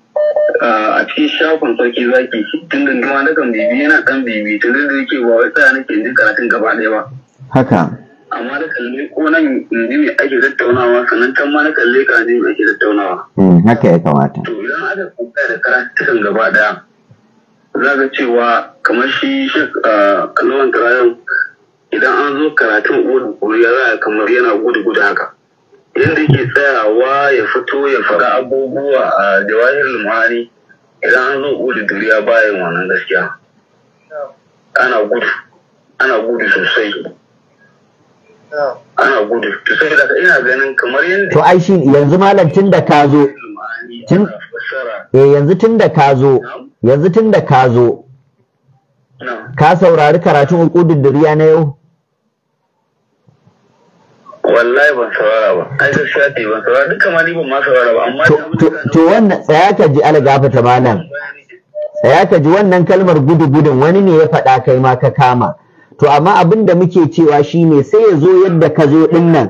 a cikin shafin sarki zaki tun gangama na kan bibi yana kan bibi tun da yake ba wai tsaya nake jin karatun gaba ɗaya ba haka amma na kalle ko nan ji me ake tattaunawa sannan can ma na kalle ka ne me ake tattaunawa mm, haka ya kamata to idan aka kuka da karatun gaba ɗaya za ka cewa kamar shi shi a karatun idan an zo karatun gudu da ya za a kamar yana gudu gudu haka da ke tsayawa ya fito ya faga abubuwa a jawahir lumani idan an zo gudu duriya bayan wannan gaskiya ana gudu ana gudu sosai ana gudu to sai da ina ganin kamar yadda to ai shi yanzu malam tun da ka zo tun eh yanzu tun da ka zo yanzu tun da ka zo ka saurari karatun uqudud duriya na yau wallahi ban saurara ba ai gaskiya ce ban saurara duka ma ni ban ma saurara ba amma to wannan tsaya ka ji ta malam tsaya ka ji wannan kalmar gudu gudun wani ne ya faɗa kai ma ka kama to amma abin da muke cewa shine sai ya zo yadda ka zo din nan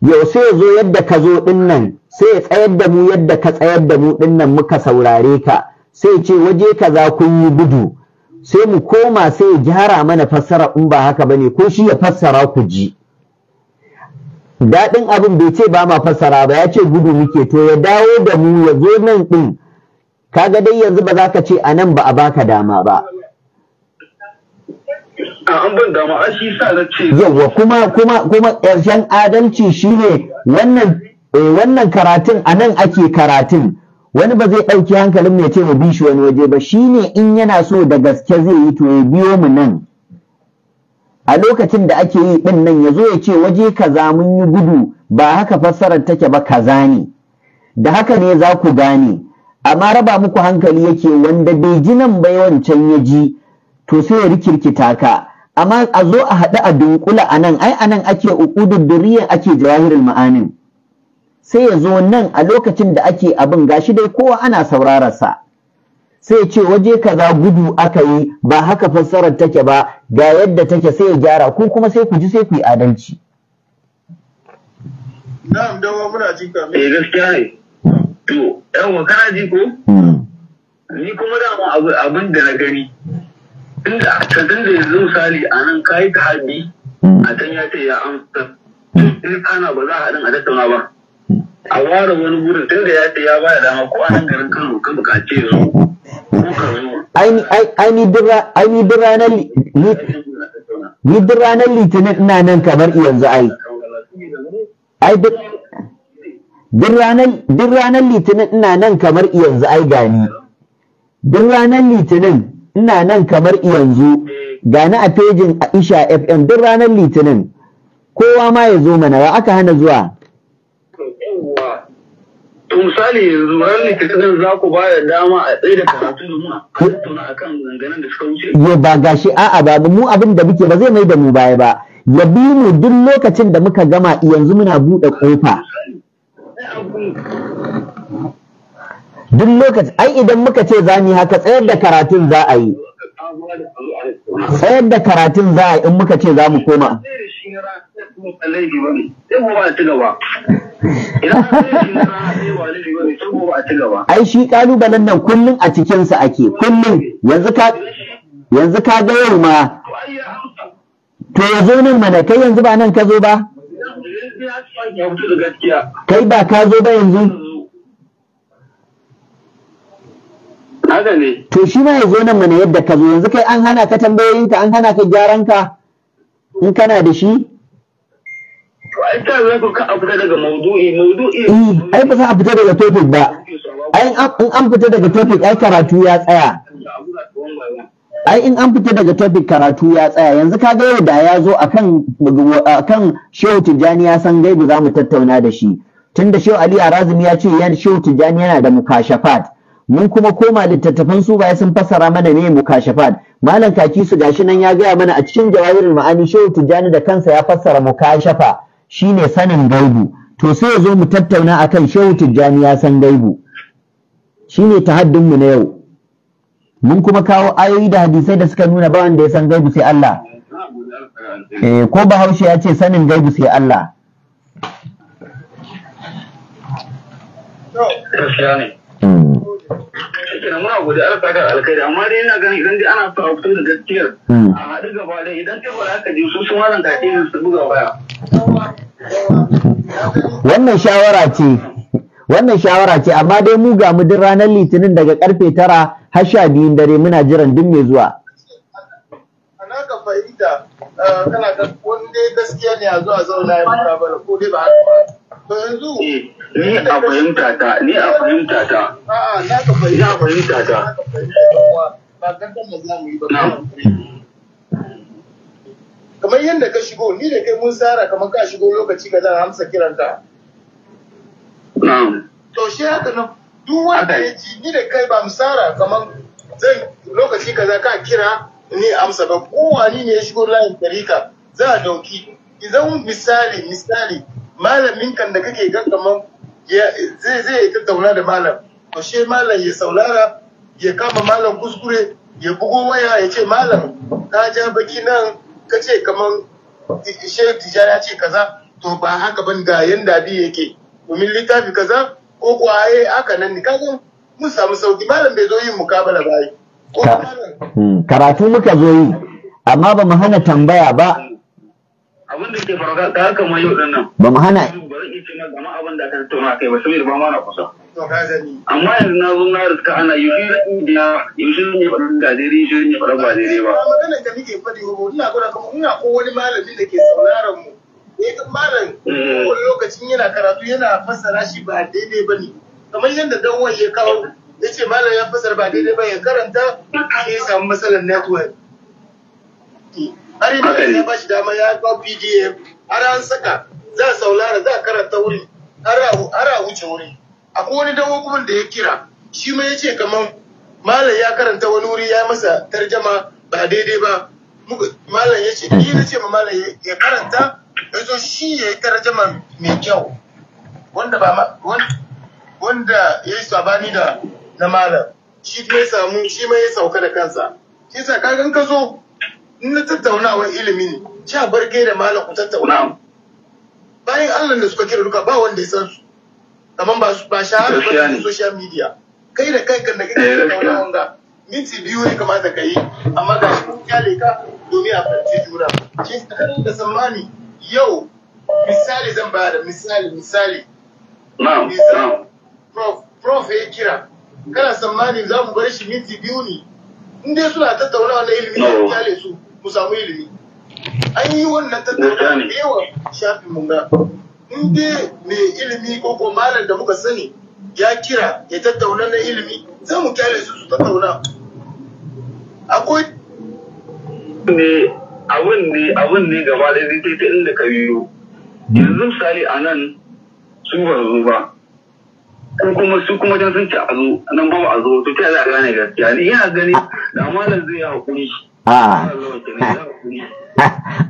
yau sai ya zo yadda ka zo din nan sai ya tsayar da mu yadda ka tsayar da mu din nan muka saurare ka sai ce waje ka za kun yi gudu sai mu koma sai ya gyara mana fassara in ba haka bane ko shi ya fassara ku ji daɗin abin bai ce ba ma fassara ba ya ce gudu muke to ya dawo da mu ya zo nan ɗin kaga dai yanzu ba za ka ce a nan ba a baka dama ba yawwa kuma kuma kuma ƙarshen adalci shine wannan eh, wannan karatun a nan ake karatun wani ba zai ɗauki hankalin mai ce mu bi shi wani waje ba shi ne in yana so da gaske zai yi to ya biyo mu nan a lokacin da ake yi ɗin nan ya zo ya ce waje kaza mun yi gudu ba haka fassarar take ba kaza ne da haka ne za ku gane amma raba muku hankali yake wanda bai ji nan ba wancan ya ji to sai ya rikirkita ka amma a zo a haɗu a dunkula a nan ai a nan ake uƙudun duriyar ake jawahirul ma'anin sai ya zo nan a lokacin da ake abin gashi dai kowa ana saurararsa sai ce waje kaza gudu aka yi ba haka fassarar take ba ga yadda take sai ya gyara ko kuma sai ku ji sai ku yi adalci na'am wa muna ji ka eh gaskiya ne to wa kana ji ko hmm. ni kuma da abin da na gani inda aka dinga yanzu misali a nan kayi ta haɗi hmm. a can ya ce ya amsa in kana ba za a haɗin a tattauna ba a ware wani gurin tunda ya ce ya bada dama ko a nan garin kano ka buƙaci yanzu Ai ni duk ranar litinin ina nan kamar yanzu ai ai duk ranar litinin ina nan kamar yanzu ai gani duk ranar litinin ina nan kamar yanzu gani a fejin Aisha FM duk ranar litinin kowa ma ya zo mana wa aka hana zuwa To misali yanzu ran litinin za ku ba da dama a tsaye da karatu mu a tattauna akan zanganan da suka wuce. Ya ba gashi a'a ba mu abin da muke ba zai mai da mu baya ba. Ya bi mu duk lokacin da muka gama yanzu muna buɗe kofa. Duk lokacin ai idan muka ce za mu haka tsayar da karatun za a yi. Tsayar da karatun za a yi in muka ce za mu koma. ai shi kalubalen nan kullum a cikinsa ake kullum yanzu ka yanzu ka ga yau ma to ya zo nan mana kai yanzu ba nan ka zo ba kai ba ka zo ba yanzu To shi ma ya zo nan mana yadda ka zo yanzu kai an hana ka tambayoyinka an hana ka gyaran ka in kana da shi Eh, ai ba za a fita daga topic ba ai in an fita daga topic ai karatu ya tsaya ai in an fita daga topic karatu ya tsaya yanzu ka ga yau da ya zo a akan Shehu Tijjani ya san gaibu za mu tattauna da shi tunda Shehu Ali Razumi ya ce yan Shehu Tijjani yana da mukashafat mun kuma koma littattafan su ya sun fassara mana ne mukashafat malam kaki su gashi nan ya gaya mana a cikin jawahirul ma'ani Shehu Tijjani da kansa ya fassara mukashafa shine sanin gaibu to sai ya zo mu tattauna akan shehu tijjani ya san gaibu shine mu na yau mun kuma kawo ayoyi da hadisai da suka nuna ba wanda ya san gaibu sai Allah eh ko bahaushe ya ce sanin gaibu sai Allah Shi muna gode Allah saka alkhairi amma dai ina ganin idan dai ana so a da gaskiyar hmm. a haɗu gaba da idan kai ba ka ji su sun wannan da su buga baya. Wannan shawara ce wannan shawara ce amma dai mu ga mu duk ranar litinin daga karfe tara har sha biyun dare muna jiran duk mai zuwa. Ana ka fahimta eh, kana ga wani dai gaskiya ne a zuwa zauna ya mutabara ko dai ba haka ba. Ni eh, eh, a fahimta ta, ni a eh, fahimta ta. Ni a fahimta ta. Kamar yadda ka shigo, ni da kai mun tsara kamar ka shigo lokaci ga zan hamsa kiranta. To shi haka nan, duk wanda ya ji ni da kai ba mu tsara kamar zan lokaci kaza ka kira ni amsa ba kowa ni ne ya shigo layin tarika za a dauki. Idan misali misali malamin kan da kake gan kaman zai zai tattauna da malam to she malam ya saulara ya kama malam kuskure ya bugo waya ya ce malam ka ja baki nan ka ce kaman shehu tijjani ya ce kaza to ba haka ban ga yanda bi yake domin littafi kaza ko ai haka nan ne kaga mun samu sauki malam bai zo yin mukabala ba yi hmm, karatu muka zo yi amma ba mu hana tambaya ba abin da ke faruwa ga haka mai yau din nan ba mu hana ba zan iya cewa gama abin da aka tattauna kai ba saboda ba ma na kusa amma yanzu na zo na riska ana yuri indiya yaushe ne faɗin ga daidai yaushe ne faɗin ba daidai ba magana da nake faɗi ba ina gwada kamar ina ko wani malami da ke sauraron mu eh malam mm-hmm. wani lokacin yana karatu yana fassara shi ba daidai ba ne kamar yadda dawon ya kawo ya ce malam ya fassara ba daidai ba ya karanta ya samu matsalar network eh. har yi ne ba shi dama ya kawo pdf har an saka za a saulara za a karanta wuri har a wuce wuri akwai wani dan hukumar da ya kira shi ma ya ce kamar malam ya karanta wani wuri ya masa tarjama ba daidai ba malam ya ce ni na ce ma malam ya karanta ya zo shi ya yi tarjama mai kyau wanda ba wanda ya yi sabani da na malam shi kuma ya samu shi ma ya sauka da kansa shi sa kagan ka zo in na tattaunawa ilimi ne sha bar kai da malam ku tattauna bayan Allah da suka kira duka ba wanda ya san su kaman ba ba shahara ba social media kai da kai kan da kake eh, tattauna wanga minti biyu ne kamata ka yi amma ga shi kun kyale ka domin a fahimci juna shi da tsammani yau misali zan ba da misali misali prof ya kira kana tsammani za mu bar shi minti biyu ne in dai suna tattaunawa na ilimi ne kyale su ku samu ilimi an yi wannan tattalin da yawa shafin mun ga in dai mai ilimi ko ko malam da muka sani ya kira ya tattauna na ilimi za mu kyale su su tattauna akwai eh, ne abin ne abin ne gaba da zai ta inda ka biyo yanzu misali a nan su ba zo ba ko kuma su kuma jan sun ci a zo nan ba ba a zo to ta za a gane gaskiya ni yana gani da malam zai haƙuri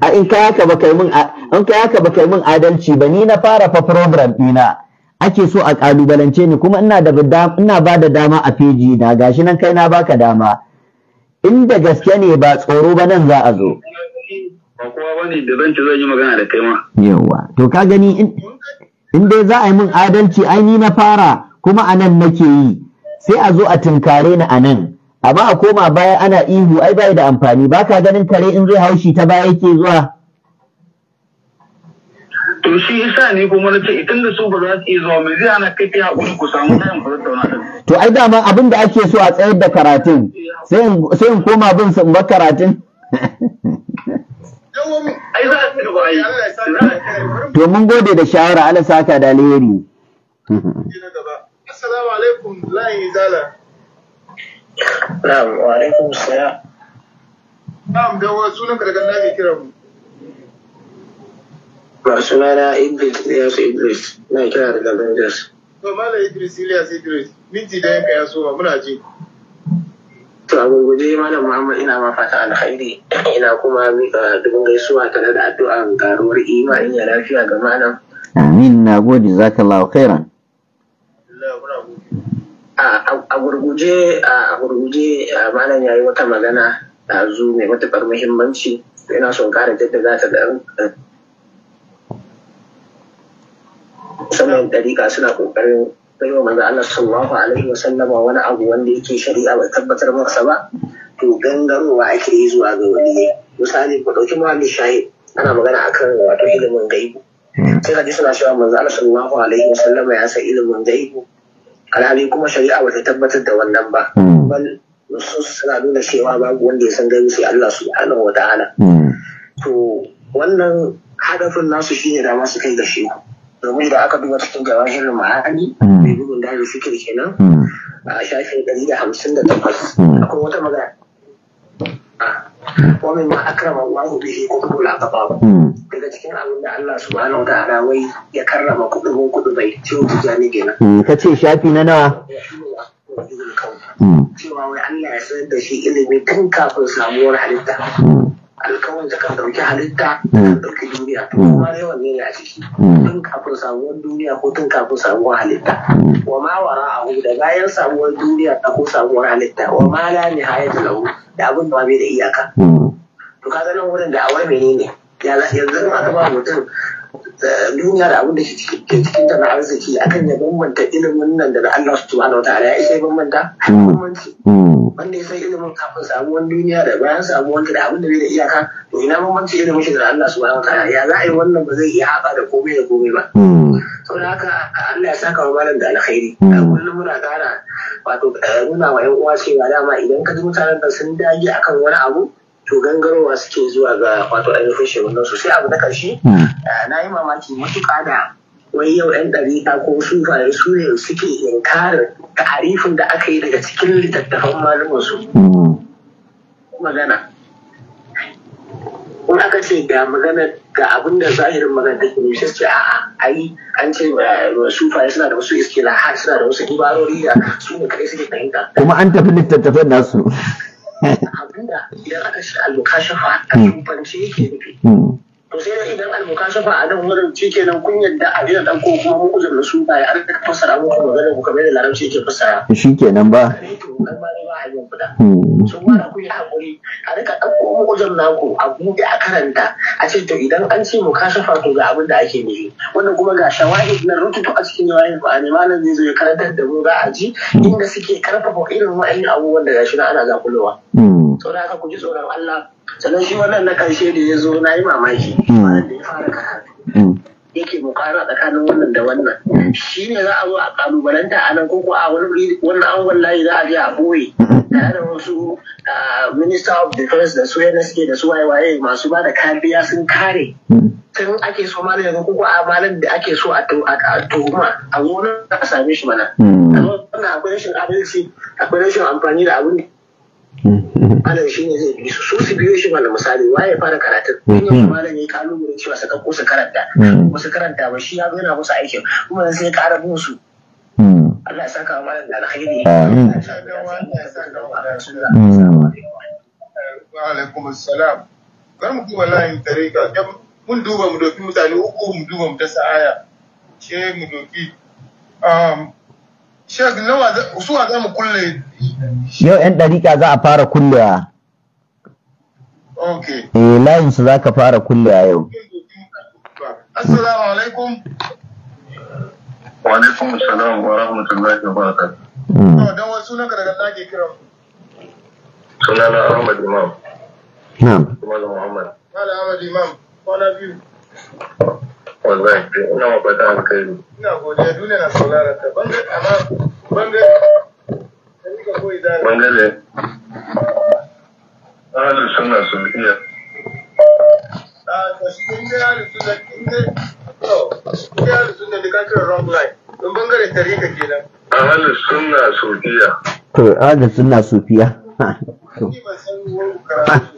a in kai haka baka min in kai haka baka min adalci ba ni na fara fa program dina ake so a kalubalance ni kuma ina da ina ba da dama a feji na gashi nan kai na baka dama inda gaske ne ba tsoro ba nan za a zo ba kowa bane da zan ci zan yi magana da kai ma yawa to ka gani in dai za a yi min adalci ai ni na fara kuma anan nake yi sai a zo a tinkare ni anan amma a koma baya ana ihu ai bai da amfani ba ka ganin kare in zai haushi ta baya yake zuwa to shi isa ne kuma na ce idan da su ba za su iya zuwa mai zai ana kai ta hakuri ku samu tayin hmm. ku tattauna to ai dama abin da ake so a tsayar da karatun sai in koma bin su ba karatun to mun gode da shawara ala saka da alheri assalamu alaikum layin zala Na'am, wa alaikum salam. Na'am, da wa sunanka daga nan ne kira mu. Ba sunana Idris su Idris, na kira daga Lagos. To Malam Idris Ilyas Idris, minti da yanka ya so muna ji. To abin gurguje Malam Muhammad ina ma fata alkhairi, ina kuma mika dubin gaisuwa tare da addu'a karuwar imanin ya lafiya ga malam. Amin, na gode, zakallahu khairan. Allah, muna gode. a gurguje a gurguje malam yayi wata magana zu mai matukar muhimmanci ina son ƙara za ta da sannan ɗariƙa suna ƙoƙarin kai wa manzo Allah sallallahu alaihi wa sallama wani abu wanda yake shari'a bai tabbatar masa ba to gangarowa ake yi zuwa ga wani misali ku ɗauki muhalli shayi ana magana akan wato ilimin gaibu hmm. sai ka ji suna cewa manzo Allah sallallahu alaihi wa sallama ya san ilimin gaibu alhali kuma shari'a ba ta tabbatar da wannan ba hmm. bal su suna nuna cewa babu wanda ya san gani sai Allah subhanahu wa ta'ala hmm. to wannan hadafin nasu shine da masu kai da shi domin da aka duba cikin gawahirin ma'ani hmm. mai gudun da fikir kenan a shafin ɗari da hamsin akwai wata magana ah, wa min ma bai Allahu bihi kudu hmm. daga cikin abin da Allah subhanahu ta'ala wai ya karrama kudu kudu bai ciwo gina? Hmm, ka ce shafi na nawa hmm. cewa wai Allah ya sanar da shi ilimi tun kafin samuwar halitta alkawarin da kan dauki halitta hmm. kan dauki duniya to hmm. kuma dai wanne ne a ciki hmm. tun kafin samuwar duniya ko tun kafin samuwar halitta wa ma wara ahu da bayan samuwar duniya ta ko samuwar halitta wa ma la nihayata lahu da abin da bai da iyaka to ka nan wurin da awar menene yanzu ma aka ba mutum duniya da abin da ke cikin ta na arziki akan ya bambanta ilimin nan da Allah subhanahu wataala ya isa bambanta hmm. Hmm. wanda ya sai ilimin kafin samuwan duniya da bayan samuwan da abin da bai da iyaka to ina bambanci ilimin shi da Allah subhanahu wataala ya za a yi wannan ba zai iya haɓa da komai da komai ba hmm. saboda haka Allah ya saka wa malam da alkhairi kullum muna kara wato eh, nuna wa 'yan uwa cewa dama idan ka ji mutanen da sun dage akan wani abu to gangarowa suke zuwa ga wato ainihin shugaban su sai abu na karshe hmm. eh, na yi mamaki matuƙa da wai yau yan ɗariƙa ko sufaye su ne suke inkarin ta'arifin da aka yi daga cikin littattafan malumin su hmm. magana in aka ce ga magana ga abin da zahirin magana take ne sai ce a'a ai an ce sufaye suna da wasu har suna da wasu ibarori da su ne kai suke fahimta kuma an tafi littattafan nasu abinda idan aka ce al-mukashafa a shubance hmm. yake nufi hmm. to sai dai idan al-mukashafa a nan wurin shi kenan kun yadda a daina ɗan ko kuma mun uzur da su ba an ka fassara muku magana ku kamar da larabci yake fassara shi kenan ba sun eh mara hmm. ku yi hakuri a rika ɗauko mu uzur naku a buɗe a karanta a ce to idan an ce mukashafa to ga abin da ake nufi wannan kuma ga shawahid na rututu a cikin yawayin ba a malam zai zo ya karantar da mu za a ji inda suke karfafa irin wa'annan abubuwan da gashi na ana zakulowa Hmm. saboda haka ku ji tsoron Allah sannan shi wannan na karshe da ya zo na yi mamaki hmm. da ya fara karatu hmm. yake mukara tsakanin wannan da wannan shi ne za a zo a kalubalanta a nan ko ko a wani wannan an wallahi za a je a boye tare da wasu ah, minister of defense da su yana suke da su waye masu ba da kariya sun kare tun ake so malam yanzu ko ko a malam da ake so a tuhuma a zo nan a same shi mana a zo akwai rashin adalci akwai rashin amfani da abin malam shi ne zai bi su su biyo shi malam misali waye fara karatun in hmm. yau malam ya kalubale cewa saka ko su karanta ko hmm. su karanta ba shi ya zo yana musu aikin kuma sai ya ƙara bin su hmm. Allah ya saka malam da alkhairi amin wa alaikum assalam kar mu duba layin tarika mun duba mu doki mutane uku mu duba mu dasa aya ce mu doki um, Sheikh nawa su za mu kulle? Yau 'yan ɗarika za a fara kullewa. Eh layin su za ka fara kullewa yau. Assalamu alaikum. Wa alaikum assalam wa rahmatullahi wa barakatuh. Hmm. Dan wasu naka daga ɗaki kiran. Sunana Ahmad Imam. Na'am. Malam Muhammad. Malam Ahmad Imam. Kwana biyu. wallahi ina wa fata ina godiya duniya na sauraron ta banga amma banga bangare ahlu sunna sun iya Ahalin sunna sufiya. To, ahalin sunna sufiya.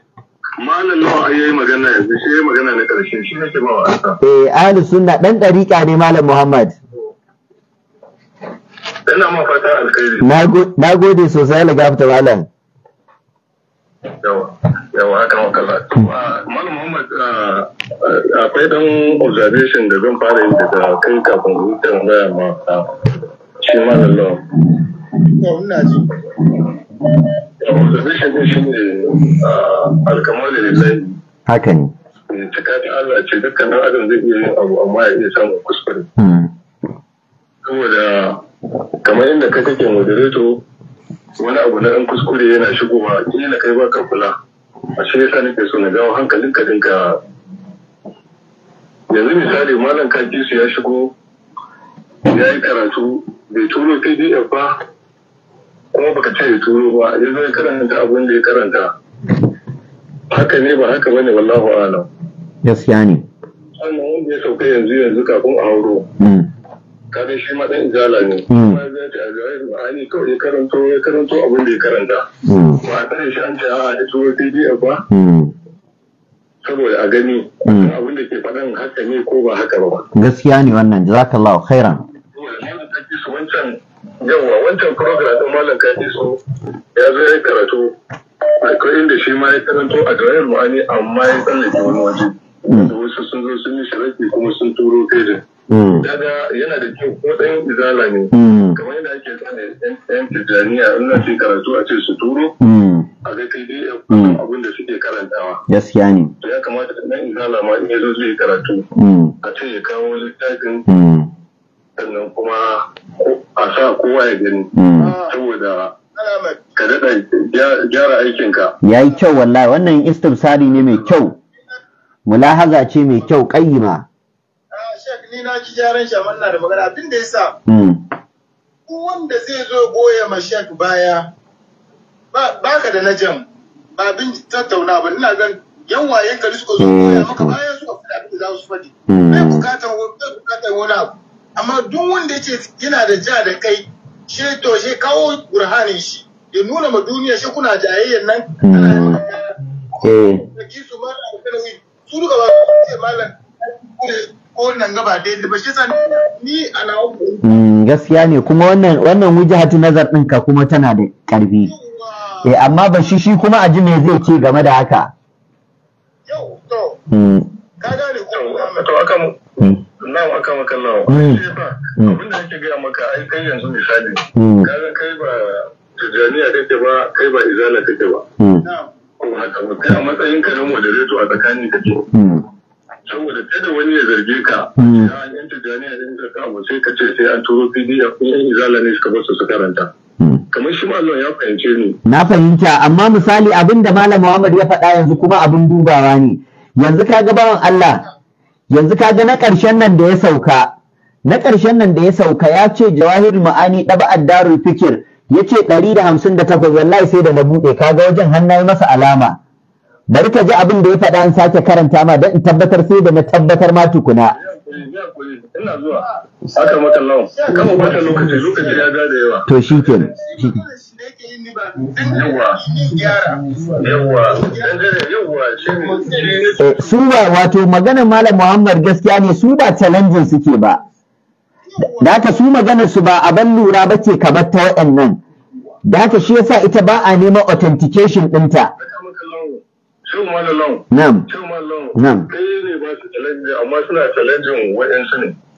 malam nawa a yi magana yanzu shi yi magana na ƙarshe shi nake ba wa eh ahlus sunna dan dariƙa ne malam muhammad ina ma fata alkhairi na gode sosai la gafta malam yawa yawa haka ma kalla malam muhammad ah, ah, akwai dan observation da zan fara yin daga kai kafin hutun baya ma ah, shi malam nawa Yau ina ji. Yau da zai shafi shi da ah, lillahi. Haka ne. Eh, Takatun Allah ce dukkanin adam zai iya yin abu amma ya iya samun kuskure. Hmm. Saboda kamar inda ka kake moderator wani abu na ɗan kuskure yana shigowa kila kai baka kula a shi yasa nake so na gawo ka dinka yanzu misali malam kakisu ya shigo ya yi karatu bai turo pdf ba kuma baka ce ya turo ba ya zai karanta abin da ya karanta haka ne ba haka bane wallahu alam gaskiya ne wannan wanda ya sauka yanzu yanzu kafin a hauro hmm. Kada shi ma dan jala ne hmm. kuma zai ta ajiyar kawai ya karanto ya karanto abin da ya karanta hmm. ba a tsaye shi an ce a ya turo pdf ba saboda a gani abin da ke faɗan haka ne ko ba haka ba gaskiya ne wannan jazakallahu khairan yawa wancan program ɗin malam kaji so ya zo ya karatu akwai inda shi ma ya karanto a jawayar ruhani amma ya tsallake wani waje hmm. wasu sun zo sun yi shiraki kuma sun turo fejin daga hmm. yana da kyau ko ɗayan izala ne hmm. kamar yadda ake tsane yan tijjaniya in na ce karatu a ce su turo a ga kai dai abin da suke karantawa gaskiya ne ya kamata ɗan izala ma in ya zo zai karatu a ce ya kawo littafin sannan kuma a sa kowa ya gani hmm. saboda ka daɗa gyara aikinka ya yi kyau wallahi wannan istimsari ne mai kyau mulahaza ce mai kyau ƙayyima ah, shek ni na ji gyaran shi amma na da magana abin da ya sa hmm. wanda zai zo goya ma shek baya ba ka da jam ba abin tattauna ba ina gan yan wayen ka zo eh, goya maka baya suka da abin da za su faɗi hmm. bai bukatar wani abu amma duk wanda yake yana da ja da kai shi to shi kawo burhanin shi ya nuna ma duniya shi kuna jayayyan nan hmm. eh. su duka ba ce hmm, gaskiya ne kuma wannan wannan wujahatu nazar ɗinka kuma tana da ƙarfi eh amma ba shi kuma aji me zai ce game da haka Allahu aka ce Allah. Abin da nake gaya maka ai kai yanzu misali. Mm. Kaga kai ba tijaniya kake ba kai ba izala kake ba. Mm. Ko haka ba kai a matsayin ka na moderator a tsakanin kake. Mm. saboda da wani ya zarge ka ya an yanta gani a yanzu ka sai ka ce sai an turo pdf kun yan izala ne suka basu su karanta kamar shi Allah ya fahimce ni na fahimta amma misali abin da malam Muhammad ya faɗa yanzu kuma abin dubawa ne yanzu ka ga bawan Allah yanzu kaga na ƙarshen nan da ya sauka na ƙarshen nan da ya sauka ya ce jawahir ma'ani ɗaba addarul fikir ya ce ɗari da hamsin da takwas wallahi sai da na buɗe kaga wajen ya masa alama bari ka ji abin da ya faɗa an sake karanta ma don in tabbatar sai da na tabbatar ma tukuna. ina zuwa haka lawan, kama kwata lokaci lokaci ya da yawa to shi ke Eh, su ba wato maganar malam muhammad gaskiya ne su ba challenging suke ba da haka su maganar su ba abin lura ba ce kamar ta waɗannan da haka shi yasa ita ba a neman authentication ɗinta Nam. Nam. Kai ne ba su challenge amma suna challenging waɗansu ne.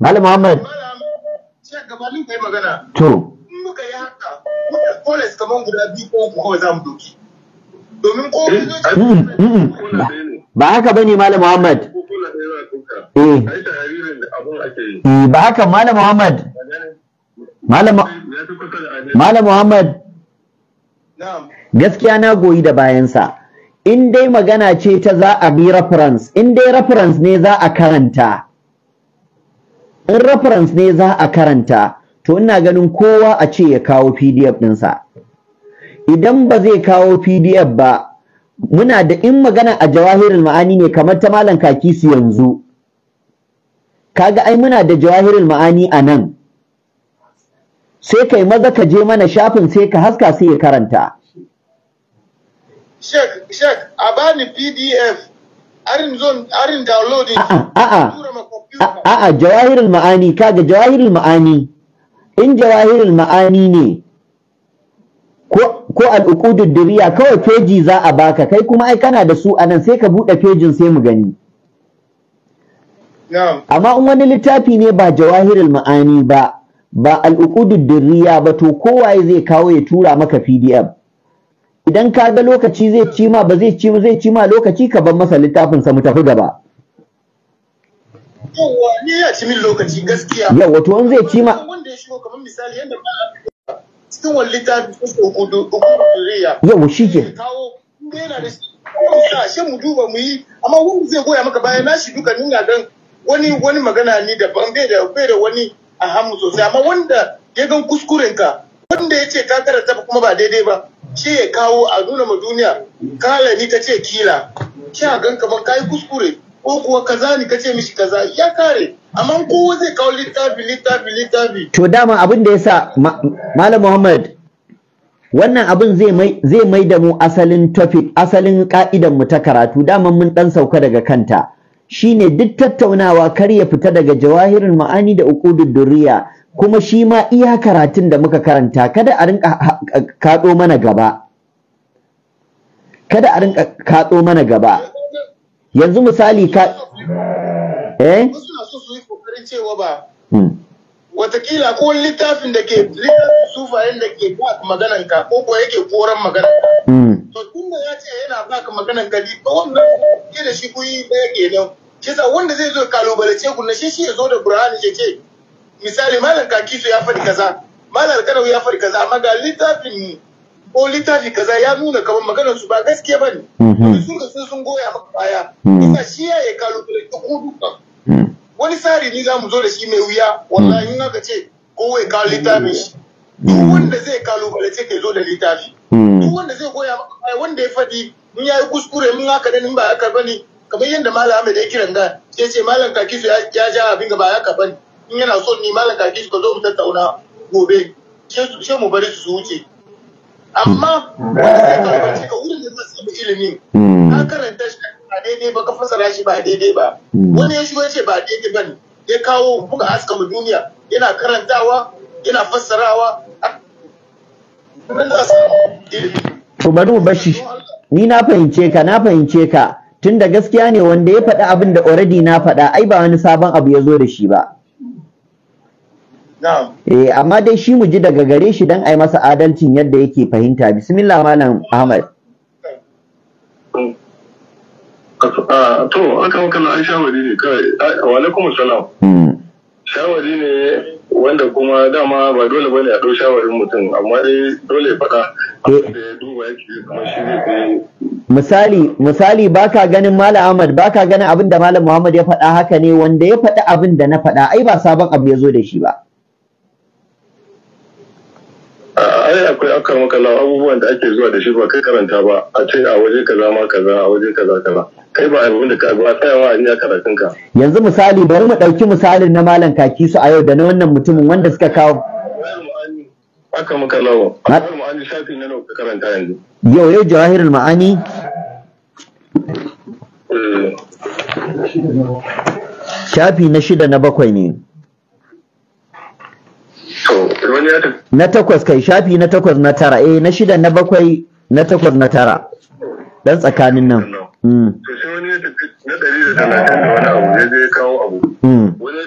Malam Muhammad. gabanin magana. To. In muka yi haka, kamar guda biyu ko za mu doki. Domin ko mm, mm, mm. Ba haka ba ne Malam Muhammad. Eh. eh. Ba Malam Muhammad. Malam Muhammad. Gaskiya na goyi da bayansa. In dai magana ce ta za a bi reference, in dai reference ne za a karanta. in reference ne za a karanta to ina ganin kowa a ce ya kawo pdf ɗinsa idan ba zai kawo pdf ba muna da in magana a jawahirul ma'ani ne kamar ta malam kakisi yanzu kaga ai muna da jawahirin ma'ani a nan sai kai maza ka je mana shafin sai ka haska sai ya karanta Shek, shek, a bani PDF arin arin downloading a'a a'a a'a jawahirul ma'ani kaga jawahirul ma'ani in jawahirul ma'ani ne ko ko al'uqudud diriya kawai peji za a baka kai kuma ai kana da su anan sai ka bude pejin sai mu gani amma in wani littafi ne ba jawahirul ma'ani ba ba al'uqudud diriya ba to kowaye zai kawo ya tura maka PDF idan ka ga lokaci zai ci ma ba zai ci ma zai ci ma lokaci ka bar masa littafin sa mu tafi gaba yawa ne ya ci min lokaci gaskiya yawa to in zai ci ma wanda ya shigo kamar misali yadda yanda cikin wani littafi ko kudu duriya yawa shike kawo yana da shi mu duba mu yi amma wanda zai goya maka baya na shi duka nuna dan wani wani magana ni daban bai da bai da wani a hamu sosai amma wanda ya gan kuskurenka wanda ya ce ka karanta kuma ba daidai ba shi ya kawo a nuna ma duniya kala ni ka ce kila shi a gan kamar kayi kuskure ko kuwa kaza ni ka ce mishi kaza ya kare amma kowa zai kawo littafi littafi littafi to dama abin da yasa malam muhammad wannan abin zai mai da mu asalin topic asalin ka'idan mu ta karatu dama mun dan sauka daga kanta shine duk tattaunawa kar ya fita daga jawahirin ma'ani da uqudud durriya kuma shi ma iya karatun da muka karanta kada a rinka kaɗo mana gaba kada a rinka kaɗo mana gaba yanzu misali ka eh cewa ba hmm. watakila ko littafin da ke littafin sufayen da ke ba maganan ka ko ko yake koran magana hmm. to da ya ce yana ba ka maganan ka ba wannan ke da shi kuyi ya ke nan shi wanda zai zo kalubalace ku na shi shi ya zo da burhani ya ce misali malam kakiso ya faɗi kaza malam alkanawi ya faɗi kaza amma ga littafin ko littafi kaza ya nuna kamar maganar su ba gaskiya ba ne mhm. sun ga sun goya maka baya mhm. ina shi ya yi kalu da ko duka mhm. wani tsari ni za mu zo da shi mai wuya wallahi in aka ce ko wai ka littafi? shi duk wanda zai ce ke zo da littafi duk wanda zai goya maka baya wanda ya faɗi mun ya yi kuskure mun haka nan ba haka bane kamar yadda malam Ahmed ya kiran ga ya ce malam Kakisu ya ja abin ga ba haka bane in yana son ni malam kake shi ka zo mu tattauna gobe sai mu bari su wuce amma hmm. ka wurin da zai samu ilimin hmm. ka karanta shi ba daidai ba ka fassara shi ba daidai ba hmm. wani ya shigo ya ce ba daidai ba ne ya kawo muka haska mu duniya yana karantawa yana fassarawa to bari mu bashi ni na fahimce ka na fahimce ka tunda gaskiya ne wanda ya faɗi abin da already na faɗa ai ba wani sabon abu ya zo da shi ba Eh amma dai shi mu ji daga gare shi dan ai masa adalcin yadda yake fahimta. Bismillah malam Ahmad. Ah, to aka makala an shawari ne kawai ah, wa alaikum salam hmm. shawari ne wanda kuma dama ba dole bane a dau shawarin mutum amma dai dole ya faɗa misali misali baka ganin malam Ahmad baka ganin abin da malam Muhammad ya faɗa haka ne wanda ya faɗi abin da na faɗa ai ba sabon abu ya zo da shi ba ai akwai akan makala abubuwan da ake zuwa da shi ba kai karanta ba a ce a waje kaza ma kaza a waje kaza kaza kai ba abin da ka ba tsayawa a iya karatun ka yanzu misali bari mu ɗauki misalin na malam kaki su a yau da na wannan mutumin wanda suka kawo aka maka lawa akwai ma'ani shafi na nawa karanta yanzu yau yau jawahirul ma'ani eh. shafi na shida na bakwai ne na takwas kai shafi na takwas na tara eh na shida na bakwai na takwas na tara dan tsakanin nan mm. to wani ya da kawo abu mm. wani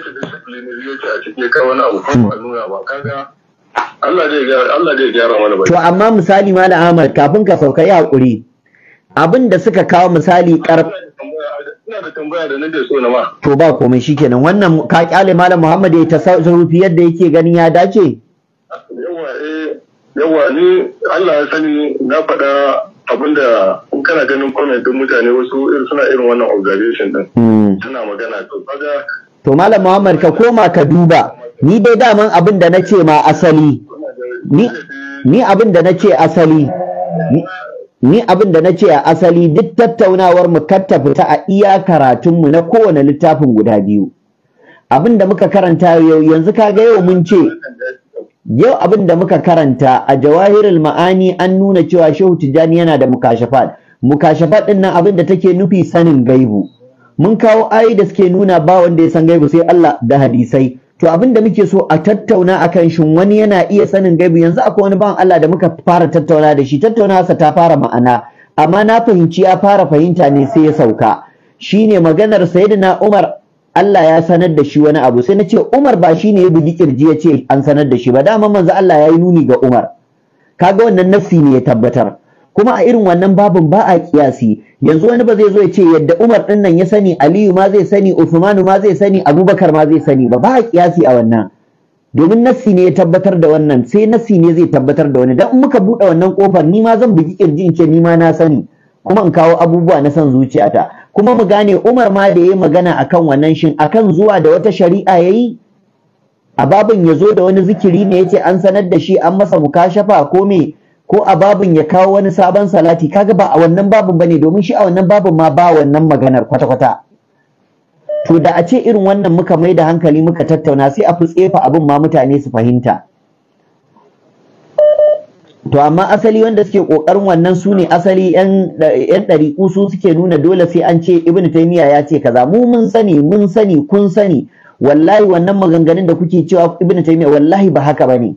ya to amma misali malam Ahmad kafin ka sauka yi hakuri abin da suka kawo misali karfi ina da tambaya da so na ma to ba komai kenan wannan ka kyale malam Muhammad ya tasarrufi yadda yake ganin ya dace yawa eh yawa ni Allah ya sani na faɗa abinda in kana ganin komai don mutane wasu suna irin wannan organization din suna hmm. magana to kaga to malam Muhammad ka koma ka duba ni dai daman abin da nace ma asali ni ni abin da nace asali ni abin da na ce a asali duk tattaunawar mu katta fita a iya karatun mu na kowane littafin guda biyu abin da muka karanta yau yanzu kaga yau mun ce yau abin da muka karanta a jawahirul ma'ani an nuna cewa shehu tijjani yana da mukashafat mukashafat din nan abin da take nufi sanin gaibu mun kawo ayi da suke nuna ba wanda ya san gaibu sai Allah da hadisai to abin da muke so a tattauna akan shin wani yana iya sanin gaibi yanzu akwai wani ban Allah da muka fara tattauna da shi tattaunawarsa ta fara ma'ana amma na fahimci ya fara fahimta ne sai ya sauka shine maganar sayyidina Umar Allah ya sanar da shi wani abu sai na ce Umar ba shine ya bugi kirji ya ce an sanar da shi ba dama manzo Allah ya yi nuni ga Umar kaga wannan nafsi ne ya tabbatar kuma a irin wannan babin ba a kiyasi yanzu wani ba zai zo ya ce yadda Umar din nan ya sani Aliyu ma zai sani Uthmanu ma zai sani Abubakar ma zai sani ba ba a kiyasi a wannan domin nassi ne ya tabbatar da wannan sai nassi ne zai tabbatar da wani dan muka bude wannan kofar ni ma zan bugi kirji in ce ni ma na sani kuma in kawo abubuwa na san zuciyata kuma mu gane Umar ma da yayi magana akan wannan shin akan zuwa da wata shari'a yayi a babin ya zo da wani zikiri ne ya ce an sanar da shi an masa mukashafa ko me ko a babin ya kawo wani sabon salati kaga ba a wannan babin bane domin shi a wannan babin ma ba wannan maganar kwata-kwata to da a ce irin wannan muka mai da hankali muka tattauna sai a fi tsefa abin ma mutane su fahimta to amma asali wanda suke kokarin wannan su ne asali yan ɗariƙu su suke nuna dole sai an ce ibn taymiya ya ce kaza mu mun sani mun sani kun sani wallahi wannan maganganun da kuke cewa ibn taymiya wallahi ba haka bane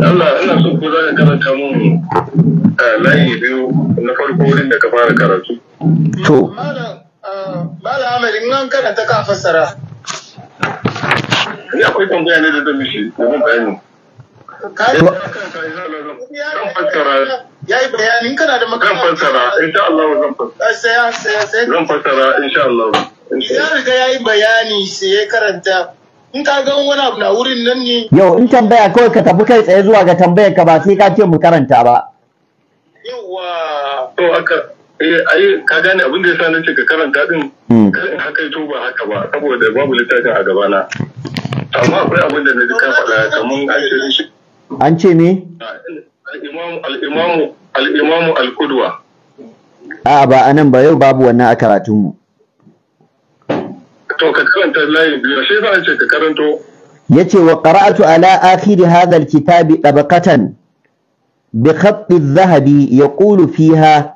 Allah ina so ko za ka karanta mun eh, layi biyu na farko wurin da ka fara karatu. To. Bala eh, Ahmed in an karanta ka fassara. Ni akwai tambaya ne da da mishi domin mun bayani. Ya yi bayani in kana da makama. Zan fassara insha Allah zan fassara. Eh, sai Zan fassara insha Allah. Ya riga ya yi bayani sai ya karanta. in ka ga wani abu na wurin nan ne yau in tambaya kawai ka tafi kai tsaye zuwa ga tambayar ka ba sai ka ce mu karanta ba yawa to haka eh, ai ka gane abin da sa na ce ka karanta din hmm. kar haka to ba haka ba saboda babu littafin a gabana amma akwai abin da na ji ka faɗa kaman an ce shi an ce ne? Ah, al'imamu Al'kudwa. a'a ba anan ba yau babu wannan a karatunmu يتي وقرأت على آخر هذا الكتاب طبقة بخط الذهب يقول فيها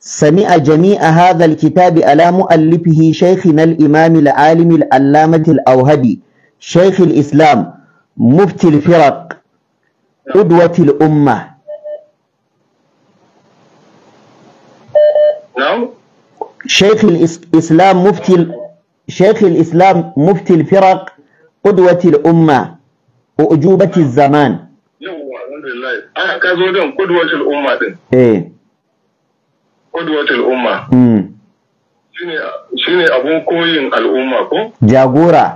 سمع جميع هذا الكتاب على مؤلفه شيخنا الإمام العالم العلامة الأوهبي شيخ الإسلام مفتي الفرق قدوة الأمة نعم. شيخ الإسلام مفتي شيخ الإسلام مفتي الفرق قدوة الأمة وأجوبة الزمان al'umma ko jagora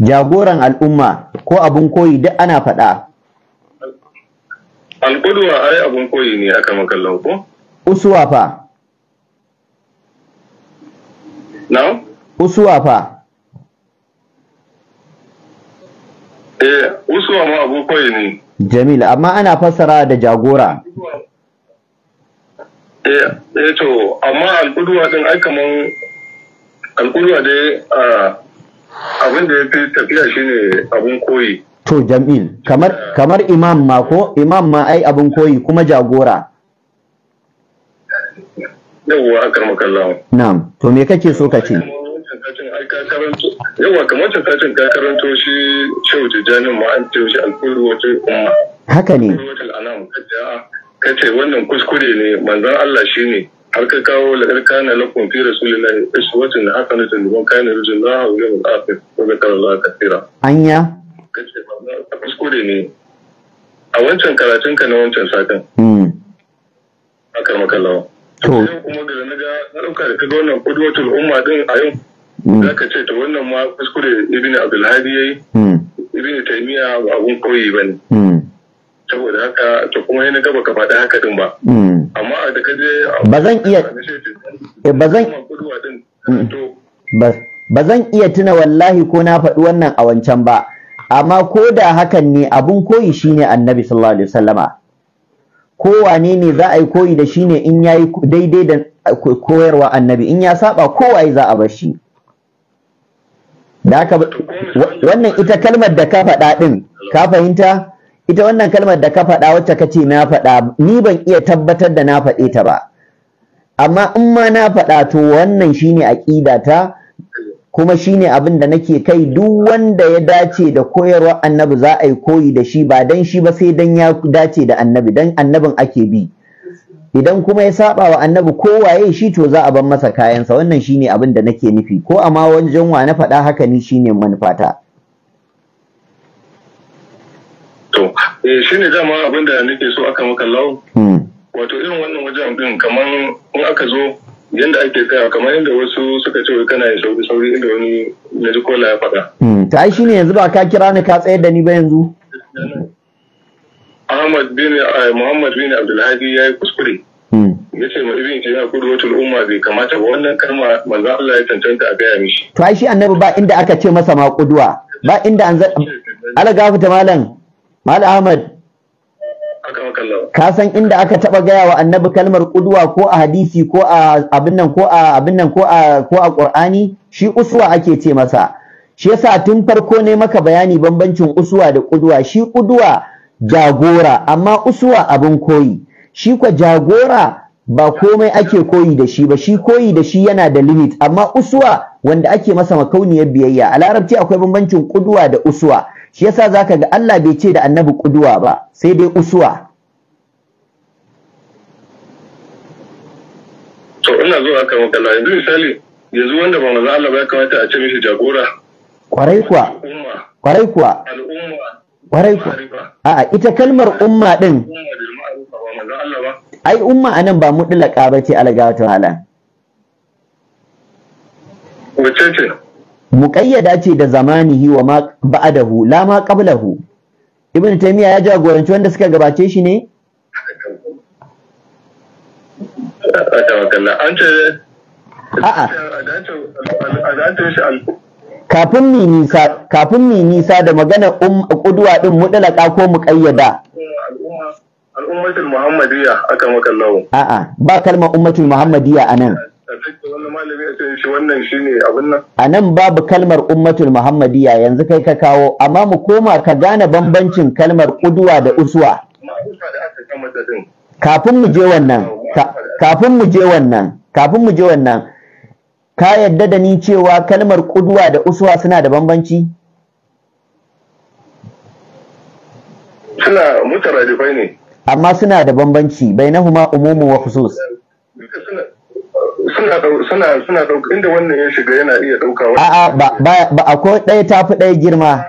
jagoran al'umma ko abun koyi duk ana faɗa al-qudwa ai abun koyi ne aka ko uswa fa na usuwa fa eh usuwa ma abokai ne jamil amma ana fassara da jagora eh eh to amma din ai kaman dai abin da ya fi tafiya shine abun koyi to jamil kamar kamar imam ma ko imam ma ai abun koyi kuma jagora yawwa akar makallawa na'am to me kake so ka ce yawwa kamar ta satin ka karanto shi shehu tijanin ma an ce shi alkulu wata umma haka ne ka ce ah, wannan kuskure ne manzan Allah shi ne har ka kawo laƙar kana na fi rasulillahi iswatin na haka na tunduban kayan rujin na hau yau da afir ko ga karar za ka tsira. Anya? Ka ce manzan kuskure ne a wancan karatun ka na wancan satin. Hmm. A karmakalawa. to kuma da na ga na dauka da kaga wannan kudwatul umma din a yau hmm. za ka ce to wannan ma kuskure ibn abdulhadi yayi hmm. ibn taymiya ba abun koyi bane hmm. saboda haka to kuma yana gaba ka faɗi haka din ba amma a da ka je ba zan iya eh, ba zan ba zan iya tuna wallahi ko na faɗi wannan a wancan ba amma ko da hakan ne abun koyi shine annabi sallallahu alaihi wasallama kowane ne za a yi koyi da shi ne in ya yi daidai da koyarwa annabi in ya saba kowaye za a bar shi da haka wannan ita kalmar da ka faɗa ɗin ka fahimta ita wannan kalmar da ka faɗa wacce ka ce na faɗa ni ban iya tabbatar da na faɗe ta ba amma in ma na faɗa to wannan shine ta? kuma shine abin da nake kai duk wanda ya dace da koyarwar annabi za a yi koyi da shi ba dan shi ba sai dan ya dace da annabi dan annabin ake bi idan kuma ya saba wa annabi kowaye shi to za a bar masa kayansa wannan shine abin da nake nufi ko amma wajen wa na faɗa haka ni shine manufata to eh shine dama abin da nake so aka maka lawo hmm. wato irin wannan wajen din kamar in aka zo yadda ake kaya kamar yadda wasu suka ce kana yin sauri sauri inda wani na ji kola ya faɗa. Hmm, ta ai shine yanzu ba ka kira ni ka tsayar da ni ba yanzu. Ahmad bin eh, Muhammad bin Abdulhadi ya yi kuskure. Hmm. Ya ce ma ibin ce ya kudu wata al'umma bai kamata ba wannan kalma manzo Allah ya tantanta a gaya mishi. To ai shi annabi ba inda aka ce masa ma kuduwa ba inda an alaga ta malam Ahmad ka san inda aka taba gaya wa annabi kalmar kuduwa ko a hadisi ko a abin nan ko a abin nan ko a ko a qur'ani shi uswa ake ce masa shi yasa tun farko ne maka bayani bambancin uswa da kuduwa shi kuduwa jagora amma uswa abin koyi shi kwa jagora ba komai ake koyi da shi ba shi koyi da shi yana da limit amma uswa wanda ake masa makauniyar biyayya a larabci akwai bambancin kuduwa da uswa shi yasa zaka ga Allah bai ce da annabi kuduwa ba sai dai usuwa to ina zuwa kan makalla yanzu misali yanzu wanda ba manzo Allah ba ya kamata a ce mishi jagora kwarai kuwa kwarai kuwa kwarai kuwa a'a ita kalmar umma din ai umma anan ba mutlaka bace alagawa halan. wace ce muƙayyada ce da zamani wa ma ba'dahu la ma qablahu ibn taymiya ya jagoranci wanda suka gabace shi ne kafin mi nisa kafin nisa da magana um kudwa din mudalaka ko muqayyada al'ummatul muhammadiyya aka a'a ba kalmar ummatul muhammadiyya anan a nan babu kalmar ummatul muhammadiya yanzu kai ka kawo amma mu koma ka gane bambancin kalmar kuduwa da uswa kafin mu je wannan kafin mu je wannan kafin mu je wannan ka yadda da ni cewa kalmar kuduwa da uswa suna da bambanci suna mutarajifai ne amma suna da bambanci bai ma umumu wa khusus suna suna suna suna dauka inda wannan ya shiga yana iya dauka wani a'a ba ba akwai ɗaya tafi ɗaya girma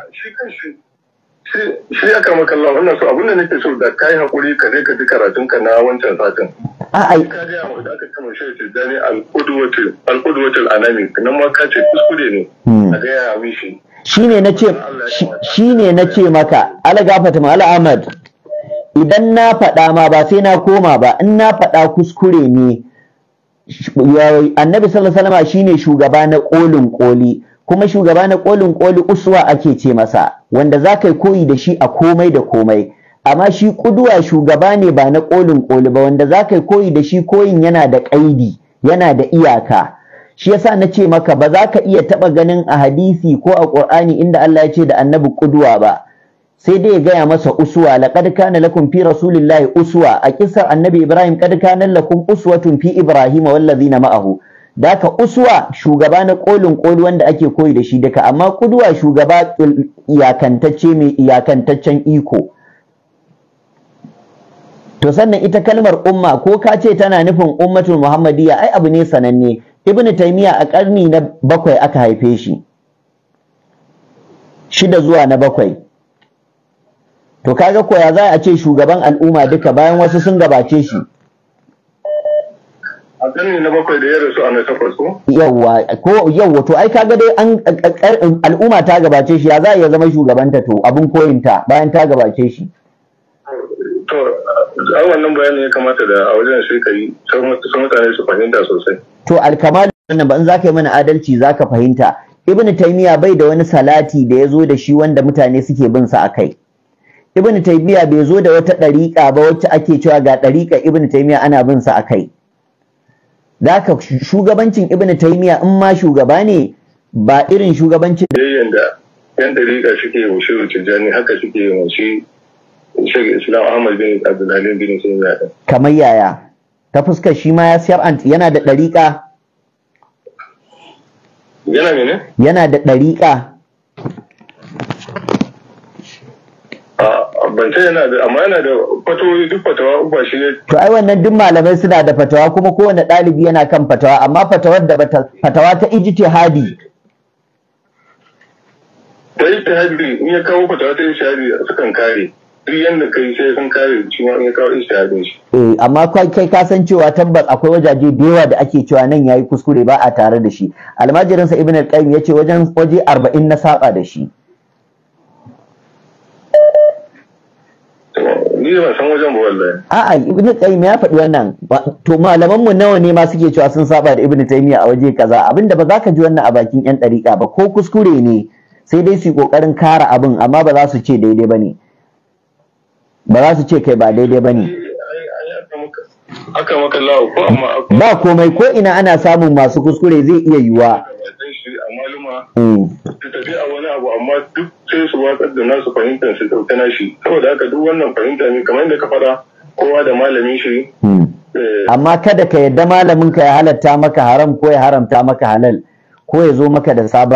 shi ya kama kallon wannan abin da nake so da kai haƙuri, ka je ka ji karatun ka na wancan satin a'a ka ga mu da aka kama shi ce dani al-qudwatul al-qudwatul anami nan ma ka ce kuskure ne hmm. a ga ya mishi shine nace shine nace maka ala gafata ma ala ahmad idan na faɗa ma ba sai na koma ba in na faɗa kuskure ne annabi sallallahu alaihi wasallam shine shugaba na kolin koli kuma shugaba na kolin koli uswa ake ce masa wanda za koyi da shi a komai da komai amma shi kuduwa shugaba ne ba na kolin koli ba wanda zakai koyi da shi koyin yana da kaidi yana da iyaka shi yasa na ce maka ba za ka iya taɓa ganin a hadisi ko a qur'ani inda Allah ya ce da annabi kuduwa ba sai dai ya gaya masa uswa laqad kana lakum fi rasulillahi uswa a kisar annabi ibrahim kad kana lakum uswatun fi ibrahima ladina ma'ahu daka uswa shugaba na kolin koli wanda ake koyi da shi duka amma kuduwa shugaba iyakantacce mai iyakantaccen iko to sannan ita kalmar umma ko ka ce tana nufin ummatul muhammadiyya ai abu ne sananne ibnu taymiya a karni na bakwai aka haife shi shida zuwa na bakwai to kaga koya za a ce shugaban al'umma duka bayan wasu sun gabace shi a ƙarni bakwai da ya rasu a na takwas ko yawwa to ai kaga dai an er, um, al'umma ta gabace shi ya za a iya zama shugabanta to abin koyinta bayan ta gabace shi to a wannan bayanin ya kamata da a wajen sai kai mutane su fahimta sosai to alkamal wannan ba in zaka yi mana adalci za ka fahimta ibnu taymiya bai da wani salati da ya zo da shi wanda mutane suke bin sa a kai. ibn taymiya bai zo da wata ɗariƙa ba wacce ake cewa ga ɗariƙa ibn taymiya ana bin sa akai Daka shugabancin ibn taymiya in ma shugaba ne ba irin shugabancin da yan ɗariƙa suke yi wasu tijjani haka suke yi wasu shagin islam ahmad bin abdullahi bin taymiya kamar yaya ta fuskar shi ma ya shar'ant yana da ɗariƙa yana mene yana da ɗariƙa Bance yana da amma yana da fatawoyi duk fatawa uba shi ne to ai wannan duk malamai suna da fatawa kuma kowane ɗalibi yana kan fatawa amma fatawar da fatawa ta ijtihadi ta ijtihadi in ya kawo fatawa ta ijtihadi sukan kare duk yanda kai sai sun kare shi ma in ya kawo ijtihadin shi eh amma kai ka san cewa tabbas akwai wajaje da yawa da ake cewa nan yayi kuskure ba a tare da shi almajirinsa ibn al-qayyim yace wajen waje 40 na saba da shi ni ban san wajen ba wallahi a'a ibnu qayyim ya faɗi wannan to malaman mu nawa ne ma suke cewa sun saba da ibnu taymiya a waje kaza abinda ba za ka ji wannan a bakin yan dariƙa ba ko kuskure ne sai dai su kokarin kara abin amma ba za su ce daidai bane ba za su ce kai ba daidai bane ba komai ko ina ana samun masu kuskure zai iya yiwuwa maluma hmm. su tafi a wani abu amma duk sai su watsar da nasu fahimtar su ɗauki shi saboda haka duk wannan fahimta ne kamar yadda ka faɗa kowa da malamin shi hmm. eh. amma kada ka yadda malamin ka ya halatta maka haram ko ya haramta maka halal ko ya zo maka da sabon